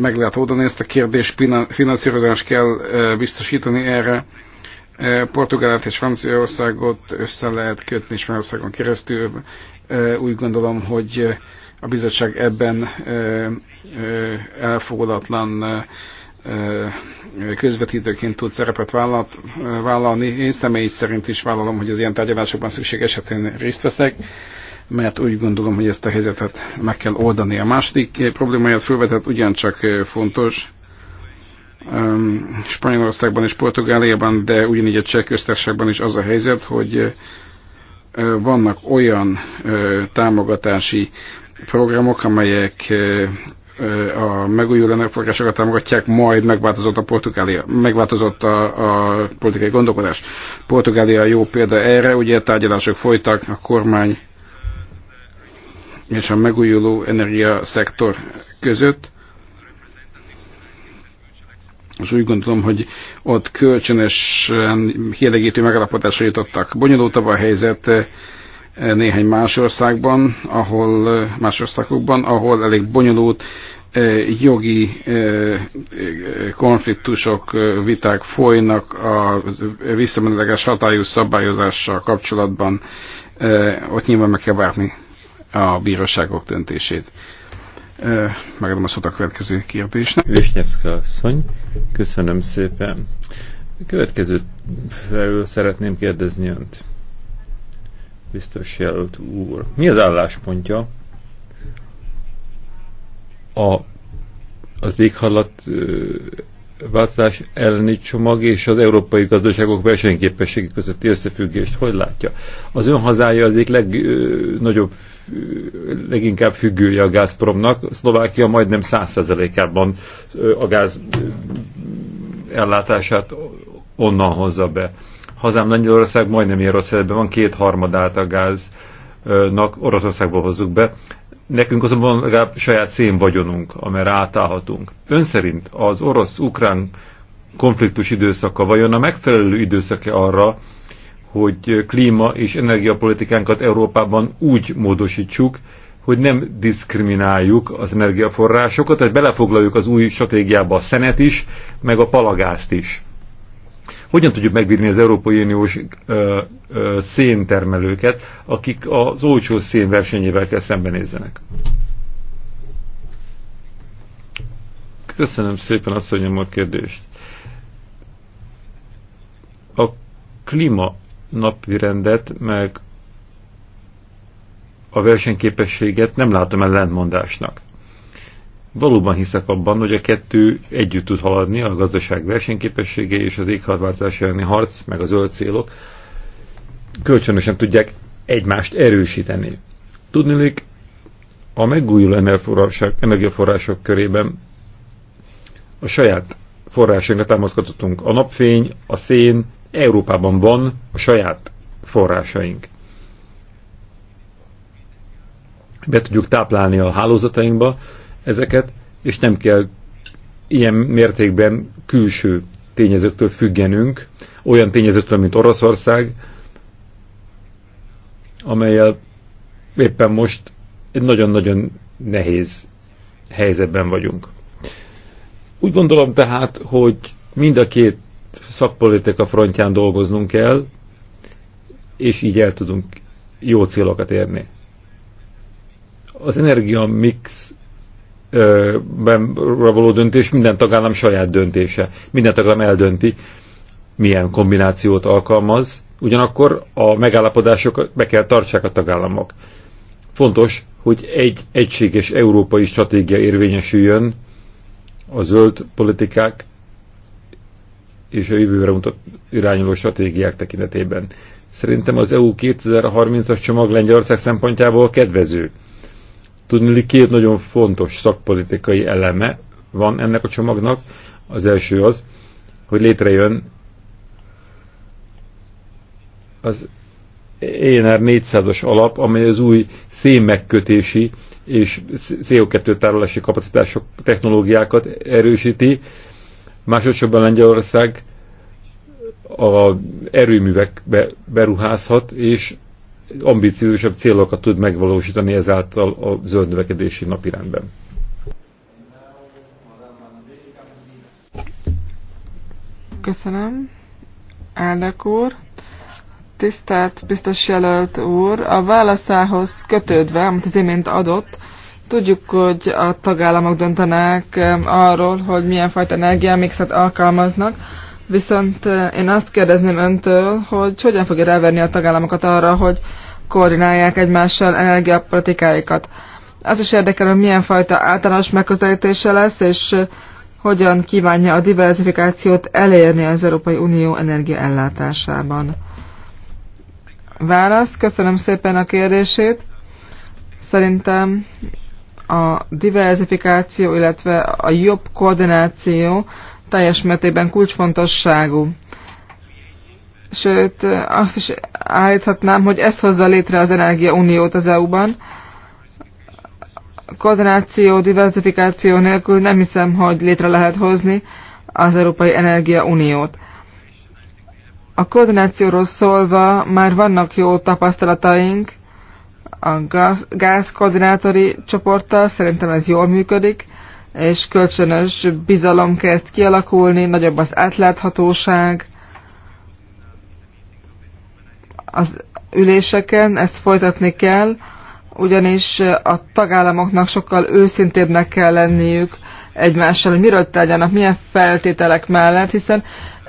Meg lehet oldani ezt a kérdést, finanszírozást kell biztosítani erre. Portugálát és Franciaországot össze lehet kötni Svédországon keresztül. Úgy gondolom, hogy a bizottság ebben elfogadatlan közvetítőként tud szerepet vállalt, vállalni. Én személy szerint is vállalom, hogy az ilyen tárgyalásokban szükség esetén részt veszek, mert úgy gondolom, hogy ezt a helyzetet meg kell oldani. A második problémáját felvetett ugyancsak fontos, Spanyolországban és Portugáliában, de ugyanígy a cseh köztársaságban is az a helyzet, hogy vannak olyan támogatási programok, amelyek a megújuló energiaforrásokat támogatják, majd megváltozott a Portugália, megváltozott a, a politikai gondolkodás. Portugália jó példa erre, ugye tárgyalások folytak, a kormány és a megújuló energia szektor között, és úgy gondolom, hogy ott kölcsönösen hielegítő megállapodásra jutottak. Bonyolultabb a helyzet, néhány más országban, ahol, más országokban, ahol elég bonyolult eh, jogi eh, eh, konfliktusok, viták folynak a visszamenőleges hatályú szabályozással kapcsolatban, ott nyilván meg kell várni a bíróságok döntését. Megadom a szót a következő kérdésnek. Visnyevszka asszony, köszönöm szépen. A következő felül szeretném kérdezni önt biztos jelölt úr. Mi az álláspontja a, az éghajlat változás elleni csomag és az európai gazdaságok versenyképességi közötti összefüggést hogy látja? Az ön hazája az egyik legnagyobb, leginkább függője a Gazpromnak. Szlovákia majdnem 100%-ában a gáz ellátását onnan hozza be. Hazám Lengyelország majdnem ilyen rossz helyzetben van, harmadát a gáznak Oroszországból hozzuk be. Nekünk azonban legalább saját szén vagyonunk, amely átállhatunk. Ön szerint az orosz-ukrán konfliktus időszaka vajon a megfelelő időszake arra, hogy klíma és energiapolitikánkat Európában úgy módosítsuk, hogy nem diszkrimináljuk az energiaforrásokat, tehát belefoglaljuk az új stratégiába a szenet is, meg a palagázt is. Hogyan tudjuk megvédni az Európai Uniós ö, ö, széntermelőket, akik az olcsó szén versenyével kell szembenézzenek? Köszönöm szépen hogy a kérdést. A klíma napirendet, meg a versenyképességet nem látom ellentmondásnak. Valóban hiszek abban, hogy a kettő együtt tud haladni, a gazdaság versenyképessége és az éghajlatváltozás elleni harc, meg a zöld célok kölcsönösen tudják egymást erősíteni. Tudnilik, a megújuló energiaforrások, energiaforrások körében a saját forrásainkra támaszkodhatunk. A napfény, a szén, Európában van a saját forrásaink. Be tudjuk táplálni a hálózatainkba, ezeket, és nem kell ilyen mértékben külső tényezőktől függenünk, olyan tényezőktől, mint Oroszország, amelyel éppen most egy nagyon-nagyon nehéz helyzetben vagyunk. Úgy gondolom tehát, hogy mind a két szakpolitika frontján dolgoznunk kell, és így el tudunk jó célokat érni. Az energia mix való döntés minden tagállam saját döntése. Minden tagállam eldönti, milyen kombinációt alkalmaz, ugyanakkor a megállapodásokat be kell tartsák a tagállamok. Fontos, hogy egy egységes európai stratégia érvényesüljön a zöld politikák és a jövőre mutat irányuló stratégiák tekintetében. Szerintem az EU 2030-as csomag Lengyelország szempontjából kedvező. Tudni, két nagyon fontos szakpolitikai eleme van ennek a csomagnak. Az első az, hogy létrejön az ENR 400-as alap, amely az új szénmegkötési és CO2 tárolási kapacitások, technológiákat erősíti. Másodszorban Lengyelország a erőművekbe beruházhat, és ambiciósabb célokat tud megvalósítani ezáltal a zöld növekedési napirendben. Köszönöm. Elnök úr. Tisztelt biztos jelölt úr, a válaszához kötődve, amit az imént adott, tudjuk, hogy a tagállamok döntenek um, arról, hogy milyen fajta energiamixet alkalmaznak, viszont uh, én azt kérdezném öntől, hogy hogyan fogja ráverni a tagállamokat arra, hogy koordinálják egymással energiapolitikáikat. Az is érdekel, hogy milyen fajta általános megközelítése lesz, és hogyan kívánja a diversifikációt elérni az Európai Unió energiaellátásában. Válasz, köszönöm szépen a kérdését. Szerintem a diversifikáció, illetve a jobb koordináció teljes mértékben kulcsfontosságú sőt azt is állíthatnám, hogy ez hozza létre az Energia Uniót az EU-ban. Koordináció, diversifikáció nélkül nem hiszem, hogy létre lehet hozni az Európai Energia Uniót. A koordinációról szólva már vannak jó tapasztalataink a gáz, csoporttal, szerintem ez jól működik, és kölcsönös bizalom kezd kialakulni, nagyobb az átláthatóság, az üléseken, ezt folytatni kell, ugyanis a tagállamoknak sokkal őszintébbnek kell lenniük egymással, hogy miről tárgyalnak, milyen feltételek mellett, hiszen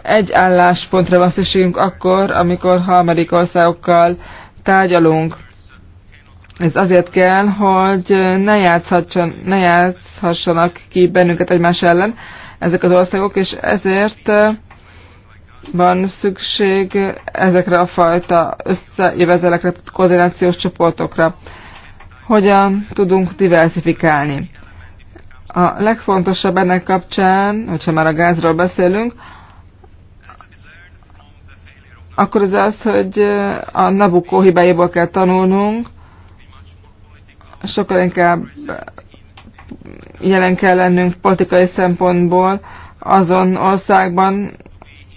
egy álláspontra van szükségünk akkor, amikor amerikai országokkal tárgyalunk. Ez azért kell, hogy ne, ne játszhassanak ki bennünket egymás ellen ezek az országok, és ezért van szükség ezekre a fajta összejövezelekre, koordinációs csoportokra. Hogyan tudunk diversifikálni? A legfontosabb ennek kapcsán, hogyha már a gázról beszélünk, akkor az az, hogy a Nabucco hibáiból kell tanulnunk, sokkal inkább jelen kell lennünk politikai szempontból azon országban,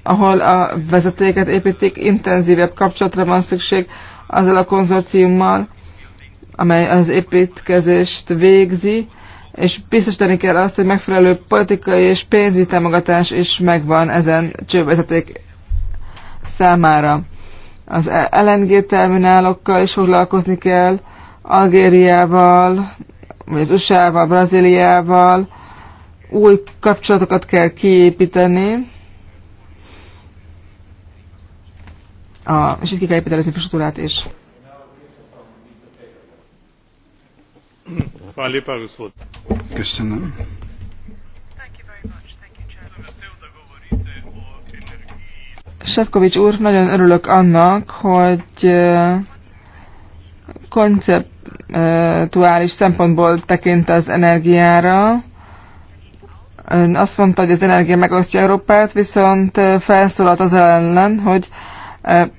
ahol a vezetéket építik, intenzívebb kapcsolatra van szükség azzal a konzorciummal, amely az építkezést végzi, és biztosítani kell azt, hogy megfelelő politikai és pénzügyi támogatás is megvan ezen csővezeték számára. Az LNG terminálokkal is foglalkozni kell, Algériával, vagy az USA-val, Brazíliával, új kapcsolatokat kell kiépíteni, a, és itt ki kell építelezni az infrastruktúrát is. Köszönöm. Sefkovics úr, nagyon örülök annak, hogy konceptuális szempontból tekint az energiára. Ön azt mondta, hogy az energia megosztja Európát, viszont felszólalt az ellen, hogy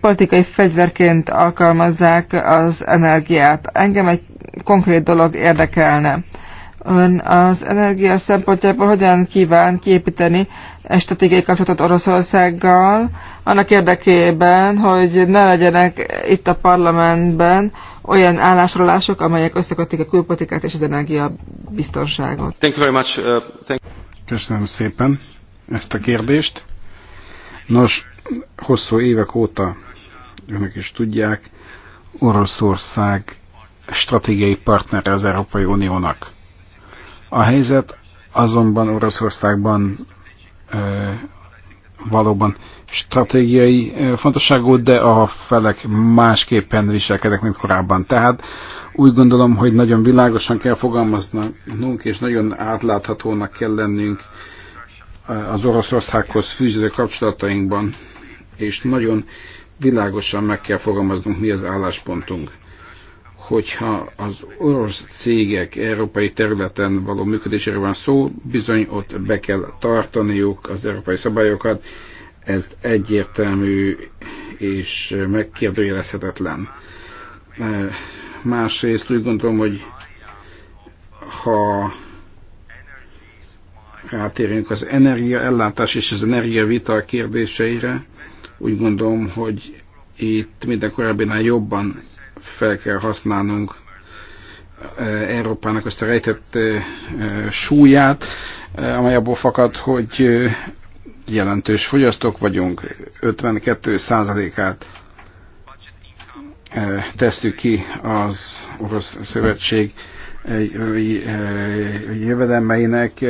politikai fegyverként alkalmazzák az energiát. Engem egy konkrét dolog érdekelne. Ön az energia szempontjából hogyan kíván kiépíteni estetikai kapcsolatot Oroszországgal, annak érdekében, hogy ne legyenek itt a parlamentben olyan állásolások, amelyek összekötik a külpolitikát és az energiabiztonságot. Thank you very much. Uh, thank Köszönöm szépen ezt a kérdést. Nos, hosszú évek óta, önök is tudják, Oroszország stratégiai partnere az Európai Uniónak. A helyzet azonban Oroszországban e, valóban stratégiai fontosságú, de a felek másképpen viselkednek, mint korábban. Tehát úgy gondolom, hogy nagyon világosan kell fogalmaznunk, és nagyon átláthatónak kell lennünk az Oroszországhoz fűződő kapcsolatainkban, és nagyon világosan meg kell fogalmaznunk, mi az álláspontunk. Hogyha az orosz cégek európai területen való működésére van szó, bizony ott be kell tartaniuk az európai szabályokat, ez egyértelmű és megkérdőjelezhetetlen. Másrészt úgy gondolom, hogy ha rátérünk az energiaellátás és az energiavita kérdéseire, úgy gondolom, hogy itt minden korábbinál jobban fel kell használnunk Európának azt a rejtett súlyát, amely abból fakad, hogy jelentős fogyasztók vagyunk, 52%-át tesszük ki az Orosz Szövetség jövedelmeinek,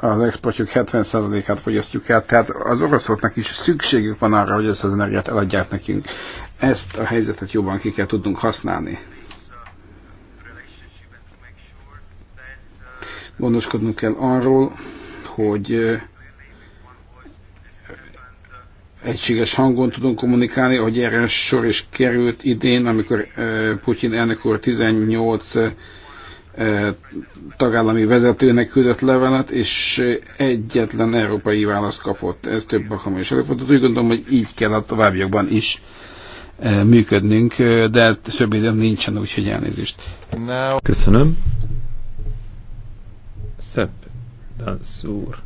az exportjuk 70%-át fogyasztjuk el, tehát az oroszoknak is szükségük van arra, hogy ezt az energiát eladják nekünk. Ezt a helyzetet jobban ki kell tudnunk használni. Gondoskodnunk kell arról, hogy egységes hangon tudunk kommunikálni, hogy erre sor is került idén, amikor Putyin elnök úr 18 tagállami vezetőnek küldött levelet, és egyetlen európai választ kapott. Ez több alkalommal is előfordult. Úgy gondolom, hogy így kell a továbbiakban is működnünk, de hát több időm nincsen, úgyhogy elnézést. Köszönöm. Szebb Dansz úr.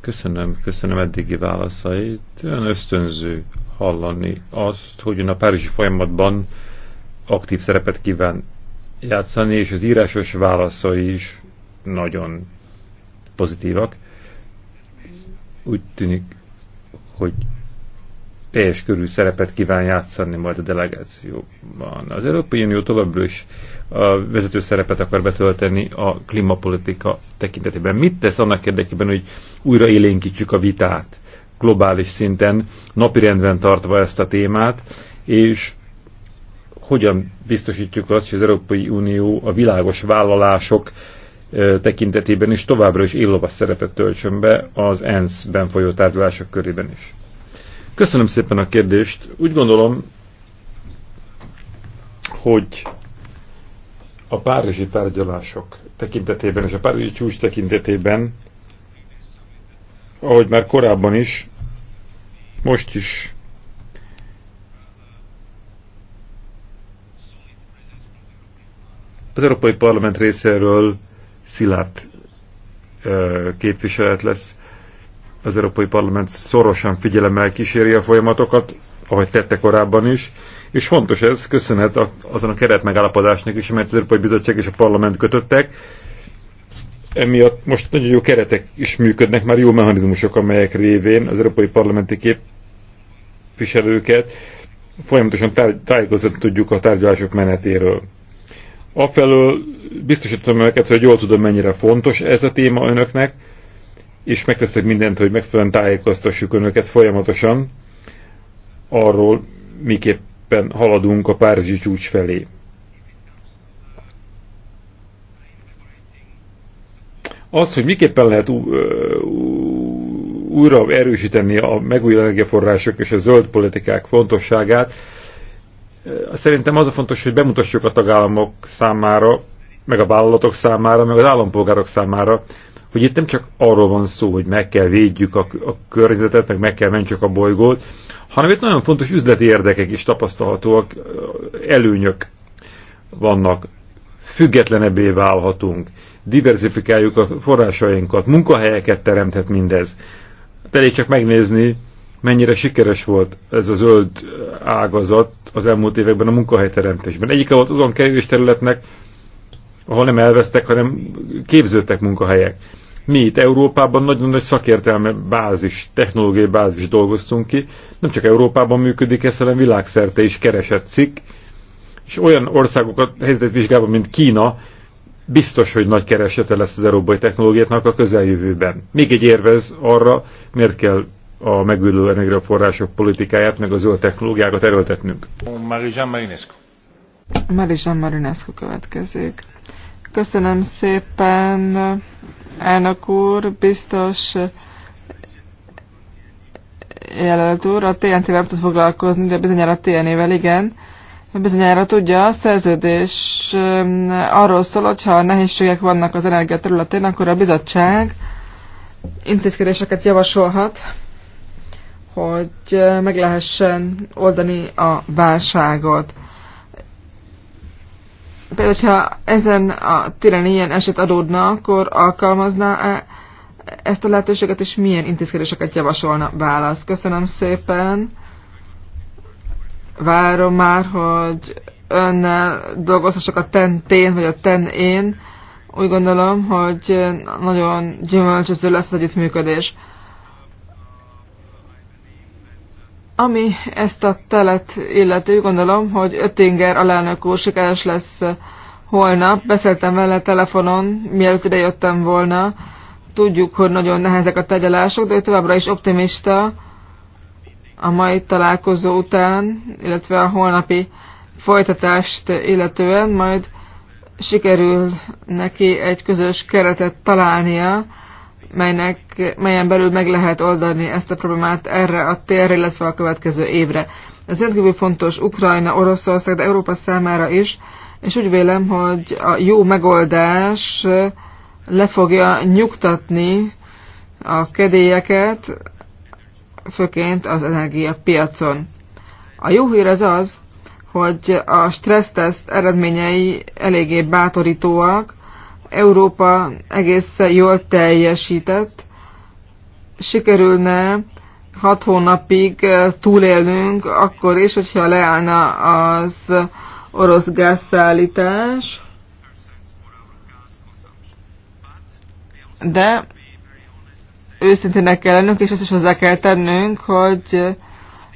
Köszönöm, köszönöm eddigi válaszait. Olyan ösztönző hallani azt, hogy a párizsi folyamatban aktív szerepet kíván játszani, és az írásos válaszai is nagyon pozitívak. Úgy tűnik, hogy teljes körű szerepet kíván játszani majd a delegációban. Az Európai Unió továbbra is a vezető szerepet akar betölteni a klímapolitika tekintetében. Mit tesz annak érdekében, hogy újra élénkítsük a vitát globális szinten, napirendben tartva ezt a témát, és hogyan biztosítjuk azt, hogy az Európai Unió a világos vállalások tekintetében is továbbra is illóba szerepet töltsön be az ENSZ-ben folyó tárgyalások körében is. Köszönöm szépen a kérdést. Úgy gondolom, hogy a párizsi tárgyalások tekintetében és a párizsi csúcs tekintetében, ahogy már korábban is, most is Az Európai Parlament részéről szilárd képviselet lesz. Az Európai Parlament szorosan figyelemmel kíséri a folyamatokat, ahogy tette korábban is, és fontos ez, köszönhet azon a keretmegállapodásnak is, mert az Európai Bizottság és a Parlament kötöttek, emiatt most nagyon jó keretek is működnek, már jó mechanizmusok, amelyek révén az európai parlamenti képviselőket folyamatosan tájékozott tudjuk a tárgyalások menetéről. Afelől biztosítom önöket, hogy jól tudom, mennyire fontos ez a téma önöknek, és megteszek mindent, hogy megfelelően tájékoztassuk önöket folyamatosan arról, miképpen haladunk a Párizsi csúcs felé. Az, hogy miképpen lehet újra erősíteni a megújuló energiaforrások és a zöld politikák fontosságát, Szerintem az a fontos, hogy bemutassuk a tagállamok számára, meg a vállalatok számára, meg az állampolgárok számára, hogy itt nem csak arról van szó, hogy meg kell védjük a, a környezetet, meg meg kell mentsük a bolygót, hanem itt nagyon fontos üzleti érdekek is tapasztalhatóak, előnyök vannak, függetlenebbé válhatunk, diversifikáljuk a forrásainkat, munkahelyeket teremthet mindez. Elég csak megnézni, mennyire sikeres volt ez a zöld ágazat az elmúlt években a munkahelyteremtésben. Egyike volt azon kerülés területnek, ahol nem elvesztek, hanem képződtek munkahelyek. Mi itt Európában nagyon nagy szakértelme bázis, technológiai bázis dolgoztunk ki. Nem csak Európában működik ez, hanem világszerte is keresett cikk. És olyan országokat helyzetvizsgálva, mint Kína, biztos, hogy nagy keresete lesz az európai technológiáknak a közeljövőben. Még egy érvez arra, miért kell a megújuló energiaforrások politikáját, meg a zöld technológiákat erőltetnünk. Marizsán Marinescu. Marizsán Marinescu következik. Köszönöm szépen, elnök úr, biztos jelölt úr, a TNT-vel tud foglalkozni, de bizonyára a TNT-vel igen. Bizonyára tudja, a szerződés arról szól, hogy ha nehézségek vannak az energia területén, akkor a bizottság intézkedéseket javasolhat hogy meg lehessen oldani a válságot. Például, hogyha ezen a téren ilyen eset adódna, akkor alkalmazná -e ezt a lehetőséget, és milyen intézkedéseket javasolna? Válasz. Köszönöm szépen. Várom már, hogy önnel dolgozhassak a ten-tén, vagy a ten-én. Úgy gondolom, hogy nagyon gyümölcsöző lesz az együttműködés. Ami ezt a telet illeti, gondolom, hogy Öttinger alelnök úr sikeres lesz holnap. Beszéltem vele telefonon, mielőtt idejöttem volna. Tudjuk, hogy nagyon nehezek a tegyelások, de ő továbbra is optimista a mai találkozó után, illetve a holnapi folytatást illetően, majd sikerül neki egy közös keretet találnia, melynek, melyen belül meg lehet oldani ezt a problémát erre a térre, illetve a következő évre. Ez rendkívül fontos Ukrajna, Oroszország, de Európa számára is, és úgy vélem, hogy a jó megoldás le fogja nyugtatni a kedélyeket, főként az energiapiacon. A jó hír az az, hogy a stresszteszt eredményei eléggé bátorítóak, Európa egészen jól teljesített. Sikerülne hat hónapig túlélnünk, akkor is, hogyha leállna az orosz gázszállítás. De őszintének kell lennünk, és azt is hozzá kell tennünk, hogy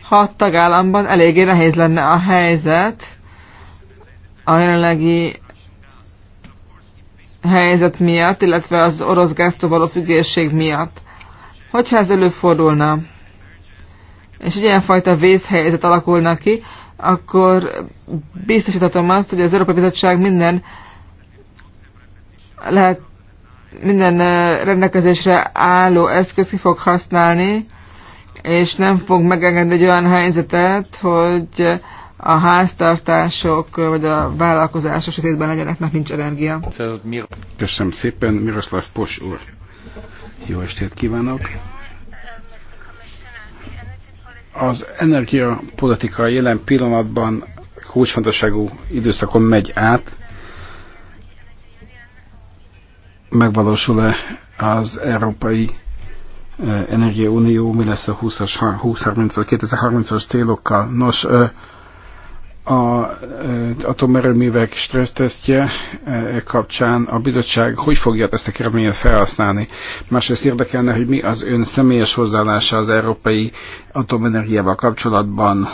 hat tagállamban eléggé nehéz lenne a helyzet a jelenlegi helyzet miatt, illetve az orosz gáztól való függőség miatt. Hogyha ez előfordulna, és egy ilyenfajta vészhelyzet alakulna ki, akkor biztosíthatom azt, hogy az Európai Bizottság minden lehet minden eh, rendelkezésre álló eszköz ki fog használni, és nem fog megengedni egy olyan helyzetet, hogy a háztartások vagy a vállalkozások sötétben legyenek, mert nincs energia. Köszönöm szépen, Miroslav Pos úr. Jó estét kívánok! Az energiapolitika jelen pillanatban kulcsfontosságú időszakon megy át. Megvalósul-e az Európai eh, Energiaunió, mi lesz a 20-30-as, 2030-as célokkal? Nos, eh, a atomerőművek stressztesztje kapcsán a bizottság hogy fogja ezt a körülményt felhasználni. Másrészt érdekelne, hogy mi az ön személyes hozzáállása az európai atomenergiával kapcsolatban,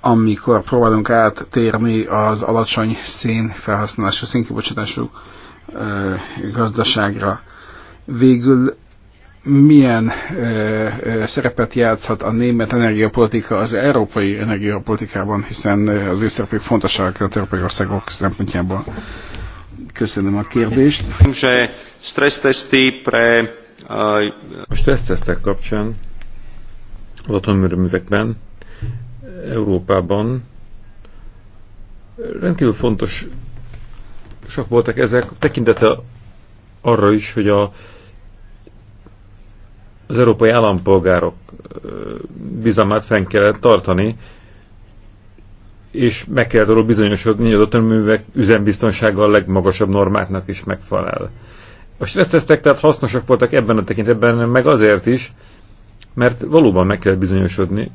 amikor próbálunk áttérni az alacsony szén felhasználású, szénkibocsátású gazdaságra. Végül milyen ö, ö, szerepet játszhat a német energiapolitika az európai energiapolitikában, hiszen az ő szerepük fontosak a törpei országok szempontjából. Köszönöm a kérdést. A stressztesztek kapcsán az atomerőművekben Európában rendkívül fontos sok voltak ezek, tekintete arra is, hogy a az európai állampolgárok bizalmát fenn kellett tartani, és meg kellett arról bizonyosodni, hogy az atomművek üzembiztonsága a legmagasabb normáknak is megfelel. A stressztesztek tehát hasznosak voltak ebben a tekintetben, meg azért is, mert valóban meg kell bizonyosodni,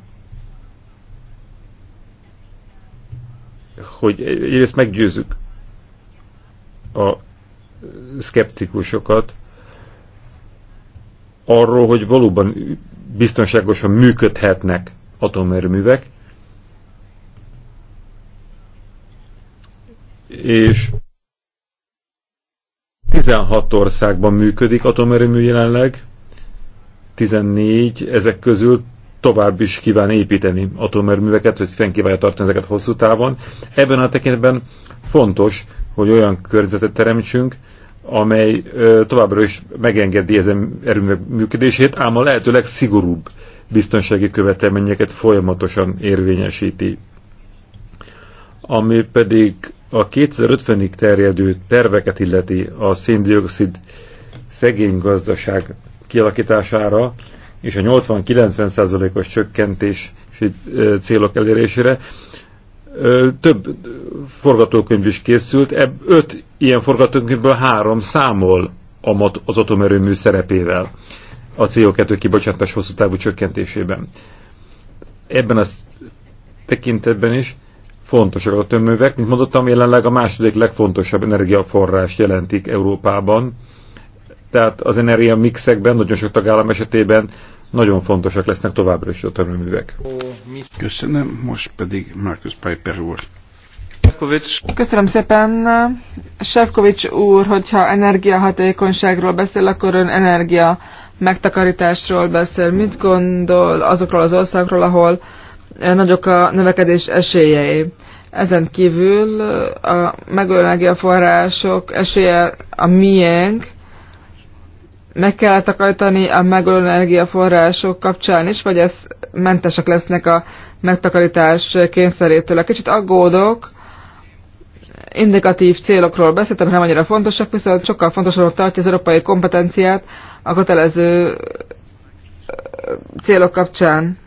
hogy egyrészt meggyőzzük a szkeptikusokat, arról, hogy valóban biztonságosan működhetnek atomerőművek, és 16 országban működik atomerőmű jelenleg, 14 ezek közül tovább is kíván építeni atomerőműveket, hogy fenn kívánja tartani ezeket hosszú távon. Ebben a tekintetben fontos, hogy olyan körzetet teremtsünk, amely továbbra is megengedi ezen erőművek működését, ám a lehető legszigorúbb biztonsági követelményeket folyamatosan érvényesíti. Ami pedig a 2050-ig terjedő terveket illeti a széndiokszid szegény gazdaság kialakítására és a 80-90%-os csökkentés célok elérésére, több forgatókönyv is készült, ebb öt ilyen forgatókönyvből három számol az atomerőmű szerepével a CO2 kibocsátás hosszú távú csökkentésében. Ebben a tekintetben is fontosak a atomművek, mint mondottam, jelenleg a második legfontosabb energiaforrás jelentik Európában, tehát az energia mixekben, nagyon sok tagállam esetében nagyon fontosak lesznek továbbra is a tanulművek. Köszönöm, most pedig Markus Piper úr. Köszönöm szépen. Sefkovics úr, hogyha energiahatékonyságról beszél, akkor ön energia megtakarításról beszél. Mit gondol azokról az országról, ahol nagyok a növekedés esélyei? Ezen kívül a megőrnegi források esélye a miénk, meg kell takarítani a megoldó energiaforrások kapcsán is, vagy ez mentesek lesznek a megtakarítás kényszerétől. Kicsit aggódok, indikatív célokról beszéltem, nem annyira fontosak, viszont sokkal fontosabb tartja az európai kompetenciát a kötelező célok kapcsán.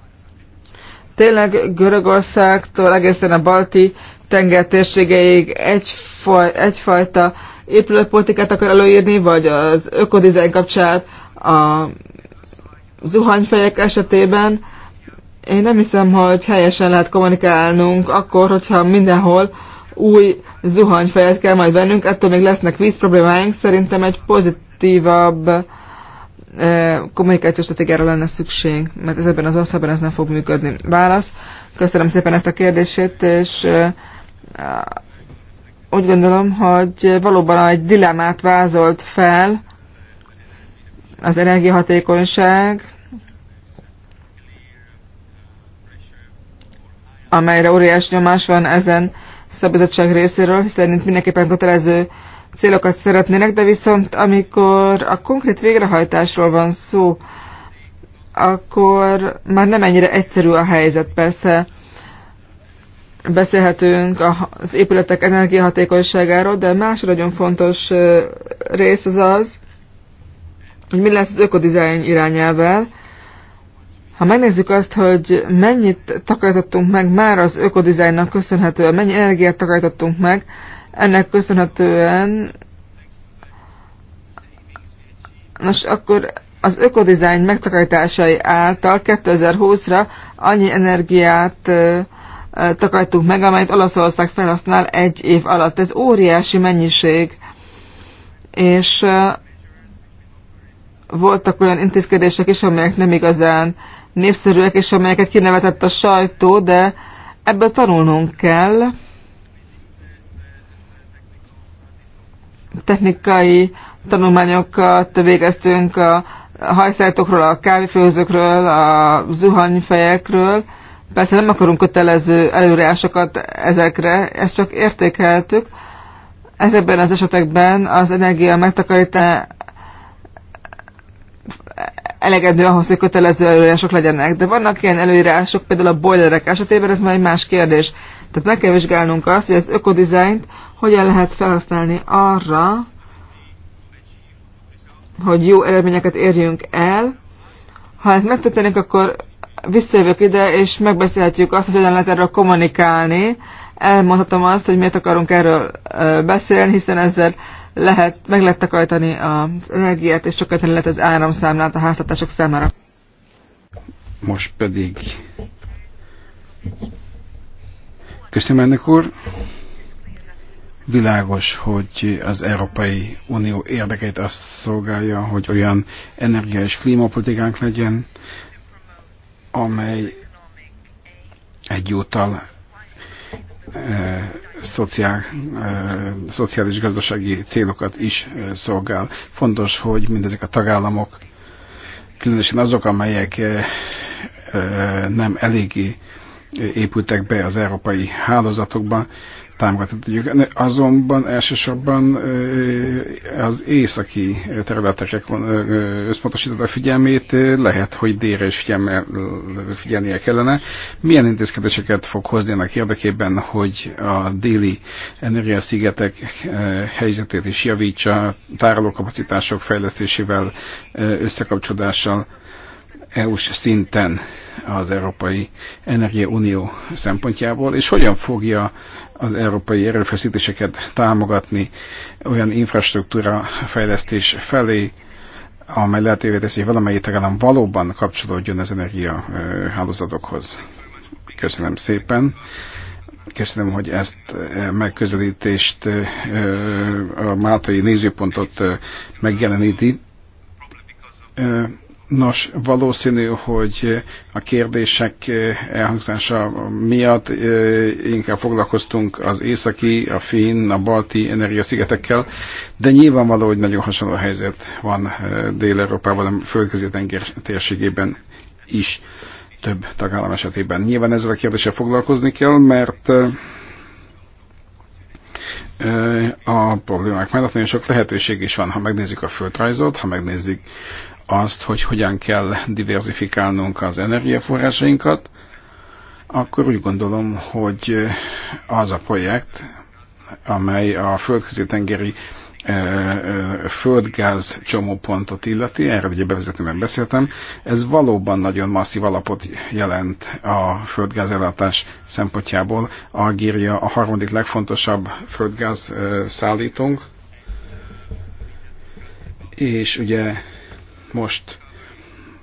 Tényleg Görögországtól egészen a balti tenger térségeig egyfaj, egyfajta épületpolitikát akar előírni, vagy az ökodizájn kapcsán a zuhanyfejek esetében. Én nem hiszem, hogy helyesen lehet kommunikálnunk akkor, hogyha mindenhol új zuhanyfejet kell majd vennünk, ettől még lesznek víz problémáink. Szerintem egy pozitívabb eh, kommunikációs stratégiára lenne szükség, mert ez ebben az országban ez nem fog működni. Válasz. Köszönöm szépen ezt a kérdését, és eh, úgy gondolom, hogy valóban egy dilemmát vázolt fel az energiahatékonyság, amelyre óriás nyomás van ezen szabadság részéről, hiszen itt mindenképpen kötelező célokat szeretnének, de viszont amikor a konkrét végrehajtásról van szó, akkor már nem ennyire egyszerű a helyzet. Persze beszélhetünk az épületek energiahatékonyságáról, de más nagyon fontos rész az az, hogy mi lesz az ökodizájn irányelvel. Ha megnézzük azt, hogy mennyit takarítottunk meg már az ökodizájnnak köszönhetően, mennyi energiát takarítottunk meg, ennek köszönhetően, nos akkor az ökodizájn megtakarításai által 2020-ra annyi energiát takartunk meg, amelyet Olaszország felhasznál egy év alatt. Ez óriási mennyiség. És voltak olyan intézkedések is, amelyek nem igazán népszerűek, és amelyeket kinevetett a sajtó, de ebből tanulnunk kell. Technikai tanulmányokat végeztünk a hajszájtokról, a kávéfőzőkről, a zuhanyfejekről, Persze nem akarunk kötelező előreásokat ezekre, ezt csak értékeltük. Ezekben az esetekben az energia megtakarítása elegendő ahhoz, hogy kötelező előírások legyenek. De vannak ilyen előírások, például a boilerek esetében, ez már egy más kérdés. Tehát meg kell vizsgálnunk azt, hogy az ökodizájnt hogyan lehet felhasználni arra, hogy jó eredményeket érjünk el. Ha ez megtörténik, akkor visszajövök ide, és megbeszélhetjük azt, hogy hogyan lehet erről kommunikálni. Elmondhatom azt, hogy miért akarunk erről beszélni, hiszen ezzel lehet, meg lehet takarítani az energiát, és sokat lehet az áramszámlát a háztartások számára. Most pedig... Köszönöm ennek úr! Világos, hogy az Európai Unió érdekeit azt szolgálja, hogy olyan energia- és klímapolitikánk legyen, amely egyúttal e, szociál, e, szociális gazdasági célokat is e, szolgál. Fontos, hogy mindezek a tagállamok, különösen azok, amelyek e, e, nem eléggé épültek be az európai hálózatokba, támogatott. tudjuk. Azonban elsősorban az északi területekre összpontosított a figyelmét, lehet, hogy délre is figyelnie kellene. Milyen intézkedéseket fog hozni ennek érdekében, hogy a déli energiaszigetek helyzetét is javítsa, tárolókapacitások fejlesztésével, összekapcsolással, EU-s szinten az Európai Energia Unió szempontjából, és hogyan fogja az európai erőfeszítéseket támogatni olyan infrastruktúra fejlesztés felé, amely lehetővé teszi, hogy valamelyik tagállam valóban kapcsolódjon az energia hálózatokhoz. Köszönöm szépen. Köszönöm, hogy ezt megközelítést a Máltai nézőpontot megjeleníti Nos, valószínű, hogy a kérdések elhangzása miatt inkább foglalkoztunk az északi, a finn, a balti energiaszigetekkel, de nyilvánvaló, hogy nagyon hasonló helyzet van Dél-Európában, a földközi tenger térségében is több tagállam esetében. Nyilván ezzel a kérdéssel foglalkozni kell, mert a problémák mellett nagyon sok lehetőség is van, ha megnézzük a földrajzot, ha megnézzük azt, hogy hogyan kell diversifikálnunk az energiaforrásainkat, akkor úgy gondolom, hogy az a projekt, amely a földközi tengeri földgáz csomópontot illeti, erről ugye bevezetőben beszéltem, ez valóban nagyon masszív alapot jelent a földgáz ellátás szempontjából. Algéria a harmadik legfontosabb földgáz szállítónk, és ugye most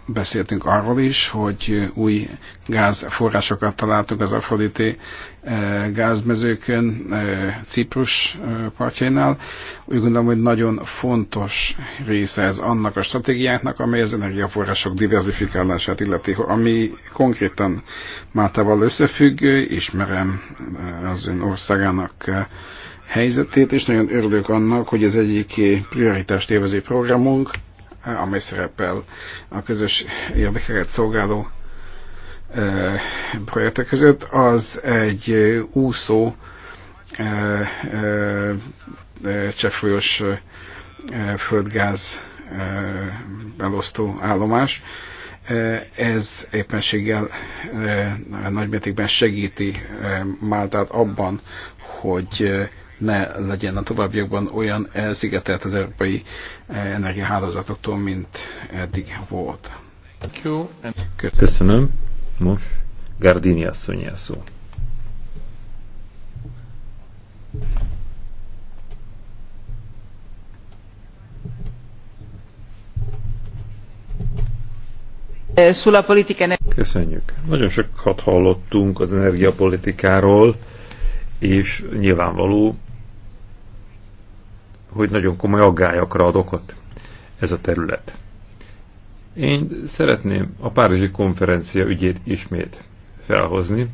beszéltünk arról is, hogy új gázforrásokat találtunk az afroditi eh, gázmezőkön, eh, Ciprus eh, partjainál. Úgy gondolom, hogy nagyon fontos része ez annak a stratégiáknak, amely az energiaforrások diversifikálását illeti, ami konkrétan Máltával összefügg, ismerem az ön országának helyzetét, és nagyon örülök annak, hogy az egyik prioritást évező programunk amely szerepel a közös érdekeket szolgáló e, projektek között, az egy úszó e, e, cseppfolyós földgáz belosztó állomás. Ez éppenséggel nagymértékben segíti Máltát abban, hogy ne legyen a továbbiakban olyan elszigetelt az európai eh, energiahálózatoktól, mint eddig volt. Köszönöm. Most Gardini asszony szó. Köszönjük. Nagyon sokat hallottunk az energiapolitikáról, és nyilvánvaló, hogy nagyon komoly aggályakra ad okot ez a terület. Én szeretném a Párizsi konferencia ügyét ismét felhozni.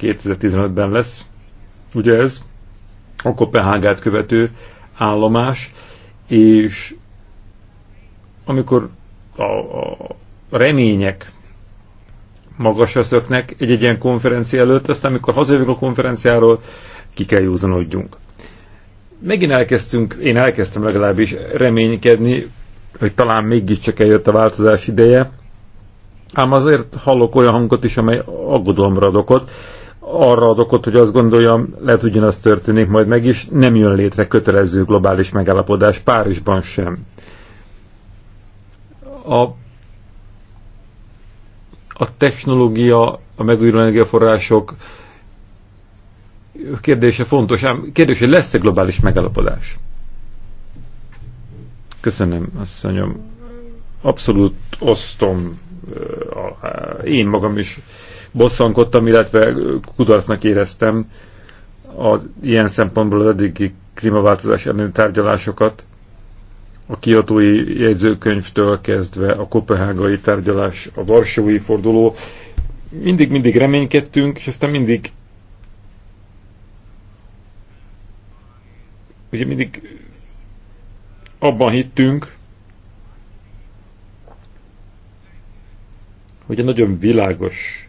2015-ben lesz, ugye ez, a Kopenhágát követő állomás, és amikor a, a remények magasra szöknek egy-egy ilyen konferencia előtt, aztán amikor hazajövünk a konferenciáról, ki kell józanodjunk. Megint elkezdtünk, én elkezdtem legalábbis reménykedni, hogy talán mégiscsak eljött a változás ideje, ám azért hallok olyan hangot is, amely aggodalomra ad okot. Arra ad okot, hogy azt gondoljam, lehet ugyanaz történik majd meg is, nem jön létre kötelező globális megállapodás Párizsban sem. A, a technológia, a megújuló energiaforrások, kérdése fontos, ám kérdés, hogy lesz-e globális megállapodás? Köszönöm, asszonyom. Abszolút osztom. Én magam is bosszankodtam, illetve kudarcnak éreztem a, ilyen szempontból az eddigi klímaváltozás elleni tárgyalásokat, a kiadói jegyzőkönyvtől kezdve a kopenhágai tárgyalás, a varsói forduló, mindig-mindig reménykedtünk, és aztán mindig Ugye mindig abban hittünk, hogy a nagyon világos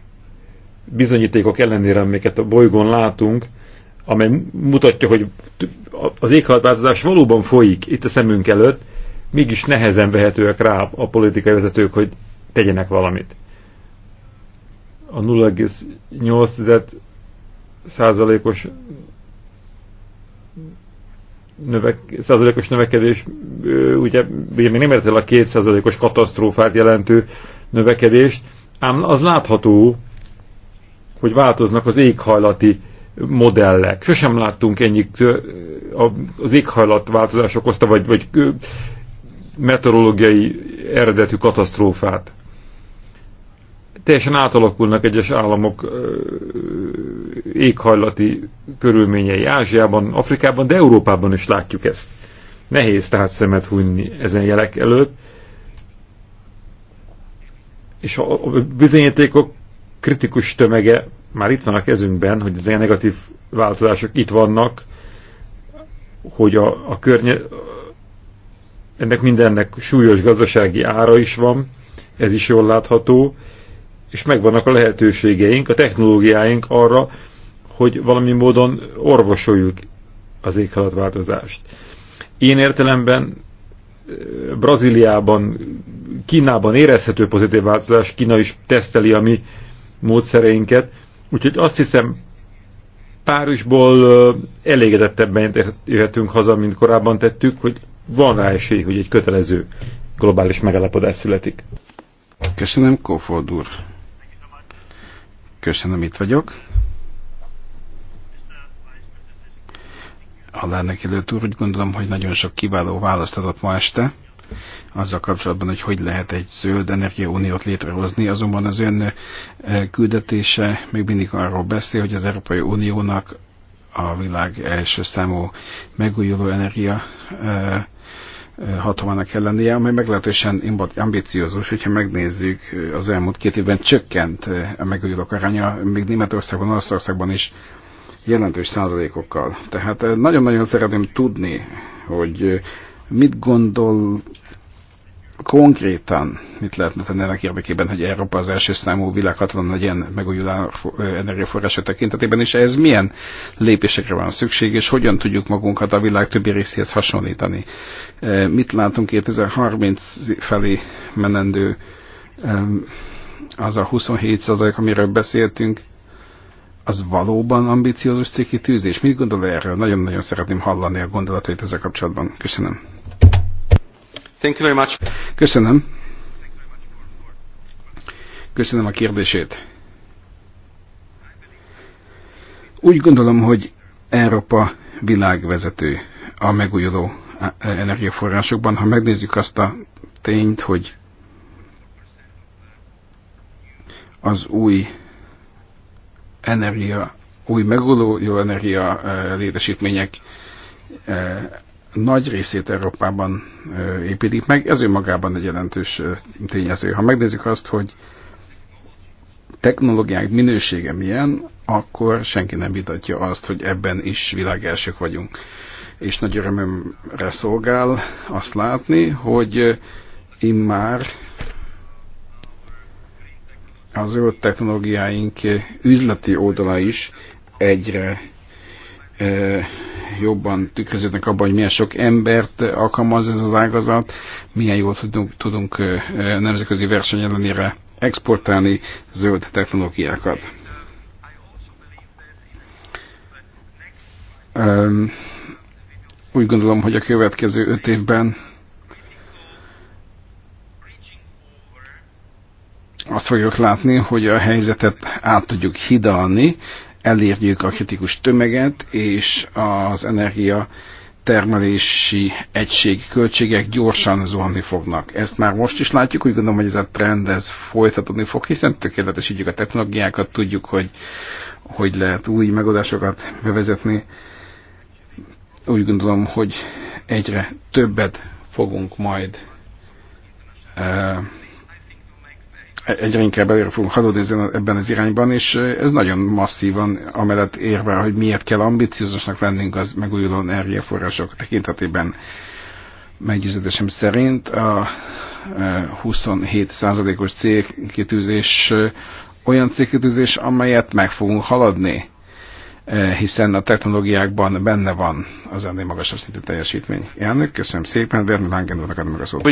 bizonyítékok ellenére, amiket a bolygón látunk, amely mutatja, hogy az éghajlatváltozás valóban folyik itt a szemünk előtt, mégis nehezen vehetőek rá a politikai vezetők, hogy tegyenek valamit. A 0,8 százalékos százalékos növekedés, ugye, ugye még nem érte el a kétszázalékos katasztrófát jelentő növekedést, ám az látható, hogy változnak az éghajlati modellek. Sosem láttunk ennyi az éghajlat változás okozta, vagy, vagy meteorológiai eredetű katasztrófát teljesen átalakulnak egyes államok éghajlati körülményei Ázsiában, Afrikában, de Európában is látjuk ezt. Nehéz tehát szemet hunyni ezen jelek előtt. És a bizonyítékok kritikus tömege már itt van a kezünkben, hogy az ilyen negatív változások itt vannak, hogy a, a környe, ennek mindennek súlyos gazdasági ára is van, ez is jól látható, és megvannak a lehetőségeink, a technológiáink arra, hogy valami módon orvosoljuk az éghajlatváltozást. Én értelemben Brazíliában, Kínában érezhető pozitív változás, Kína is teszteli a mi módszereinket, úgyhogy azt hiszem Párizsból elégedettebben jöhetünk haza, mint korábban tettük, hogy van rá esély, hogy egy kötelező globális megállapodás születik. Köszönöm, Kofod úr. Köszönöm, itt vagyok. A lennek előtt úr, úgy gondolom, hogy nagyon sok kiváló választ adott ma este azzal kapcsolatban, hogy hogy lehet egy zöld energiauniót létrehozni, azonban az ön eh, küldetése még mindig arról beszél, hogy az Európai Uniónak a világ első számú megújuló energia eh, hatalmának kell lennie, ami meglehetősen ambiciózus, hogyha megnézzük, az elmúlt két évben csökkent a megújulók aránya, még Németországban, Olaszországban is jelentős százalékokkal. Tehát nagyon-nagyon szeretném tudni, hogy mit gondol konkrétan mit lehetne tenni ennek érdekében, hogy Európa az első számú világhatalom legyen megújuló energiaforrása tekintetében, és ehhez milyen lépésekre van szükség, és hogyan tudjuk magunkat a világ többi részéhez hasonlítani. Eh, mit látunk 2030 felé menendő az a 27 százalék, amiről beszéltünk, az valóban ambiciózus célkitűzés? Mit gondol erről? Nagyon-nagyon szeretném hallani a gondolatait ezzel kapcsolatban. Köszönöm. Thank you very much. Köszönöm. Köszönöm a kérdését. Úgy gondolom, hogy Európa világvezető a megújuló energiaforrásokban. Ha megnézzük azt a tényt, hogy az új energia, új megújuló energia eh, létesítmények eh, nagy részét Európában építik meg, ez önmagában egy jelentős tényező. Ha megnézzük azt, hogy technológiák minősége milyen, akkor senki nem vitatja azt, hogy ebben is világelsők vagyunk. És nagy örömömre szolgál azt látni, hogy immár az ő technológiáink üzleti oldala is egyre jobban tükröződnek abban, hogy milyen sok embert alkalmaz ez az ágazat, milyen jól tudunk, tudunk nemzetközi verseny ellenére exportálni zöld technológiákat. Úgy gondolom, hogy a következő öt évben azt fogjuk látni, hogy a helyzetet át tudjuk hidalni, elérjük a kritikus tömeget, és az energia termelési egység költségek gyorsan zuhanni fognak. Ezt már most is látjuk, úgy gondolom, hogy ez a trend ez folytatódni fog, hiszen tökéletesítjük a technológiákat, tudjuk, hogy hogy lehet új megoldásokat bevezetni. Úgy gondolom, hogy egyre többet fogunk majd egyre inkább előre fogunk haladni ebben az irányban, és ez nagyon masszívan amellett érve, hogy miért kell ambiciózusnak lennünk az megújuló energiaforrások tekintetében meggyőződésem szerint a 27%-os cégkitűzés olyan cégkitűzés, amelyet meg fogunk haladni hiszen a technológiákban benne van az ennél magasabb szintű teljesítmény. Elnök, köszönöm szépen, Werner Langen úrnak adom meg a szót.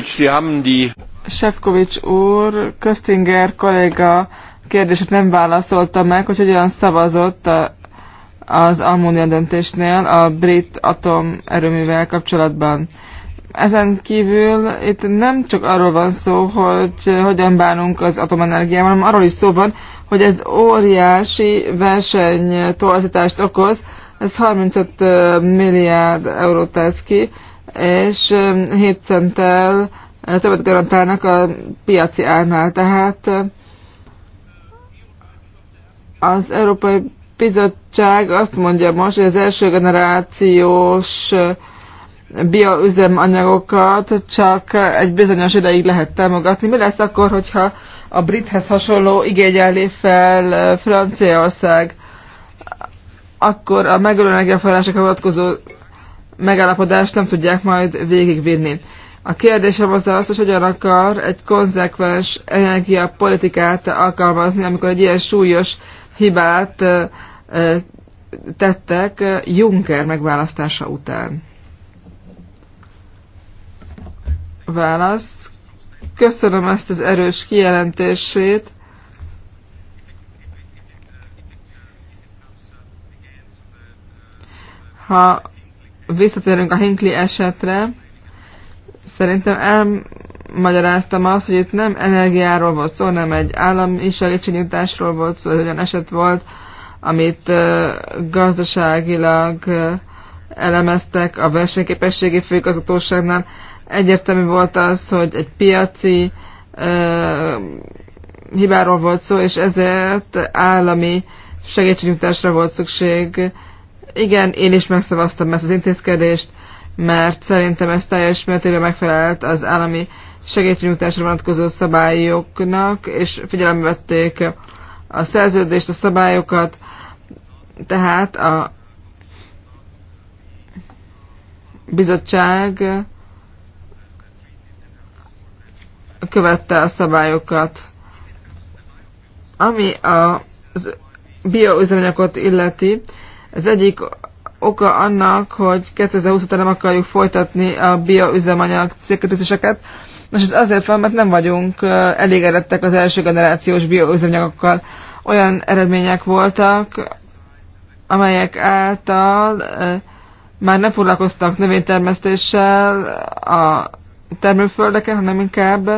Sefkovics úr, Köztinger kolléga kérdését nem válaszolta meg, hogy hogyan szavazott a, az ammónia döntésnél a brit atomerőművel kapcsolatban. Ezen kívül itt nem csak arról van szó, hogy hogyan bánunk az atomenergiával, hanem arról is szó van, hogy ez óriási torzítást okoz, ez 35 milliárd eurót tesz ki, és 7 centtel többet garantálnak a piaci árnál. Tehát az Európai Bizottság azt mondja most, hogy az első generációs bioüzemanyagokat csak egy bizonyos ideig lehet támogatni. Mi lesz akkor, hogyha a brithez hasonló igényelni fel eh, Franciaország, akkor a megölő energiaforrásokra vonatkozó megállapodást nem tudják majd végigvinni. A kérdésem az az, hogy hogyan akar egy konzekvens energiapolitikát alkalmazni, amikor egy ilyen súlyos hibát eh, eh, tettek Juncker megválasztása után. Válasz. Köszönöm ezt az erős kijelentését. Ha visszatérünk a Hinkley esetre, szerintem elmagyaráztam azt, hogy itt nem energiáról volt szó, nem egy állami segítségnyújtásról volt szó, ez olyan eset volt, amit gazdaságilag elemeztek a versenyképességi főigazgatóságnál, Egyértelmű volt az, hogy egy piaci ö, hibáról volt szó, és ezért állami segítségnyújtásra volt szükség. Igen, én is megszavaztam ezt az intézkedést, mert szerintem ez teljes mértékben megfelelt az állami segítségnyújtásra vonatkozó szabályoknak, és figyelembe vették a szerződést, a szabályokat, tehát a bizottság követte a szabályokat. Ami a bioüzemanyagot illeti, az egyik oka annak, hogy 2020 után nem akarjuk folytatni a bioüzemanyag célkötőzéseket, Most ez azért van, mert nem vagyunk elégedettek az első generációs bioüzemanyagokkal. Olyan eredmények voltak, amelyek által már nem foglalkoztak növénytermesztéssel, a termőföldeken, hanem inkább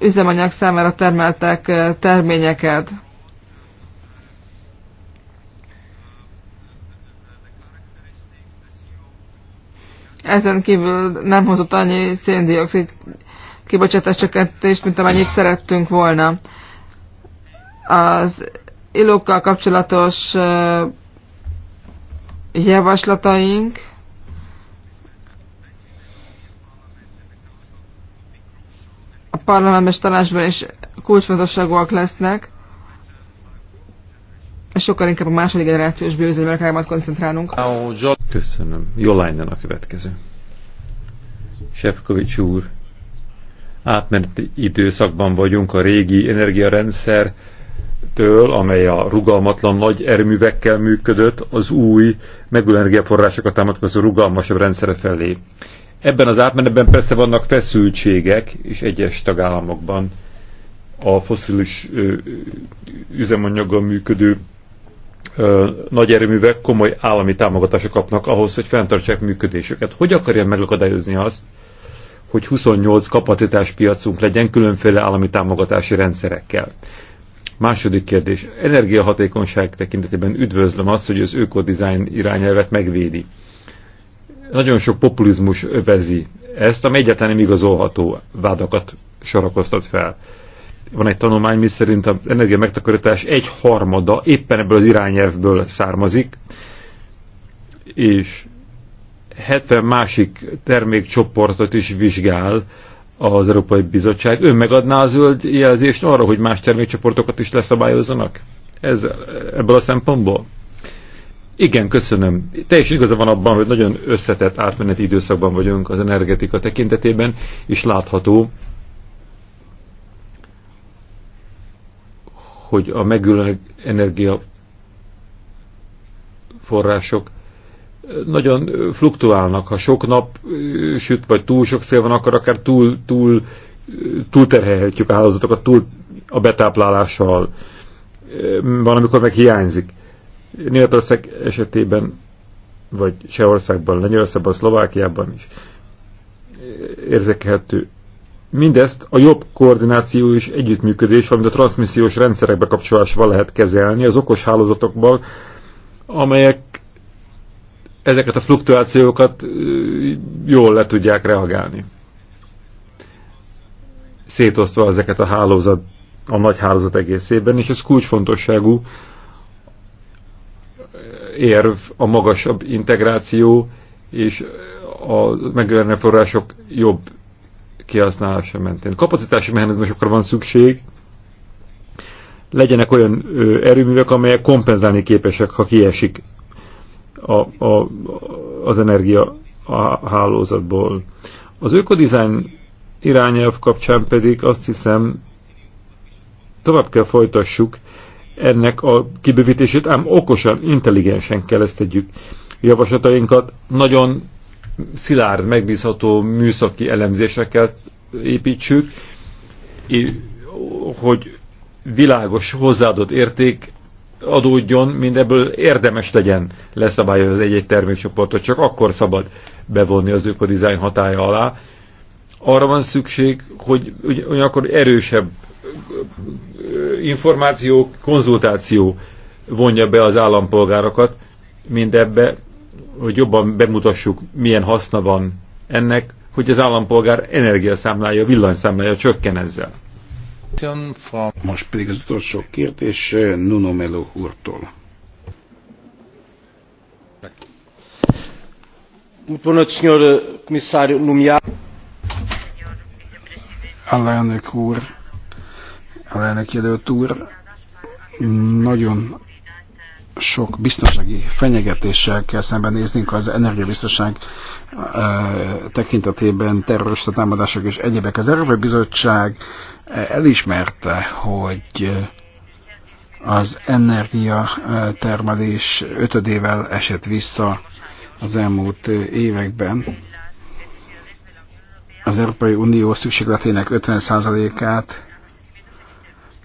üzemanyag számára termeltek eh, terményeket. Ezen kívül nem hozott annyi széndiokszid kibocsátás csökkentést, mint amennyit szerettünk volna. Az illókkal kapcsolatos eh, javaslataink parlamentes és tanácsban is kulcsfontosságúak lesznek, és sokkal inkább a második generációs bőzőmerkámat koncentrálunk. Köszönöm. Jó a következő. Sefkovics úr, átmeneti időszakban vagyunk a régi energiarendszer, től, amely a rugalmatlan nagy erőművekkel működött, az új megújuló energiaforrásokat támadkozó rugalmasabb rendszere felé. Ebben az átmenetben persze vannak feszültségek, és egyes tagállamokban a foszilis üzemanyaggal működő ö, nagy erőművek komoly állami támogatása kapnak ahhoz, hogy fenntartsák működésüket. Hogy akarja megakadályozni azt, hogy 28 piacunk legyen különféle állami támogatási rendszerekkel? Második kérdés. Energiahatékonyság tekintetében üdvözlöm azt, hogy az ökodizájn irányelvet megvédi. Nagyon sok populizmus övezi ezt, ami egyáltalán nem igazolható vádakat sorakoztat fel. Van egy tanulmány, mi szerint az energia megtakarítás egy harmada éppen ebből az irányelvből származik, és 70 másik termékcsoportot is vizsgál az Európai Bizottság. Ön megadná a zöld jelzést arra, hogy más termékcsoportokat is leszabályozzanak? Ez ebből a szempontból? Igen, köszönöm. Teljes igaza van abban, hogy nagyon összetett átmeneti időszakban vagyunk az energetika tekintetében, és látható, hogy a megülő energiaforrások nagyon fluktuálnak. Ha sok nap süt, vagy túl sok szél van, akkor akár túl, túl, túl terhelhetjük a hálózatokat, túl a betáplálással. Van, amikor meg hiányzik Németország esetében, vagy Csehországban, Lengyelországban, Szlovákiában is érzekelhető. Mindezt a jobb koordináció és együttműködés, valamint a transmissziós rendszerek bekapcsolásával lehet kezelni az okos hálózatokban, amelyek ezeket a fluktuációkat jól le tudják reagálni. Szétosztva ezeket a hálózat, a nagy hálózat egészében, és ez kulcsfontosságú érv a magasabb integráció és a megjelenő források jobb kihasználása mentén. Kapacitási mechanizmusokra van szükség, legyenek olyan erőművek, amelyek kompenzálni képesek, ha kiesik a, a, az energia a hálózatból. Az ökodizájn irányelv kapcsán pedig azt hiszem tovább kell folytassuk ennek a kibővítését, ám okosan, intelligensen kell ezt tegyük. Javaslatainkat nagyon szilárd, megbízható műszaki elemzésekkel építsük, hogy világos hozzáadott érték adódjon, mint ebből érdemes legyen leszabályozni egy-egy termékcsoportot, csak akkor szabad bevonni az ökodizájn hatája alá. Arra van szükség, hogy ugyanakkor erősebb információ, konzultáció vonja be az állampolgárokat ebbe, hogy jobban bemutassuk, milyen haszna van ennek, hogy az állampolgár energiaszámlája, villanyszámlája csökken ezzel. Most pedig az utolsó kérdés Nuno Melo úrtól. Alelnök úr, lelnek jelölt úr, nagyon sok biztonsági fenyegetéssel kell szembenéznünk az energiabiztonság tekintetében terrorista támadások és egyebek. Az Európai Bizottság elismerte, hogy az energiatermelés ötödével esett vissza az elmúlt években. Az Európai Unió szükségletének 50%-át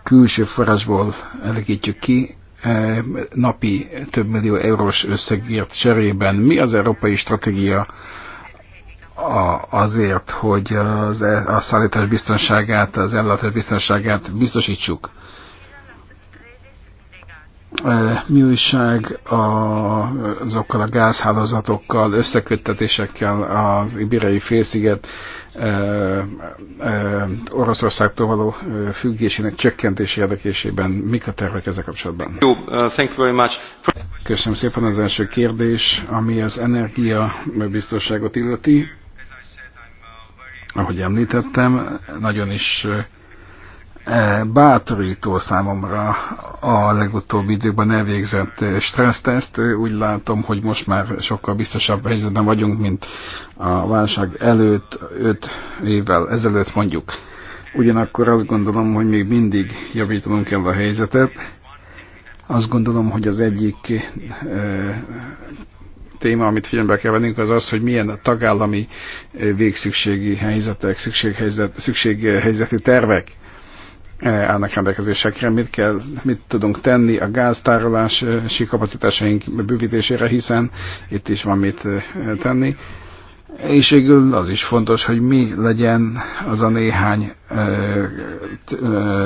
külső forrásból elégítjük ki e, napi több millió eurós összegért cserében. Mi az európai stratégia azért, hogy az, e, a szállítás biztonságát, az ellátás biztonságát biztosítsuk? Eh, mi újság a, azokkal a gázhálózatokkal, összeköttetésekkel az Ibirei félsziget e, e, Oroszországtól való függésének csökkentés érdekésében. Mik a tervek ezzel kapcsolatban? Jó, thank you very much. Köszönöm szépen az első kérdés, ami az energia biztonságot illeti. Ahogy említettem, nagyon is Eh, bátorító számomra a legutóbbi időben elvégzett eh, stressztest. Úgy látom, hogy most már sokkal biztosabb helyzetben vagyunk, mint a válság előtt, 5 évvel ezelőtt mondjuk. Ugyanakkor azt gondolom, hogy még mindig javítanunk kell a helyzetet. Azt gondolom, hogy az egyik e, téma, amit figyelembe kell vennünk, az az, hogy milyen a tagállami végszükségi helyzetek, szükséghelyzet, szükséghelyzeti tervek E, állnak rendelkezésekre, mit, kell, mit tudunk tenni a gáztárolási kapacitásaink bővítésére, hiszen itt is van mit e, tenni. És végül az is fontos, hogy mi legyen az a néhány e,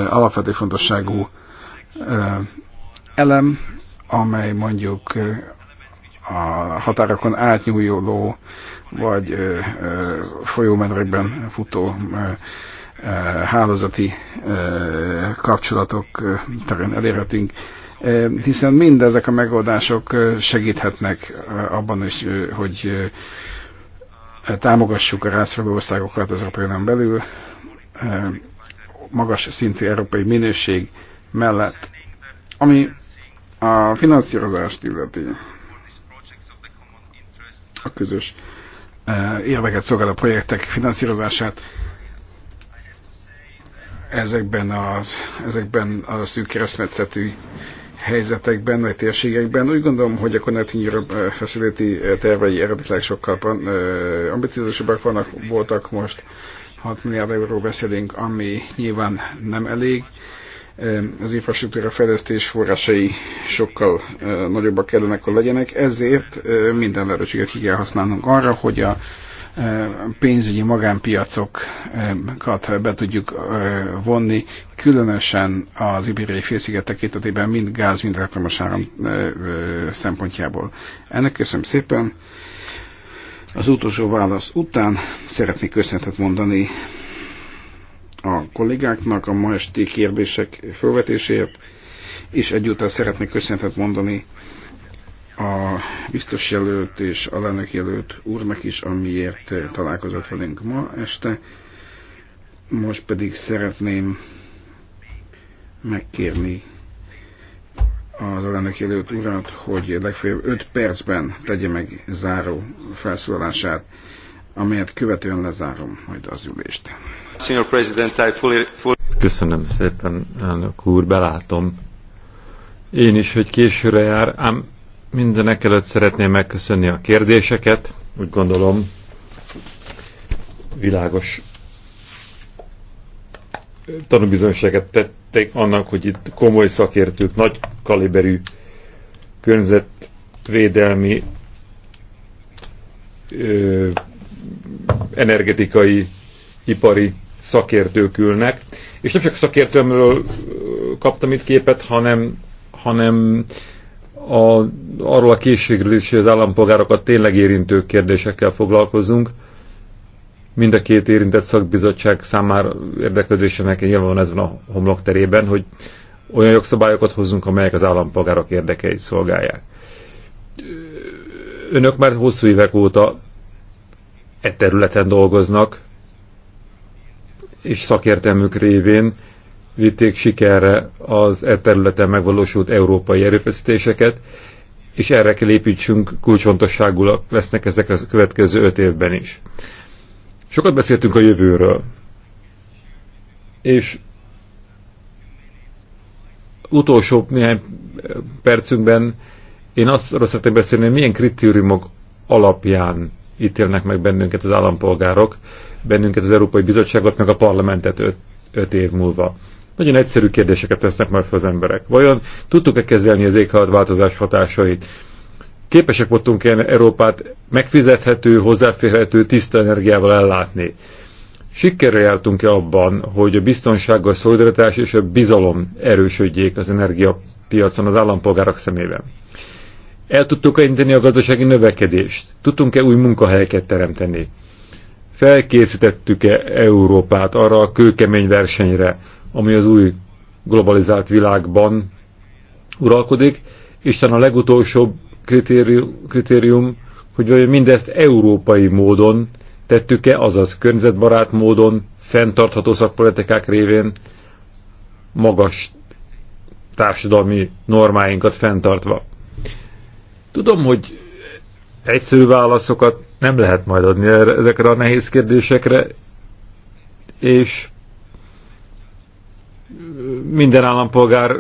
alapvető fontosságú elem, amely mondjuk a határokon átnyújuló vagy folyómedrekben futó hálózati kapcsolatok terén elérhetünk, hiszen mindezek a megoldások segíthetnek abban, is, hogy támogassuk a rászoruló országokat az Európai Unión belül, magas szintű európai minőség mellett, ami a finanszírozást illeti a közös érdeket szolgáló projektek finanszírozását ezekben, az, ezekben a szűk keresztmetszetű helyzetekben, vagy térségekben. Úgy gondolom, hogy a Connecting Europe eh, Facility eh, tervei eredetileg sokkal eh, ambiciózusabbak vannak, voltak most 6 milliárd euró beszélünk, ami nyilván nem elég. Az infrastruktúra fejlesztés forrásai sokkal nagyobbak kellene, hogy legyenek, ezért minden lehetőséget ki kell használnunk arra, hogy a pénzügyi magánpiacokat be tudjuk vonni, különösen az Ibériai félsziget tekintetében mind gáz, mind elektromos áram szempontjából. Ennek köszönöm szépen. Az utolsó válasz után szeretnék köszönetet mondani a kollégáknak a ma esti kérdések felvetéséért, és egyúttal szeretnék köszönetet mondani a biztos jelölt és a lelnök jelölt úrnak is, amiért találkozott velünk ma este. Most pedig szeretném megkérni az elnök jelölt urat, hogy legfeljebb 5 percben tegye meg záró felszólalását, amelyet követően lezárom majd az ülést. Köszönöm szépen, elnök úr, belátom. Én is, hogy későre jár, ám Mindenek előtt szeretném megköszönni a kérdéseket. Úgy gondolom, világos tanúbizonyságet tették annak, hogy itt komoly szakértők, nagy kaliberű környezetvédelmi ö, energetikai, ipari szakértők ülnek. És nem csak szakértőmről kaptam itt képet, hanem, hanem a, arról a készségről is, hogy az állampolgárokat tényleg érintő kérdésekkel foglalkozunk. Mind a két érintett szakbizottság számára érdeklődésének nyilván ez van a homlok terében, hogy olyan jogszabályokat hozzunk, amelyek az állampolgárok érdekeit szolgálják. Önök már hosszú évek óta e területen dolgoznak, és szakértelmük révén vitték sikerre az e területen megvalósult európai erőfeszítéseket, és erre kell építsünk, kulcsfontosságú lesznek ezek a következő öt évben is. Sokat beszéltünk a jövőről, és utolsó néhány percünkben én azt szeretném beszélni, hogy milyen kritériumok alapján ítélnek meg bennünket az állampolgárok, bennünket az Európai Bizottságot, meg a parlamentet öt, öt év múlva. Nagyon egyszerű kérdéseket tesznek már fel az emberek. Vajon tudtuk-e kezelni az éghajlatváltozás hatásait? Képesek voltunk-e Európát megfizethető, hozzáférhető, tiszta energiával ellátni? Sikerre jártunk-e abban, hogy a biztonság, a szolidaritás és a bizalom erősödjék az energiapiacon az állampolgárok szemében? El tudtuk-e indítani a gazdasági növekedést? Tudtunk-e új munkahelyeket teremteni? Felkészítettük-e Európát arra a kőkemény versenyre, ami az új globalizált világban uralkodik, Isten a legutolsóbb kritérium, kritérium hogy vajon mindezt európai módon tettük-e, azaz környezetbarát módon, fenntartható szakpolitikák révén magas társadalmi normáinkat fenntartva. Tudom, hogy egyszerű válaszokat nem lehet majd adni ezekre a nehéz kérdésekre, és minden állampolgár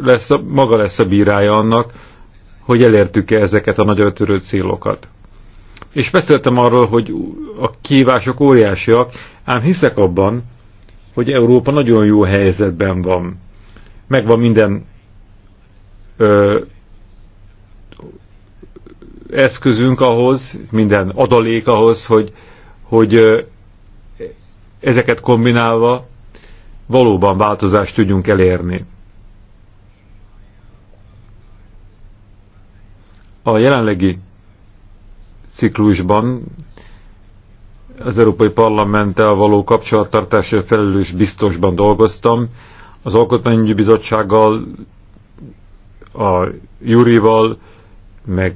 lesz a, maga lesz a bírája annak, hogy elértük-e ezeket a nagy törő célokat. És beszéltem arról, hogy a kívások óriásiak, ám hiszek abban, hogy Európa nagyon jó helyzetben van. Megvan minden ö, eszközünk ahhoz, minden adalék ahhoz, hogy, hogy ö, ezeket kombinálva valóban változást tudjunk elérni. A jelenlegi ciklusban az Európai Parlamenttel való kapcsolattartásra felelős biztosban dolgoztam, az Alkotmányügyi Bizottsággal, a Jurival, meg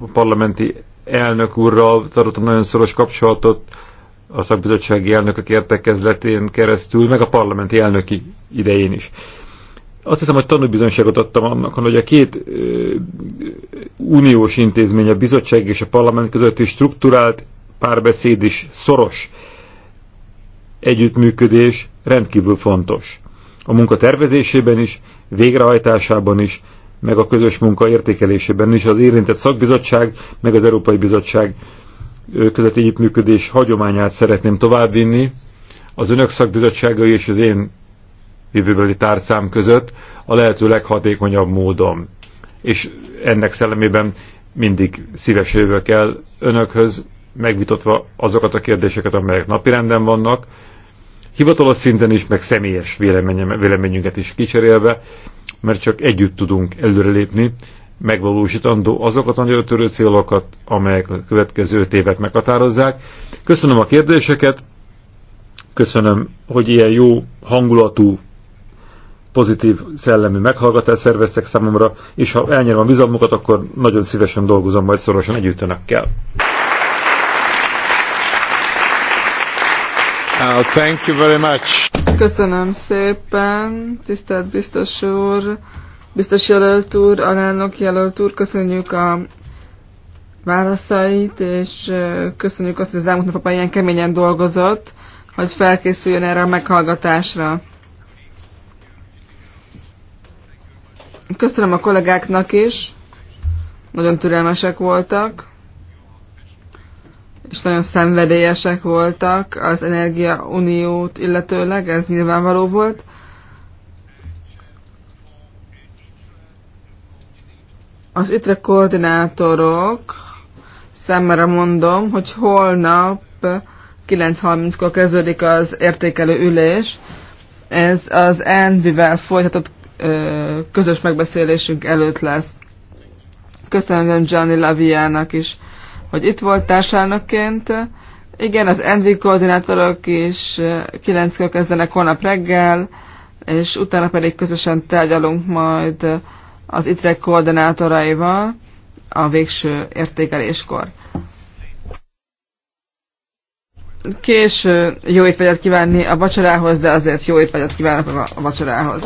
a parlamenti elnök úrral tartottam nagyon szoros kapcsolatot, a szakbizottsági elnökök értekezletén keresztül, meg a parlamenti elnöki idején is. Azt hiszem, hogy tanúbizonyságot adtam annak, hogy a két ö, uniós intézmény, a bizottság és a parlament közötti struktúrált párbeszéd is szoros együttműködés rendkívül fontos. A munka tervezésében is, végrehajtásában is, meg a közös munka értékelésében is az érintett szakbizottság, meg az Európai Bizottság közötti együttműködés hagyományát szeretném továbbvinni az önök szakbizottságai és az én jövőbeli tárcám között a lehető leghatékonyabb módon. És ennek szellemében mindig szíves jövök el önökhöz, megvitatva azokat a kérdéseket, amelyek napirenden vannak, hivatalos szinten is, meg személyes véleményünket is kicserélve, mert csak együtt tudunk előrelépni, megvalósítandó azokat a nagyotörő célokat, amelyek a következő öt évet meghatározzák. Köszönöm a kérdéseket, köszönöm, hogy ilyen jó hangulatú, pozitív szellemű meghallgatást szerveztek számomra, és ha elnyerem a bizalmukat, akkor nagyon szívesen dolgozom majd szorosan együtt önökkel. Uh, thank you very much. Köszönöm szépen, tisztelt biztos úr. Biztos jelölt úr, alánok jelölt úr, köszönjük a válaszait, és köszönjük azt, hogy az elmúlt napokban ilyen keményen dolgozott, hogy felkészüljön erre a meghallgatásra. Köszönöm a kollégáknak is, nagyon türelmesek voltak, és nagyon szenvedélyesek voltak az Energia Uniót illetőleg, ez nyilvánvaló volt. Az ITRE koordinátorok számára mondom, hogy holnap 9.30-kor kezdődik az értékelő ülés. Ez az ENVI-vel folytatott ö, közös megbeszélésünk előtt lesz. Köszönöm Gianni Laviának is, hogy itt volt társelnökként. Igen, az ENVI koordinátorok is 9-kor kezdenek holnap reggel, és utána pedig közösen tárgyalunk majd az ITREK koordinátoraival a végső értékeléskor. Késő jó étvágyat kívánni a vacsorához, de azért jó étvágyat kívánok a vacsorához.